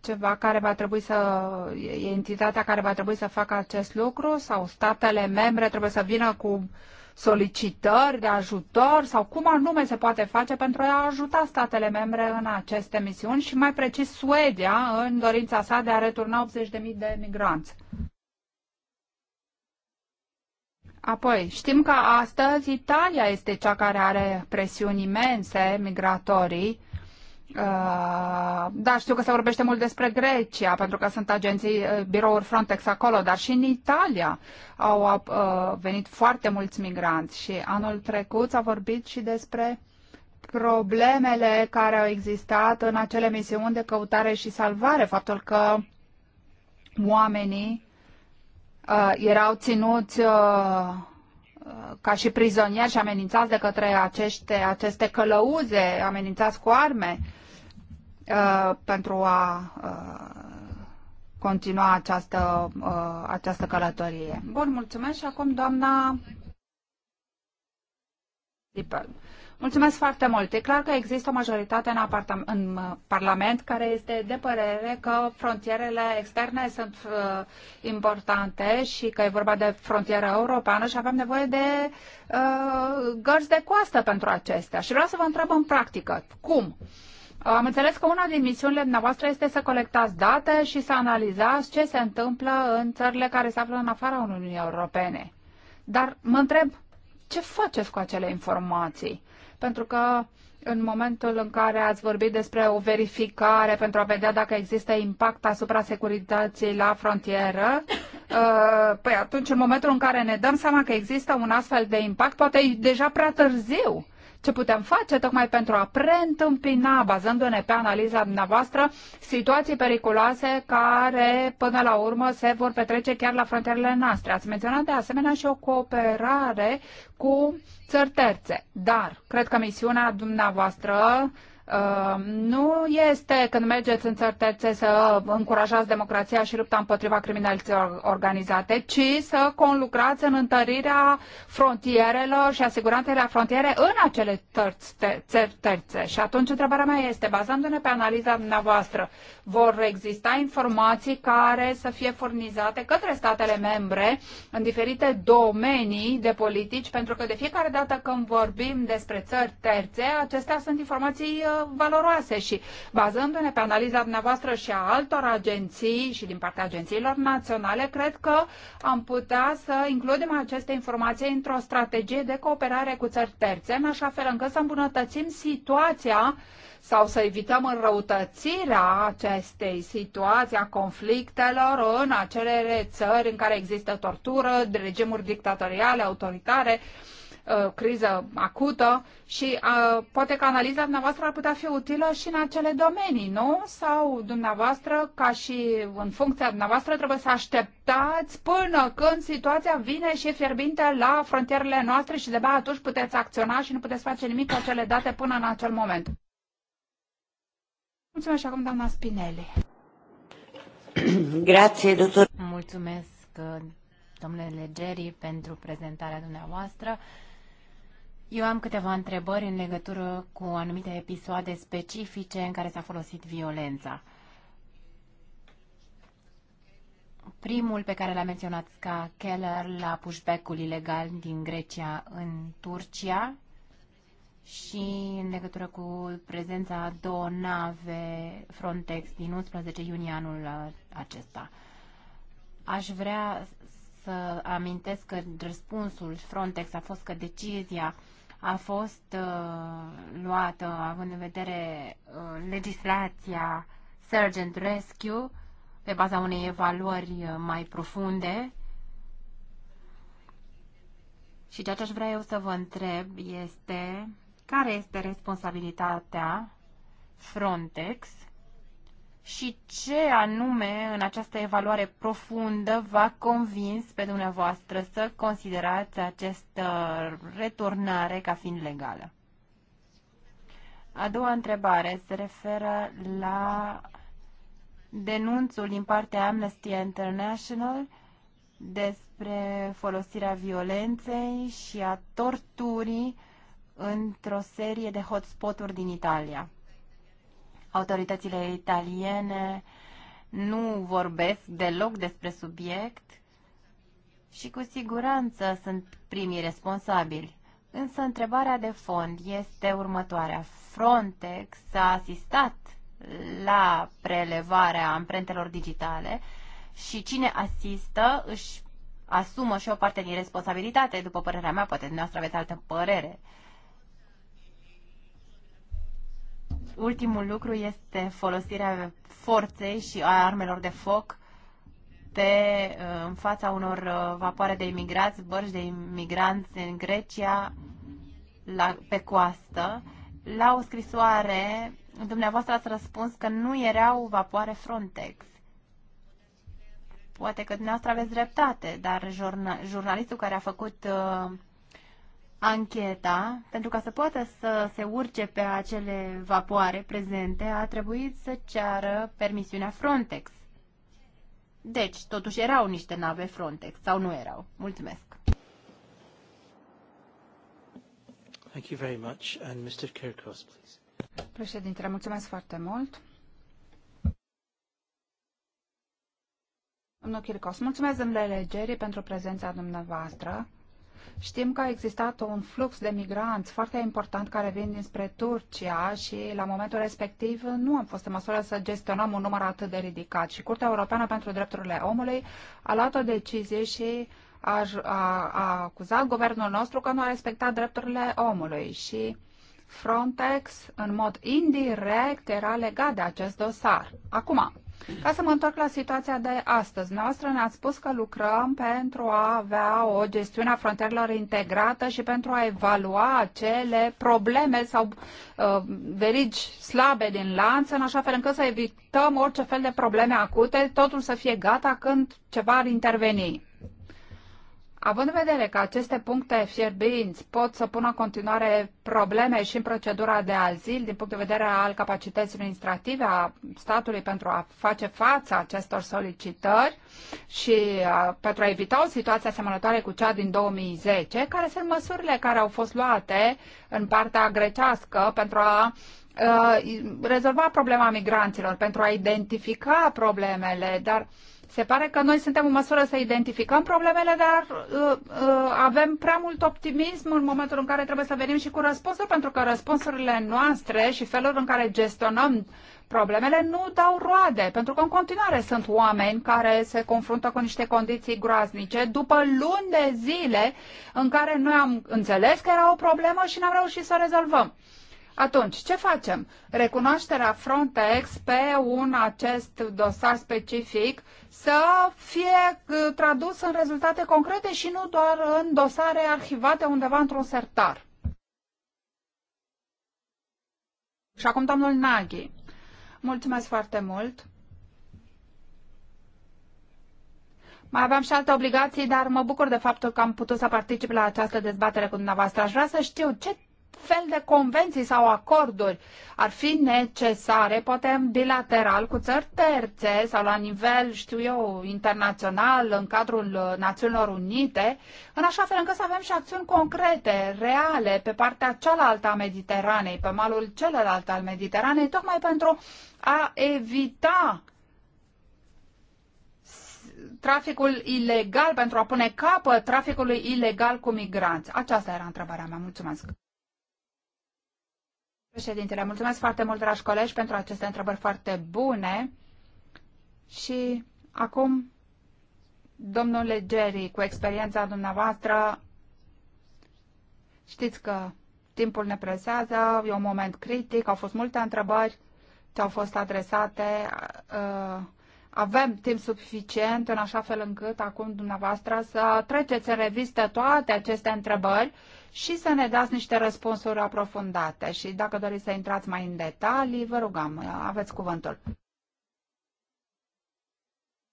ceva care va trebui să, e entitatea care va trebui să facă acest lucru sau statele membre trebuie să vină cu solicitări de ajutor sau cum anume se poate face pentru a ajuta statele membre în aceste misiuni și mai precis Suedia în dorința sa de a returna 80.000 de migranți. Apoi, știm că astăzi Italia este cea care are presiuni imense migratorii Uh, da, știu că se vorbește mult despre Grecia, pentru că sunt agenții, uh, birouri Frontex acolo, dar și în Italia au uh, venit foarte mulți migranți și anul trecut s-a vorbit și despre problemele care au existat în acele misiuni de căutare și salvare, faptul că oamenii uh, erau ținuți uh, ca și prizonieri și amenințați de către aceste aceste călăuze, amenințați cu arme. Uh, Uh, pentru a uh, continua această, uh, această călătorie. Bun, mulțumesc și acum doamna Lippel. Mulțumesc foarte mult. E clar că există o majoritate în, în uh, Parlament care este de părere că frontierele externe sunt uh, importante și că e vorba de frontiera europeană și avem nevoie de uh, gărzi de coastă pentru acestea. Și vreau să vă întreb în practică, cum? Uh, am înțeles că una din misiunile dumneavoastră este să colectați date și să analizați ce se întâmplă în țările care se află în afara Uniunii Europene. Dar mă întreb, ce faceți cu acele informații? Pentru că în momentul în care ați vorbit despre o verificare pentru a vedea dacă există impact asupra securității la frontieră, uh, păi atunci, în momentul în care ne dăm seama că există un astfel de impact, poate e deja prea târziu ce putem face tocmai pentru a preîntâmpina, bazându-ne pe analiza dumneavoastră, situații periculoase care până la urmă se vor petrece chiar la frontierele noastre. Ați menționat de asemenea și o cooperare cu țări terțe, dar cred că misiunea dumneavoastră Ehm, nu este când mergeți în țări terțe să încurajați democrația și lupta împotriva criminalității organizate, ci să conlucrați în întărirea frontierelor și asigurarea frontiere în acele țări terțe. Și atunci întrebarea mea este, bazându-ne pe analiza dumneavoastră, vor exista informații care să fie furnizate către statele membre în diferite domenii de politici, pentru că de fiecare dată când vorbim despre țări terțe, acestea sunt informații uh, valoroase și bazându-ne pe analiza dumneavoastră și a altor agenții și din partea agențiilor naționale, cred că am putea să includem aceste informații într-o strategie de cooperare cu țări terțe, în așa fel încât să îmbunătățim situația sau să evităm înrăutățirea acestei situații a conflictelor în acele țări în care există tortură, regimuri dictatoriale, autoritare, Uh, criză acută și uh, poate că analiza dumneavoastră ar putea fi utilă și în acele domenii, nu? Sau dumneavoastră, ca și în funcția dumneavoastră, trebuie să așteptați până când situația vine și e fierbinte la frontierele noastre și de-abia atunci puteți acționa și nu puteți face nimic cu acele date până în acel moment. Mulțumesc și acum doamna Spinelli. Grazie, doctor. Mulțumesc, domnule Legeri, pentru prezentarea dumneavoastră. Eu am câteva întrebări în legătură cu anumite episoade specifice în care s-a folosit violența. Primul pe care l-a menționat ca Keller la pushback-ul ilegal din Grecia în Turcia și în legătură cu prezența a două nave Frontex din 11 iunie anul acesta. Aș vrea să amintesc că răspunsul Frontex a fost că decizia a fost uh, luată, având în vedere uh, legislația Search and Rescue, pe baza unei evaluări uh, mai profunde. Și ceea ce aș vrea eu să vă întreb este care este responsabilitatea Frontex și ce anume în această evaluare profundă v-a convins pe dumneavoastră să considerați această returnare ca fiind legală? A doua întrebare se referă la denunțul din partea Amnesty International despre folosirea violenței și a torturii într-o serie de hotspoturi din Italia autoritățile italiene nu vorbesc deloc despre subiect și cu siguranță sunt primii responsabili. Însă întrebarea de fond este următoarea. Frontex a asistat la prelevarea amprentelor digitale și cine asistă își asumă și o parte din responsabilitate, după părerea mea, poate dumneavoastră aveți altă părere. Uh, Ultimul lucru este folosirea forței și a armelor de foc pe, uh, în fața unor uh, vapoare de imigranți, bărci de imigranți în Grecia, la, pe coastă. La o scrisoare, dumneavoastră ați răspuns că nu erau vapoare Frontex. Poate că dumneavoastră aveți dreptate, dar jurnalistul care a făcut uh, ancheta, pentru ca să poată să se urce pe acele vapoare prezente, a trebuit să ceară permisiunea Frontex. Deci, totuși erau niște nave Frontex, sau nu erau? Mulțumesc! Thank you very much. And Mr. Kirkos, please. mulțumesc foarte mult. Domnul Kirkos, mulțumesc, în legeri, pentru prezența dumneavoastră. Știm că a existat un flux de migranți foarte important care vin dinspre Turcia și la momentul respectiv nu am fost în măsură să gestionăm un număr atât de ridicat. Și Curtea Europeană pentru Drepturile Omului a luat o decizie și a, a, a acuzat guvernul nostru că nu a respectat drepturile omului și Frontex, în mod indirect, era legat de acest dosar. Acum, ca să mă întorc la situația de astăzi, noastră ne-ați spus că lucrăm pentru a avea o gestiune a frontierelor integrată și pentru a evalua acele probleme sau uh, verigi slabe din lanț, în așa fel încât să evităm orice fel de probleme acute, totul să fie gata când ceva ar interveni. Având în vedere că aceste puncte fierbinți pot să pună în continuare probleme și în procedura de azil din punct de vedere al capacității administrative a statului pentru a face față acestor solicitări și pentru a evita o situație asemănătoare cu cea din 2010, care sunt măsurile care au fost luate în partea grecească pentru a rezolva problema migranților, pentru a identifica problemele, dar se pare că noi suntem în măsură să identificăm problemele, dar uh, uh, avem prea mult optimism în momentul în care trebuie să venim și cu răspunsuri, pentru că răspunsurile noastre și felul în care gestionăm problemele nu dau roade, pentru că în continuare sunt oameni care se confruntă cu niște condiții groaznice după luni de zile în care noi am înțeles că era o problemă și n-am reușit să o rezolvăm. Atunci, ce facem? Recunoașterea Frontex pe un acest dosar specific să fie uh, tradus în rezultate concrete și nu doar în dosare arhivate undeva într-un sertar. Și acum domnul Naghi. Mulțumesc foarte mult. Mai aveam și alte obligații, dar mă bucur de faptul că am putut să particip la această dezbatere cu dumneavoastră. Aș vrea să știu ce fel de convenții sau acorduri ar fi necesare, poate bilateral, cu țări terțe sau la nivel, știu eu, internațional, în cadrul uh, Națiunilor Unite, în așa fel încât să avem și acțiuni concrete, reale, pe partea cealaltă a Mediteranei, pe malul celălalt al Mediteranei, tocmai pentru a evita traficul ilegal, pentru a pune capăt traficului ilegal cu migranți? Aceasta era întrebarea mea. Mulțumesc. Președintele, mulțumesc foarte mult, dragi colegi, pentru aceste întrebări foarte bune. Și acum, domnule Jerry, cu experiența dumneavoastră, știți că timpul ne presează, e un moment critic, au fost multe întrebări ce au fost adresate. Uh, avem timp suficient în așa fel încât acum dumneavoastră să treceți în revistă toate aceste întrebări și să ne dați niște răspunsuri aprofundate. Și dacă doriți să intrați mai în detalii, vă rugăm, aveți cuvântul.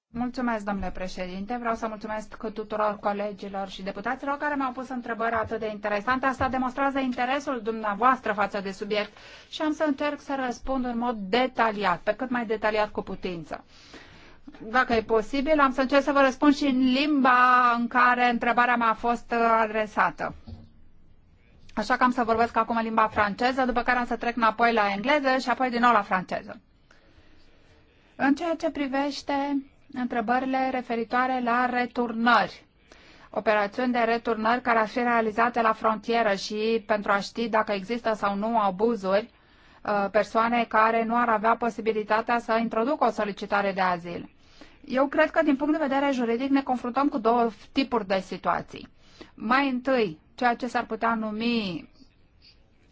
Mulțumesc, domnule președinte. Vreau să mulțumesc tuturor colegilor și deputaților care mi-au pus întrebări atât de interesante. Asta demonstrează interesul dumneavoastră față de subiect și am să încerc să răspund în mod detaliat, pe cât mai detaliat cu putință. Dacă e posibil, am să încerc să vă răspund și în limba în care întrebarea mea a fost adresată. Așa că am să vorbesc acum în limba franceză, după care am să trec înapoi la engleză și apoi din nou la franceză. În ceea ce privește întrebările referitoare la returnări, operațiuni de returnări care ar fi realizate la frontieră și pentru a ști dacă există sau nu abuzuri, uh, persoane care nu ar avea posibilitatea să introducă o solicitare de azil. Eu cred că din punct de vedere juridic ne confruntăm cu două tipuri de situații. Mai întâi, ceea ce s-ar putea numi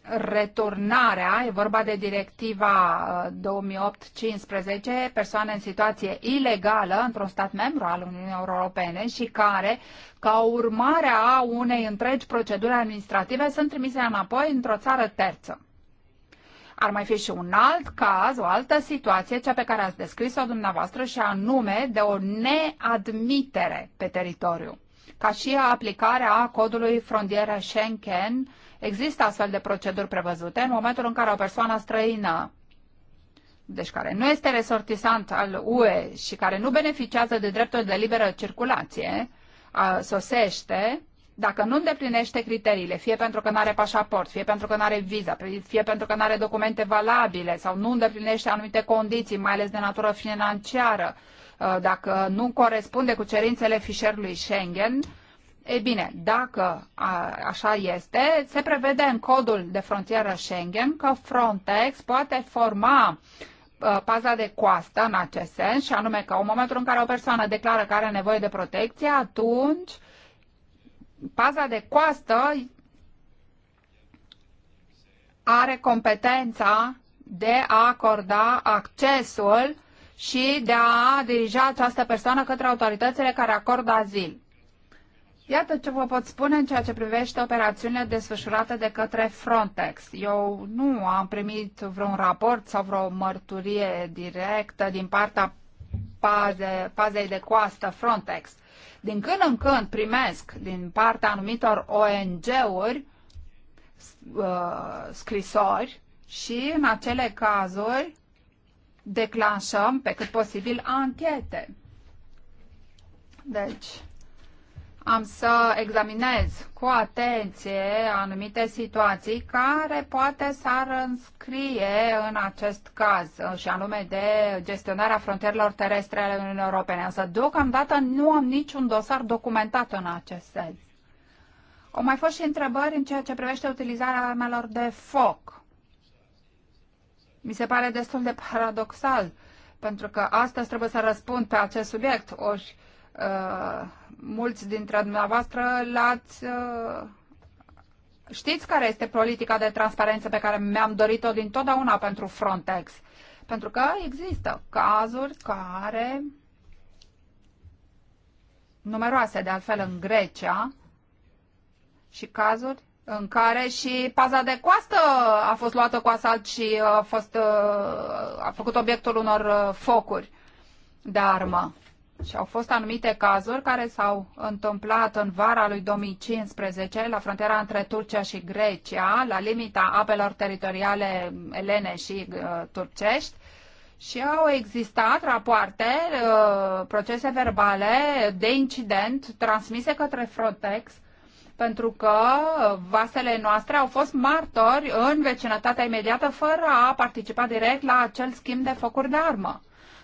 returnarea, e vorba de directiva 2008-15, uh, persoane în situație ilegală într-un stat membru al Uniunii Europene și care, ca urmare a unei întregi proceduri administrative, sunt trimise înapoi într-o țară terță. Ar mai fi și un alt caz, o altă situație, cea pe care ați descris-o dumneavoastră, și anume de o neadmitere pe teritoriu ca și aplicarea codului frontieră Schengen, există astfel de proceduri prevăzute în momentul în care o persoană străină deci care nu este resortisant al UE și care nu beneficiază de drepturi de liberă circulație, sosește, dacă nu îndeplinește criteriile, fie pentru că nu are pașaport, fie pentru că nu are viză, fie pentru că nu are documente valabile sau nu îndeplinește anumite condiții, mai ales de natură financiară, Uh, dacă nu corespunde cu cerințele fișierului Schengen, ei bine, dacă a, așa este, se prevede în codul de frontieră Schengen că Frontex poate forma uh, paza de coastă în acest sens, și anume că în momentul în care o persoană declară că are nevoie de protecție, atunci paza de coastă are competența de a acorda accesul și de a dirija această persoană către autoritățile care acordă azil. Iată ce vă pot spune în ceea ce privește operațiunile desfășurate de către Frontex. Eu nu am primit vreun raport sau vreo mărturie directă din partea paze, pazei de coastă Frontex. Din când în când primesc din partea anumitor ONG-uri uh, scrisori și în acele cazuri declanșăm pe cât posibil anchete. Deci, am să examinez cu atenție anumite situații care poate s-ar înscrie în acest caz, și anume de gestionarea frontierelor terestre ale Uniunii Europene. Însă, deocamdată, nu am niciun dosar documentat în acest sens. Au mai fost și întrebări în ceea ce privește utilizarea armelor de foc. Mi se pare destul de paradoxal, pentru că astăzi trebuie să răspund pe acest subiect, ori uh, mulți dintre dumneavoastră l-ați... Uh, știți care este politica de transparență pe care mi-am dorit-o dintotdeauna pentru Frontex? Pentru că există cazuri care, numeroase de altfel în Grecia, și cazuri în care și paza de coastă a fost luată cu asalt și uh, a, fost, uh, a făcut obiectul unor uh, focuri de armă. Și au fost anumite cazuri care s-au întâmplat în vara lui 2015 la frontiera între Turcia și Grecia, la limita apelor teritoriale elene și uh, turcești, și au existat rapoarte, uh, procese verbale de incident transmise către Frontex pentru că vasele noastre au fost martori în vecinătatea imediată fără a participa direct la acel schimb de focuri de armă.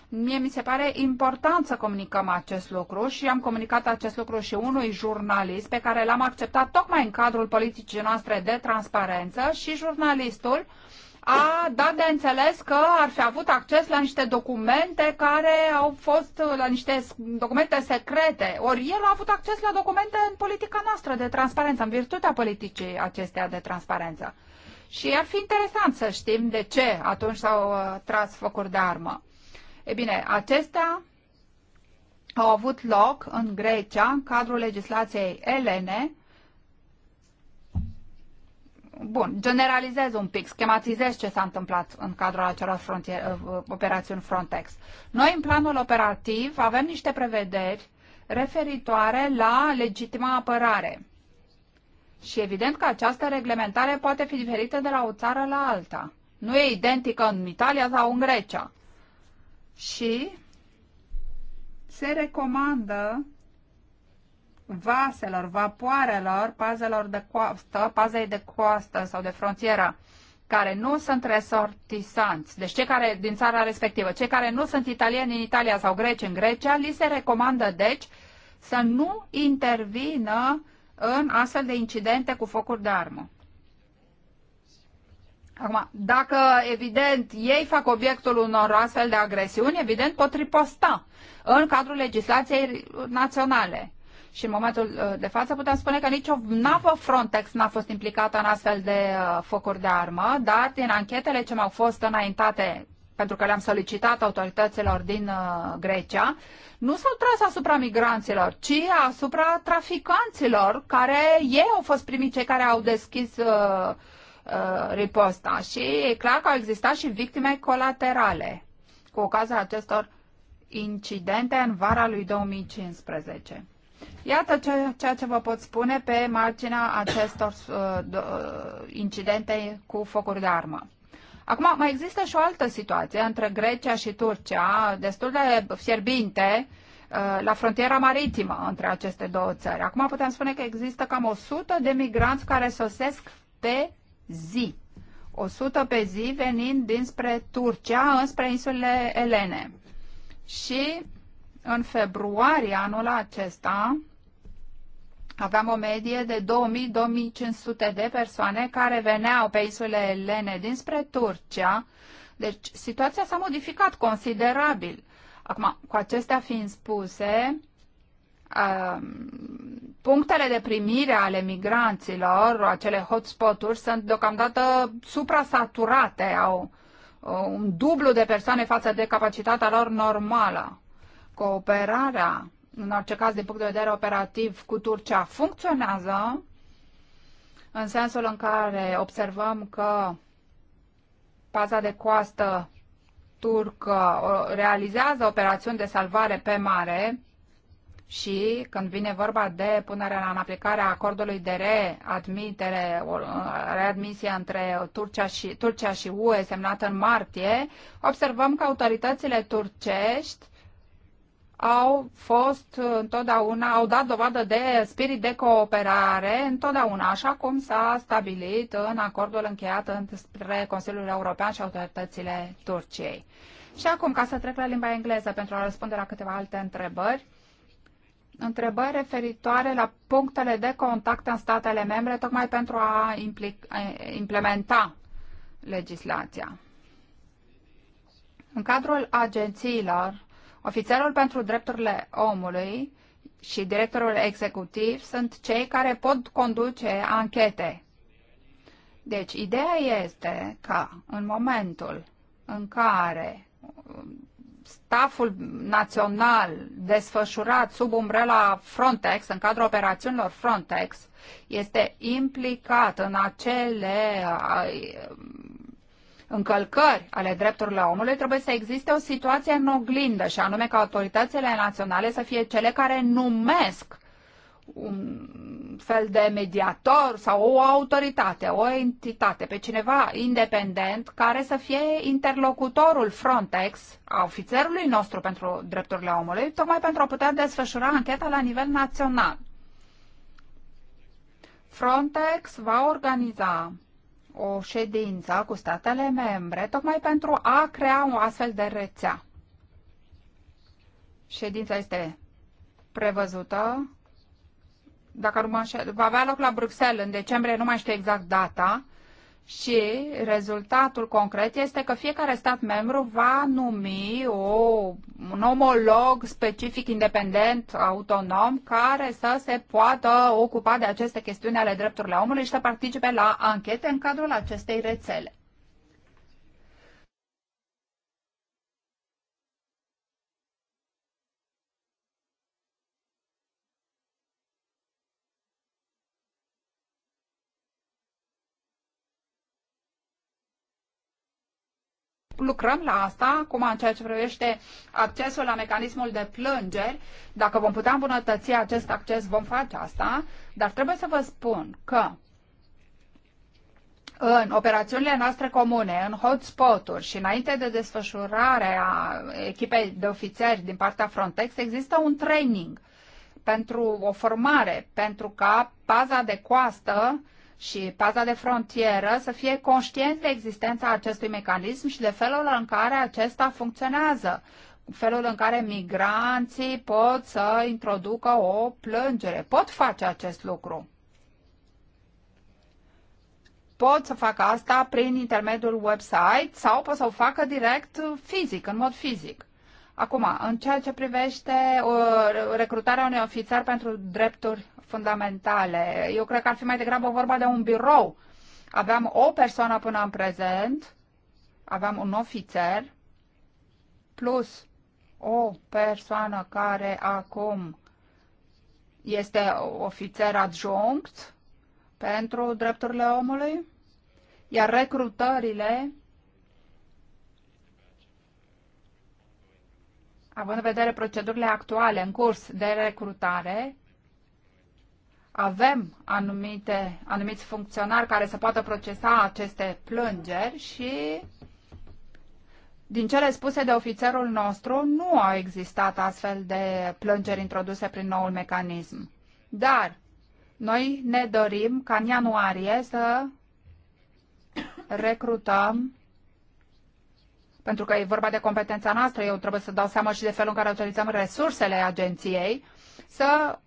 Mie mi se pare important să comunicăm acest lucru și am comunicat acest lucru și unui jurnalist pe care l-am acceptat tocmai în cadrul politicii noastre de transparență și jurnalistul uh, a dat de înțeles că ar fi avut acces la niște documente care au fost la niște documente secrete. Ori el a avut acces la documente în politica noastră de transparență, în virtutea politicii acesteia de transparență. Și ar fi interesant să știm de ce atunci s-au uh, tras focuri de armă. E bine, acestea au avut loc în Grecia, în cadrul legislației elene, Bun, generalizez un pic, schematizez ce s-a întâmplat în cadrul acelor frontier, uh, uh, operațiuni Frontex. Noi, în planul operativ, avem niște prevederi referitoare la legitima apărare. Și evident că această reglementare poate fi diferită de la o țară la alta. Nu e identică în Italia sau în Grecia. Și se recomandă vaselor, vapoarelor, pazelor de coastă, pazei de coastă sau de frontieră, care nu sunt resortisanți, deci cei care din țara respectivă, cei care nu sunt italieni în Italia sau greci în Grecia, li se recomandă, deci, să nu intervină în astfel de incidente cu focuri de armă. Acum, dacă, evident, ei fac obiectul unor astfel de agresiuni, evident, pot riposta în cadrul legislației naționale. Și în momentul uh, de față putem spune că nicio navă Frontex n-a fost implicată în astfel de uh, focuri de armă, dar din anchetele ce m-au fost înaintate pentru că le-am solicitat autorităților din uh, Grecia, nu s-au tras asupra migranților, ci asupra traficanților, care ei au fost primii cei care au deschis uh, uh, riposta. Și e clar că au existat și victime colaterale cu ocazia acestor incidente în vara lui 2015. Iată ce, ceea ce vă pot spune pe marginea acestor uh, uh, incidente cu focuri de armă. Acum, mai există și o altă situație între Grecia și Turcia, destul de fierbinte, uh, la frontiera maritimă între aceste două țări. Acum putem spune că există cam 100 de migranți care sosesc pe zi. 100 pe zi venind dinspre Turcia, înspre insulele Elene. Și în februarie anul acesta aveam o medie de 2000-2500 de persoane care veneau pe insulele Elene dinspre Turcia. Deci situația s-a modificat considerabil. Acum, cu acestea fiind spuse, um, punctele de primire ale migranților, acele hotspot-uri, sunt deocamdată suprasaturate, au un dublu de persoane față de capacitatea lor normală. Cooperarea, în orice caz din punct de vedere operativ, cu Turcia funcționează, în sensul în care observăm că paza de coastă turcă realizează operațiuni de salvare pe mare și când vine vorba de punerea în aplicare a acordului de readmitere, readmisie între Turcia și, Turcia și UE semnată în martie, observăm că autoritățile turcești au fost întotdeauna, au dat dovadă de spirit de cooperare întotdeauna, așa cum s-a stabilit în acordul încheiat între Consiliul European și autoritățile Turciei. Și acum, ca să trec la limba engleză pentru a răspunde la câteva alte întrebări, întrebări referitoare la punctele de contact în statele membre, tocmai pentru a implementa legislația. În cadrul agențiilor Ofițerul pentru drepturile omului și directorul executiv sunt cei care pot conduce anchete. Deci, ideea este ca în momentul în care um, staful național desfășurat sub umbrela Frontex, în cadrul operațiunilor Frontex, este implicat în acele uh, încălcări ale drepturilor omului, trebuie să existe o situație în oglindă, și anume că autoritățile naționale să fie cele care numesc un fel de mediator sau o autoritate, o entitate, pe cineva independent care să fie interlocutorul Frontex, a ofițerului nostru pentru drepturile omului, tocmai pentru a putea desfășura ancheta la nivel național. Frontex va organiza o ședință cu statele membre, tocmai pentru a crea o astfel de rețea. Ședința este prevăzută, dacă nu mă înșel, va avea loc la Bruxelles în decembrie, nu mai știu exact data, și rezultatul concret este că fiecare stat membru va numi o, un omolog specific, independent, autonom, care să se poată ocupa de aceste chestiuni ale drepturilor omului și să participe la anchete în cadrul acestei rețele. lucrăm la asta, cum în ceea ce privește accesul la mecanismul de plângeri. Dacă vom putea îmbunătăți acest acces, vom face asta, dar trebuie să vă spun că în operațiunile noastre comune, în hotspot-uri și înainte de desfășurarea echipei de ofițeri din partea Frontex, există un training pentru o formare, pentru ca paza de coastă uh, și paza de frontieră să fie conștient de existența acestui mecanism și de felul în care acesta funcționează, felul în care migranții pot să introducă o plângere. Pot face acest lucru. Pot să facă asta prin intermediul website sau pot să o facă direct fizic, în mod fizic. Acum, în ceea ce privește uh, recrutarea unui ofițer pentru drepturi fundamentale. Eu cred că ar fi mai degrabă vorba de un birou. Aveam o persoană până în prezent, aveam un ofițer, plus o persoană care acum este ofițer adjunct pentru drepturile omului, iar recrutările, având în vedere procedurile actuale în curs de recrutare, avem anumite, anumiți funcționari care să poată procesa aceste plângeri și din cele spuse de ofițerul nostru, nu au existat astfel de plângeri introduse prin noul mecanism. Dar noi ne dorim ca în ianuarie să recrutăm, pentru că e vorba de competența noastră, eu trebuie să dau seama și de felul în care autorizăm resursele agenției, să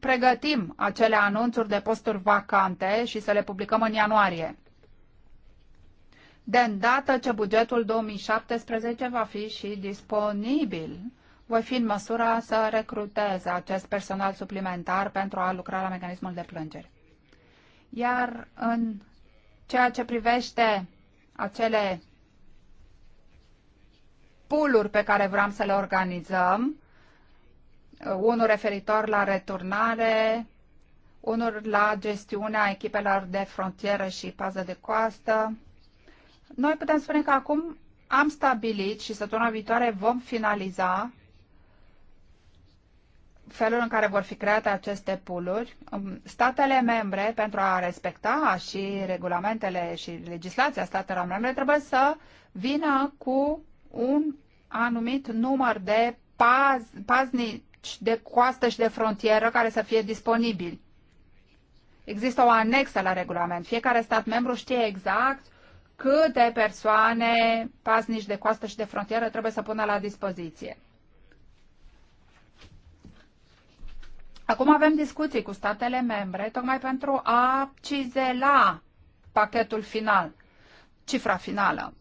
pregătim acele anunțuri de posturi vacante și să le publicăm în ianuarie. De îndată ce bugetul 2017 va fi și disponibil, voi fi în măsură să recrutez acest personal suplimentar pentru a lucra la mecanismul de plângeri. Iar în ceea ce privește acele puluri pe care vrem să le organizăm, Uh, unul referitor la returnare, unul la gestiunea echipelor de frontieră și pază de coastă. Noi putem spune că acum am stabilit și săptămâna viitoare vom finaliza felul în care vor fi create aceste puluri. Um, statele membre, pentru a respecta și regulamentele și legislația statelor membre, trebuie să vină cu un anumit număr de paz, pazni, de coastă și de frontieră care să fie disponibili. Există o anexă la regulament. Fiecare stat membru știe exact câte persoane pasnici de coastă și de frontieră trebuie să pună la dispoziție. Acum avem discuții cu statele membre tocmai pentru a cizela pachetul final, cifra finală.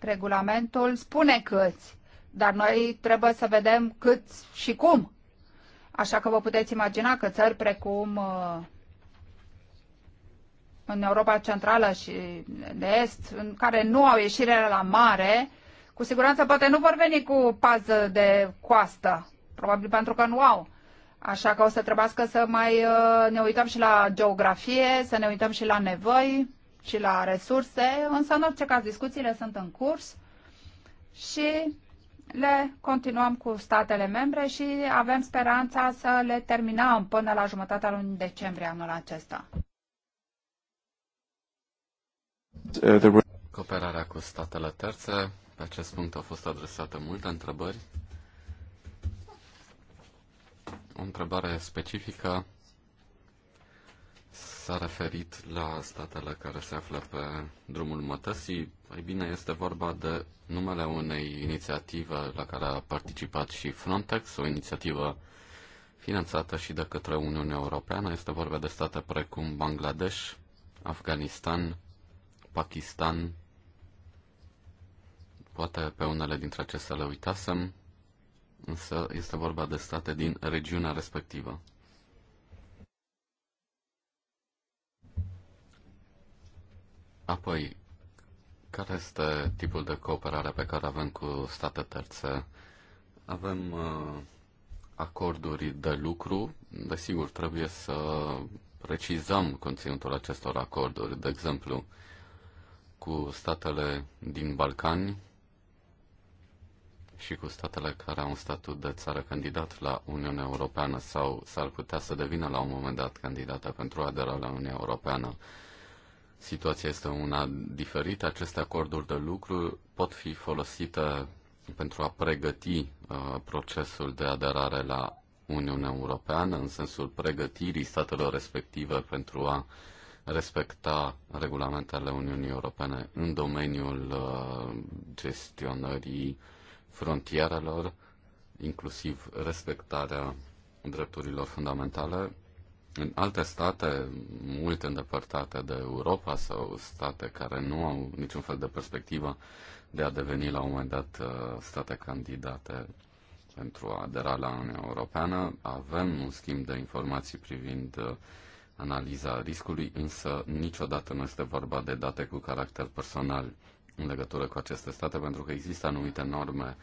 Regulamentul spune câți, dar noi trebuie să vedem cât și cum. Așa că vă puteți imagina că țări precum uh, în Europa Centrală și de Est, în care nu au ieșire la mare, cu siguranță poate nu vor veni cu pază de coastă, probabil pentru că nu au. Așa că o să trebuiască să mai uh, ne uităm și la geografie, să ne uităm și la nevoi și la resurse, însă în orice caz discuțiile sunt în curs și le continuăm cu statele membre și avem speranța să le terminăm până la jumătatea lunii decembrie anul acesta. Cooperarea cu statele terțe. Pe acest punct au fost adresate multe întrebări. O întrebare specifică s-a referit la statele care se află pe drumul mătăsii, mai bine, este vorba de numele unei inițiative la care a participat și Frontex, o inițiativă finanțată și de către Uniunea Europeană. Este vorba de state precum Bangladesh, Afganistan, Pakistan. Poate pe unele dintre acestea le uitasem, însă este vorba de state din regiunea respectivă. Apoi, care este tipul de cooperare pe care avem cu state terțe? Avem uh, acorduri de lucru. Desigur, trebuie să precizăm conținutul acestor acorduri. De exemplu, cu statele din Balcani și cu statele care au un statut de țară candidat la Uniunea Europeană sau s-ar putea să devină la un moment dat candidată pentru aderarea la Uniunea Europeană situația este una diferită. Aceste acorduri de lucru pot fi folosite pentru a pregăti uh, procesul de aderare la Uniunea Europeană, în sensul pregătirii statelor respective pentru a respecta regulamentele Uniunii Europene în domeniul uh, gestionării frontierelor, inclusiv respectarea drepturilor fundamentale, în alte state mult îndepărtate de Europa sau state care nu au niciun fel de perspectivă de a deveni la un moment dat uh, state candidate pentru a adera la Uniunea Europeană, avem un schimb de informații privind uh, analiza riscului, însă niciodată nu este vorba de date cu caracter personal în legătură cu aceste state, pentru că există anumite norme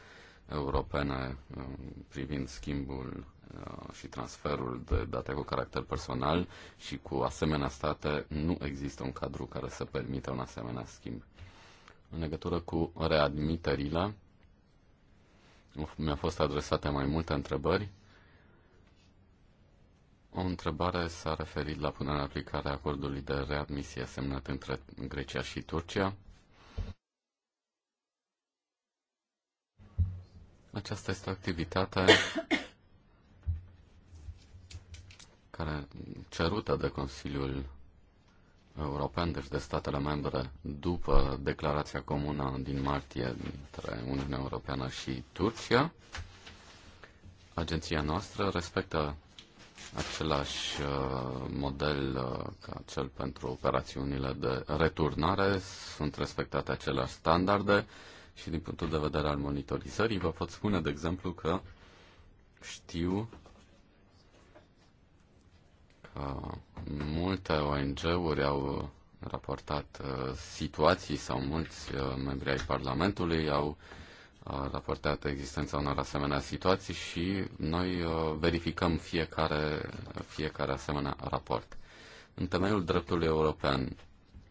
europene uh, privind schimbul Uh, și transferul de date cu caracter personal și cu asemenea state nu există un cadru care să permită un asemenea schimb. În legătură cu readmiterile, uh, mi-au fost adresate mai multe întrebări. O întrebare s-a referit la punerea în aplicare a acordului de readmisie semnat între Grecia și Turcia. Aceasta este o activitate care cerută de Consiliul European, deci de statele membre, după declarația comună din martie dintre Uniunea Europeană și Turcia. Agenția noastră respectă același uh, model uh, ca cel pentru operațiunile de returnare, sunt respectate aceleași standarde și din punctul de vedere al monitorizării vă pot spune, de exemplu, că știu Uh, multe ONG-uri au uh, raportat uh, situații sau mulți membri ai Parlamentului au raportat existența unor asemenea situații și noi verificăm fiecare, fiecare asemenea raport. În temeiul dreptului european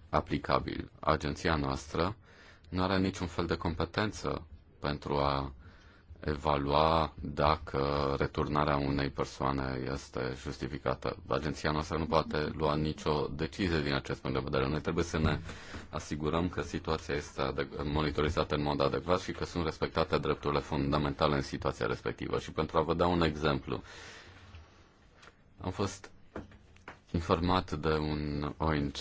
aplicabil, agenția noastră nu are niciun fel de competență pentru a evalua dacă returnarea unei persoane este justificată. Agenția noastră nu poate lua nicio decizie din acest punct de vedere. Noi trebuie să ne asigurăm că situația este monitorizată în mod adecvat și că sunt respectate drepturile fundamentale în situația respectivă. Și pentru a vă da un exemplu, am fost informat de un ONG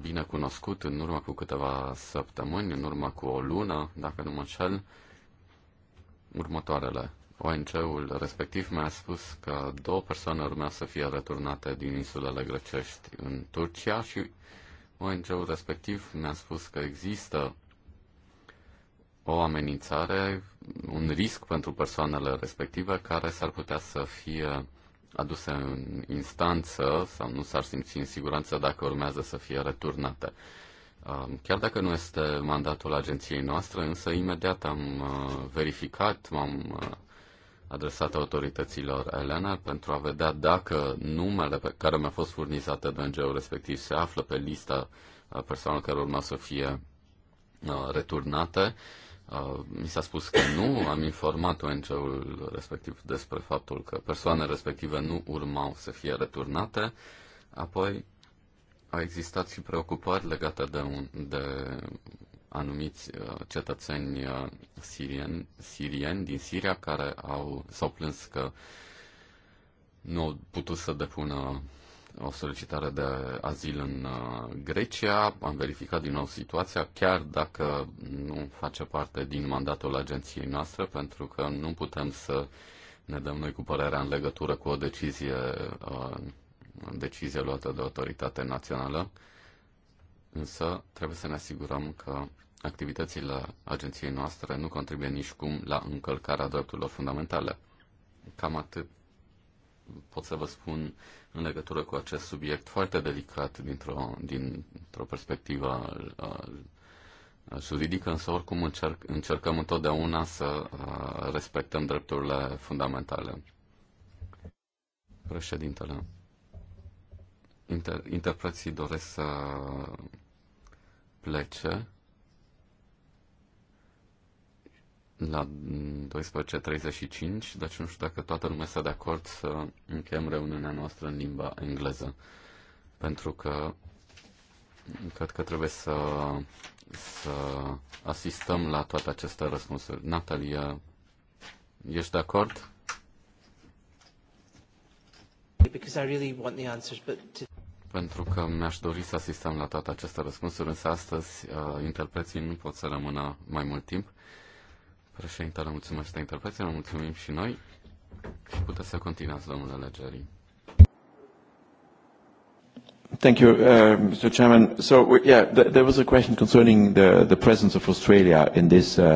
bine cunoscut în urmă cu câteva săptămâni, în urmă cu o lună, dacă nu mă înșel, următoarele. onc ul respectiv mi-a spus că două persoane urmează să fie returnate din insulele grecești în Turcia și ONG-ul respectiv mi-a spus că există o amenințare, un risc pentru persoanele respective care s-ar putea să fie aduse în instanță sau nu s-ar simți în siguranță dacă urmează să fie returnate. Chiar dacă nu este mandatul agenției noastre, însă imediat am uh, verificat, m-am uh, adresat autorităților Elena pentru a vedea dacă numele pe care mi-a fost furnizată de NGO respectiv se află pe lista uh, persoanelor care urma să fie returnate. Mi s-a spus că nu, am informat ONG-ul respectiv despre faptul că persoanele respective nu urmau să fie returnate. Apoi a existat și preocupări legate de, un, de anumiți uh, cetățeni uh, sirieni, sirieni din Siria care au, s-au plâns că nu au putut să depună o solicitare de azil în uh, Grecia. Am verificat din nou situația, chiar dacă nu face parte din mandatul agenției noastre, pentru că nu putem să ne dăm noi cu părerea în legătură cu o decizie decizie luată de autoritate națională, însă trebuie să ne asigurăm că activitățile agenției noastre nu contribuie nici cum la încălcarea drepturilor fundamentale. Cam atât pot să vă spun în legătură cu acest subiect foarte delicat dintr-o, dintr-o perspectivă uh, juridică, însă oricum încerc, încercăm întotdeauna să uh, respectăm drepturile fundamentale. Președintele, inter- interpreții doresc să plece la 12.35, deci nu știu dacă toată lumea este de acord să încheiem reuniunea noastră în limba engleză, pentru că cred că trebuie să, să asistăm la toate aceste răspunsuri. Natalia, ești de acord? Because I really want the answers, but to pentru că mi-aș dori să asistăm la toate aceste răspunsuri, însă astăzi uh, interpreții nu pot să rămână mai mult timp. Președintele, mulțumesc de interpreție, ne mulțumim și noi și puteți să continuați, domnule Legerii. Thank you, uh, Mr. Chairman. So, yeah, th there was a question concerning the, the presence of Australia in this uh,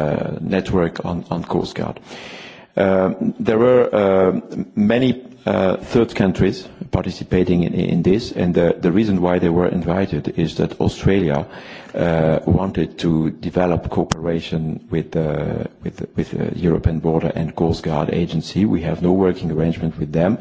network on, on Coast Guard. Uh, there were uh, many Uh, third countries participating in, in this, and the, the reason why they were invited is that Australia uh, wanted to develop cooperation with uh, with with the uh, European Border and Coast Guard Agency. We have no working arrangement with them,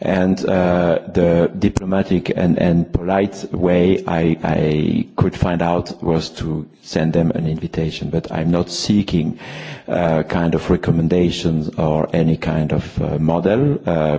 and uh, the diplomatic and, and polite way I, I could find out was to send them an invitation. But I'm not seeking uh, kind of recommendations or any kind of uh, model. Uh,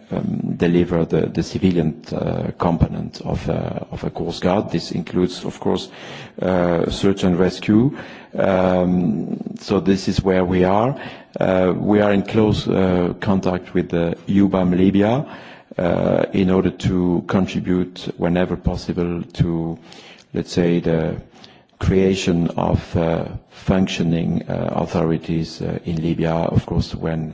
Um, deliver the, civilian uh, component of, a Coast Guard. This includes, of course, uh, search and rescue. Um, so this is where we are. Uh, we are in close contact with the EUBAM Libya in order to contribute whenever possible to, let's say, the creation of functioning authorities in Libya, of course, when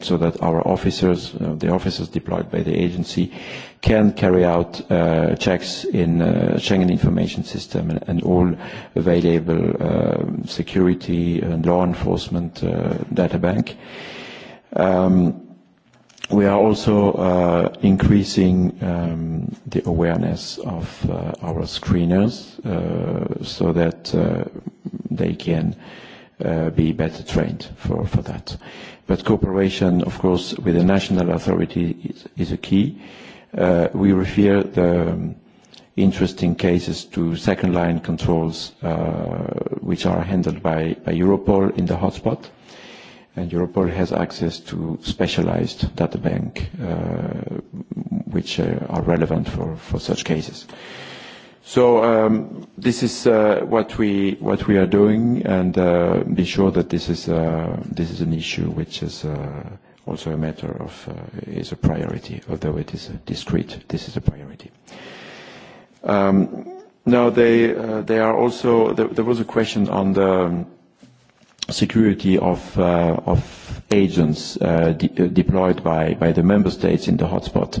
so that our officers, uh, the officers deployed by the agency, can carry out uh, checks in uh, Schengen information system and, and all available uh, security and law enforcement uh, data bank. Um, we are also uh, increasing um, the awareness of uh, our screeners uh, so that uh, they can uh, uh, be better trained for, for that. But cooperation, of course, with the national authority is, is a key. Uh, we refer the um, interesting cases to second-line controls, uh, which are handled by, by Europol in the hotspot. And Europol has access to specialized data bank, uh, which uh, are relevant for, for such cases. Uh, So um, this is uh, what we what we are doing, and uh, be sure that this is uh, this is an issue which is also a matter of is a priority, although it is discrete. This is a priority. Um, now there are also there, was a question on the um, security of of agents deployed by by the member states in the hotspot.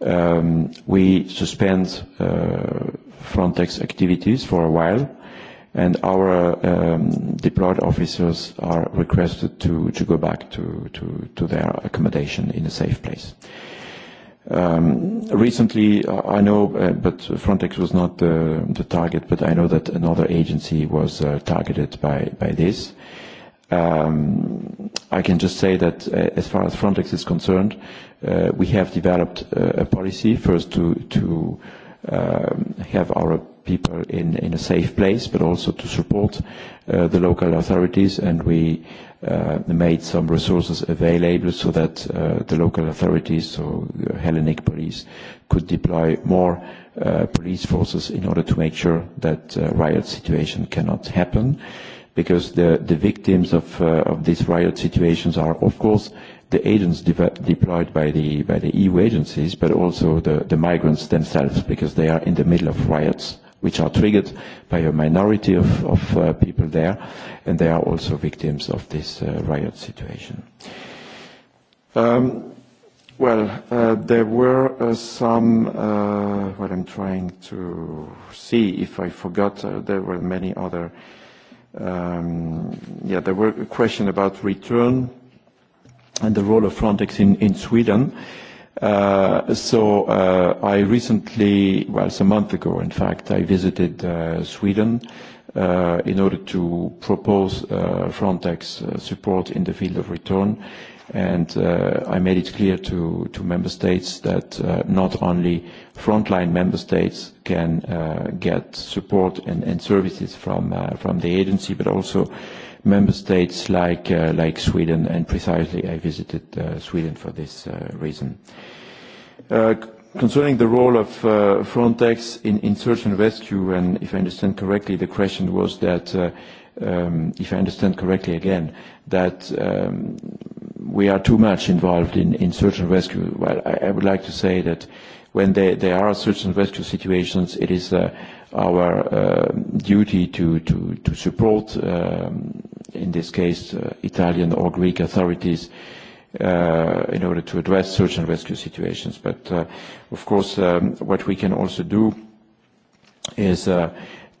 Um, we suspend uh, Frontex activities for a while, and our um, deployed officers are requested to, to go back to, to, to their accommodation in a safe place. Um, recently, I know, uh, but Frontex was not the, the target, but I know that another agency was uh, targeted by, by this. Um, I can just say that uh, as far as Frontex is concerned, uh, uh, we have developed uh, a policy first to to um, have our people in in a safe place, but also to support uh, the local authorities. And we uh, made some resources available so that uh, the local authorities, so Hellenic police, could deploy more uh, police forces in order to make sure that uh, riot situation cannot happen, because the the victims of uh, of these riot situations are, of course the agents de- deployed by the by the EU agencies, but also the, the migrants themselves, because they are in the middle of riots which are triggered by a minority of, of uh, people there, and they are also victims of this uh, riot situation. Um, well, uh, there were uh, some, uh, what I'm trying to see if I forgot, uh, there were many other, um, yeah, there were a question about return and the role of Frontex in, in Sweden. Uh, so uh, I recently, well, it's a month ago, in fact, I visited uh, Sweden uh, in order to propose uh, Frontex uh, support in the field of return. And uh, I made it clear to, to member states that uh, not only frontline member states can uh, get support and, and services from, uh, from the agency, but also uh, member states like, uh, like Sweden, and precisely I visited uh, Sweden for this uh, reason. Uh, concerning the role of uh, Frontex in, in search and rescue, and if I understand correctly, the question was that, uh, um, if I understand correctly again, that um, we are too much involved in, in search and rescue. Well, I, I would like to say that when there, there are search and rescue situations, it is uh, our uh, duty to, to, to support, um, in this case, uh, Italian or Greek authorities uh, in order to address search and rescue situations. But, uh, of course, um, what we can also do is uh,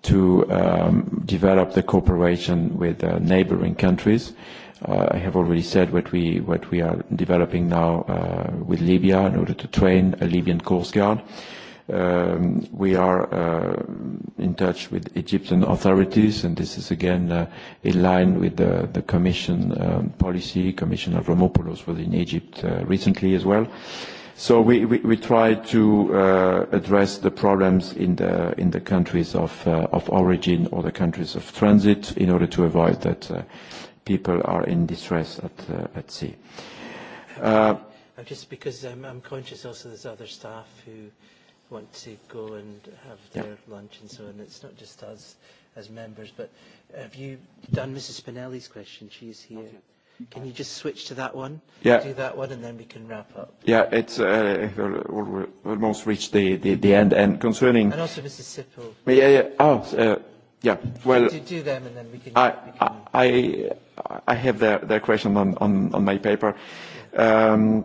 to um, develop the cooperation with uh, neighboring countries. Uh, I have already said what we, what we are developing now uh, with Libya in order to train a Libyan Coast Guard. Uh, Um, we are uh, in touch with Egyptian authorities, and this is again uh, in line with the, the Commission um, policy. Commissioner Avramopoulos was in Egypt uh, recently as well. So we, we, we try to uh, address the problems in the, in the countries of, uh, of origin or the countries of transit in order to avoid that uh, people are in distress at, uh, at sea. Uh, just because I'm, um, I'm conscious also there's other staff who want to go and have yeah. their lunch and so on. It's not just us as members, but have you done Mrs. Spinelli's question? She's here. Can you just switch to that one? Yeah. Do that one, and then we can wrap up. Yeah, it's uh, almost reached the, the, the end. And concerning... And also Mrs. Sippel. Yeah, yeah. Oh, uh, yeah. Well... Do, do them, and then we can... I, we can... I, I have their, their question on, on, on my paper. Yeah. Um,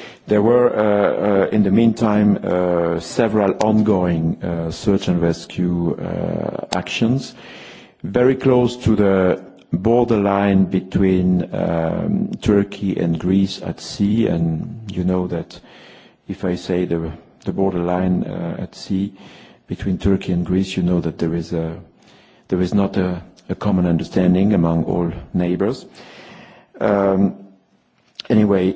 There were, uh, uh, in the meantime, uh, several ongoing search and rescue actions very close to the borderline between um, Turkey and Greece at sea, and you know that if I say the, the borderline uh, at sea between Turkey and Greece, you know that there is, a, there is not a, a common understanding among all neighbors. Um, anyway,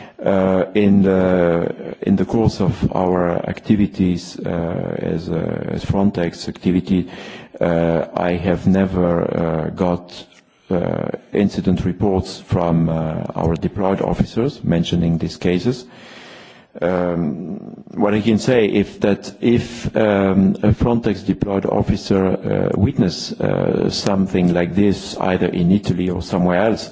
Uh, in the in the course of our activities uh, as a, as Frontex activity, uh, I have never uh, got uh, incident reports from our deployed officers mentioning these cases. Um, what I can say is that if um, a Frontex deployed officer uh, witness something like this, either in Italy or somewhere else,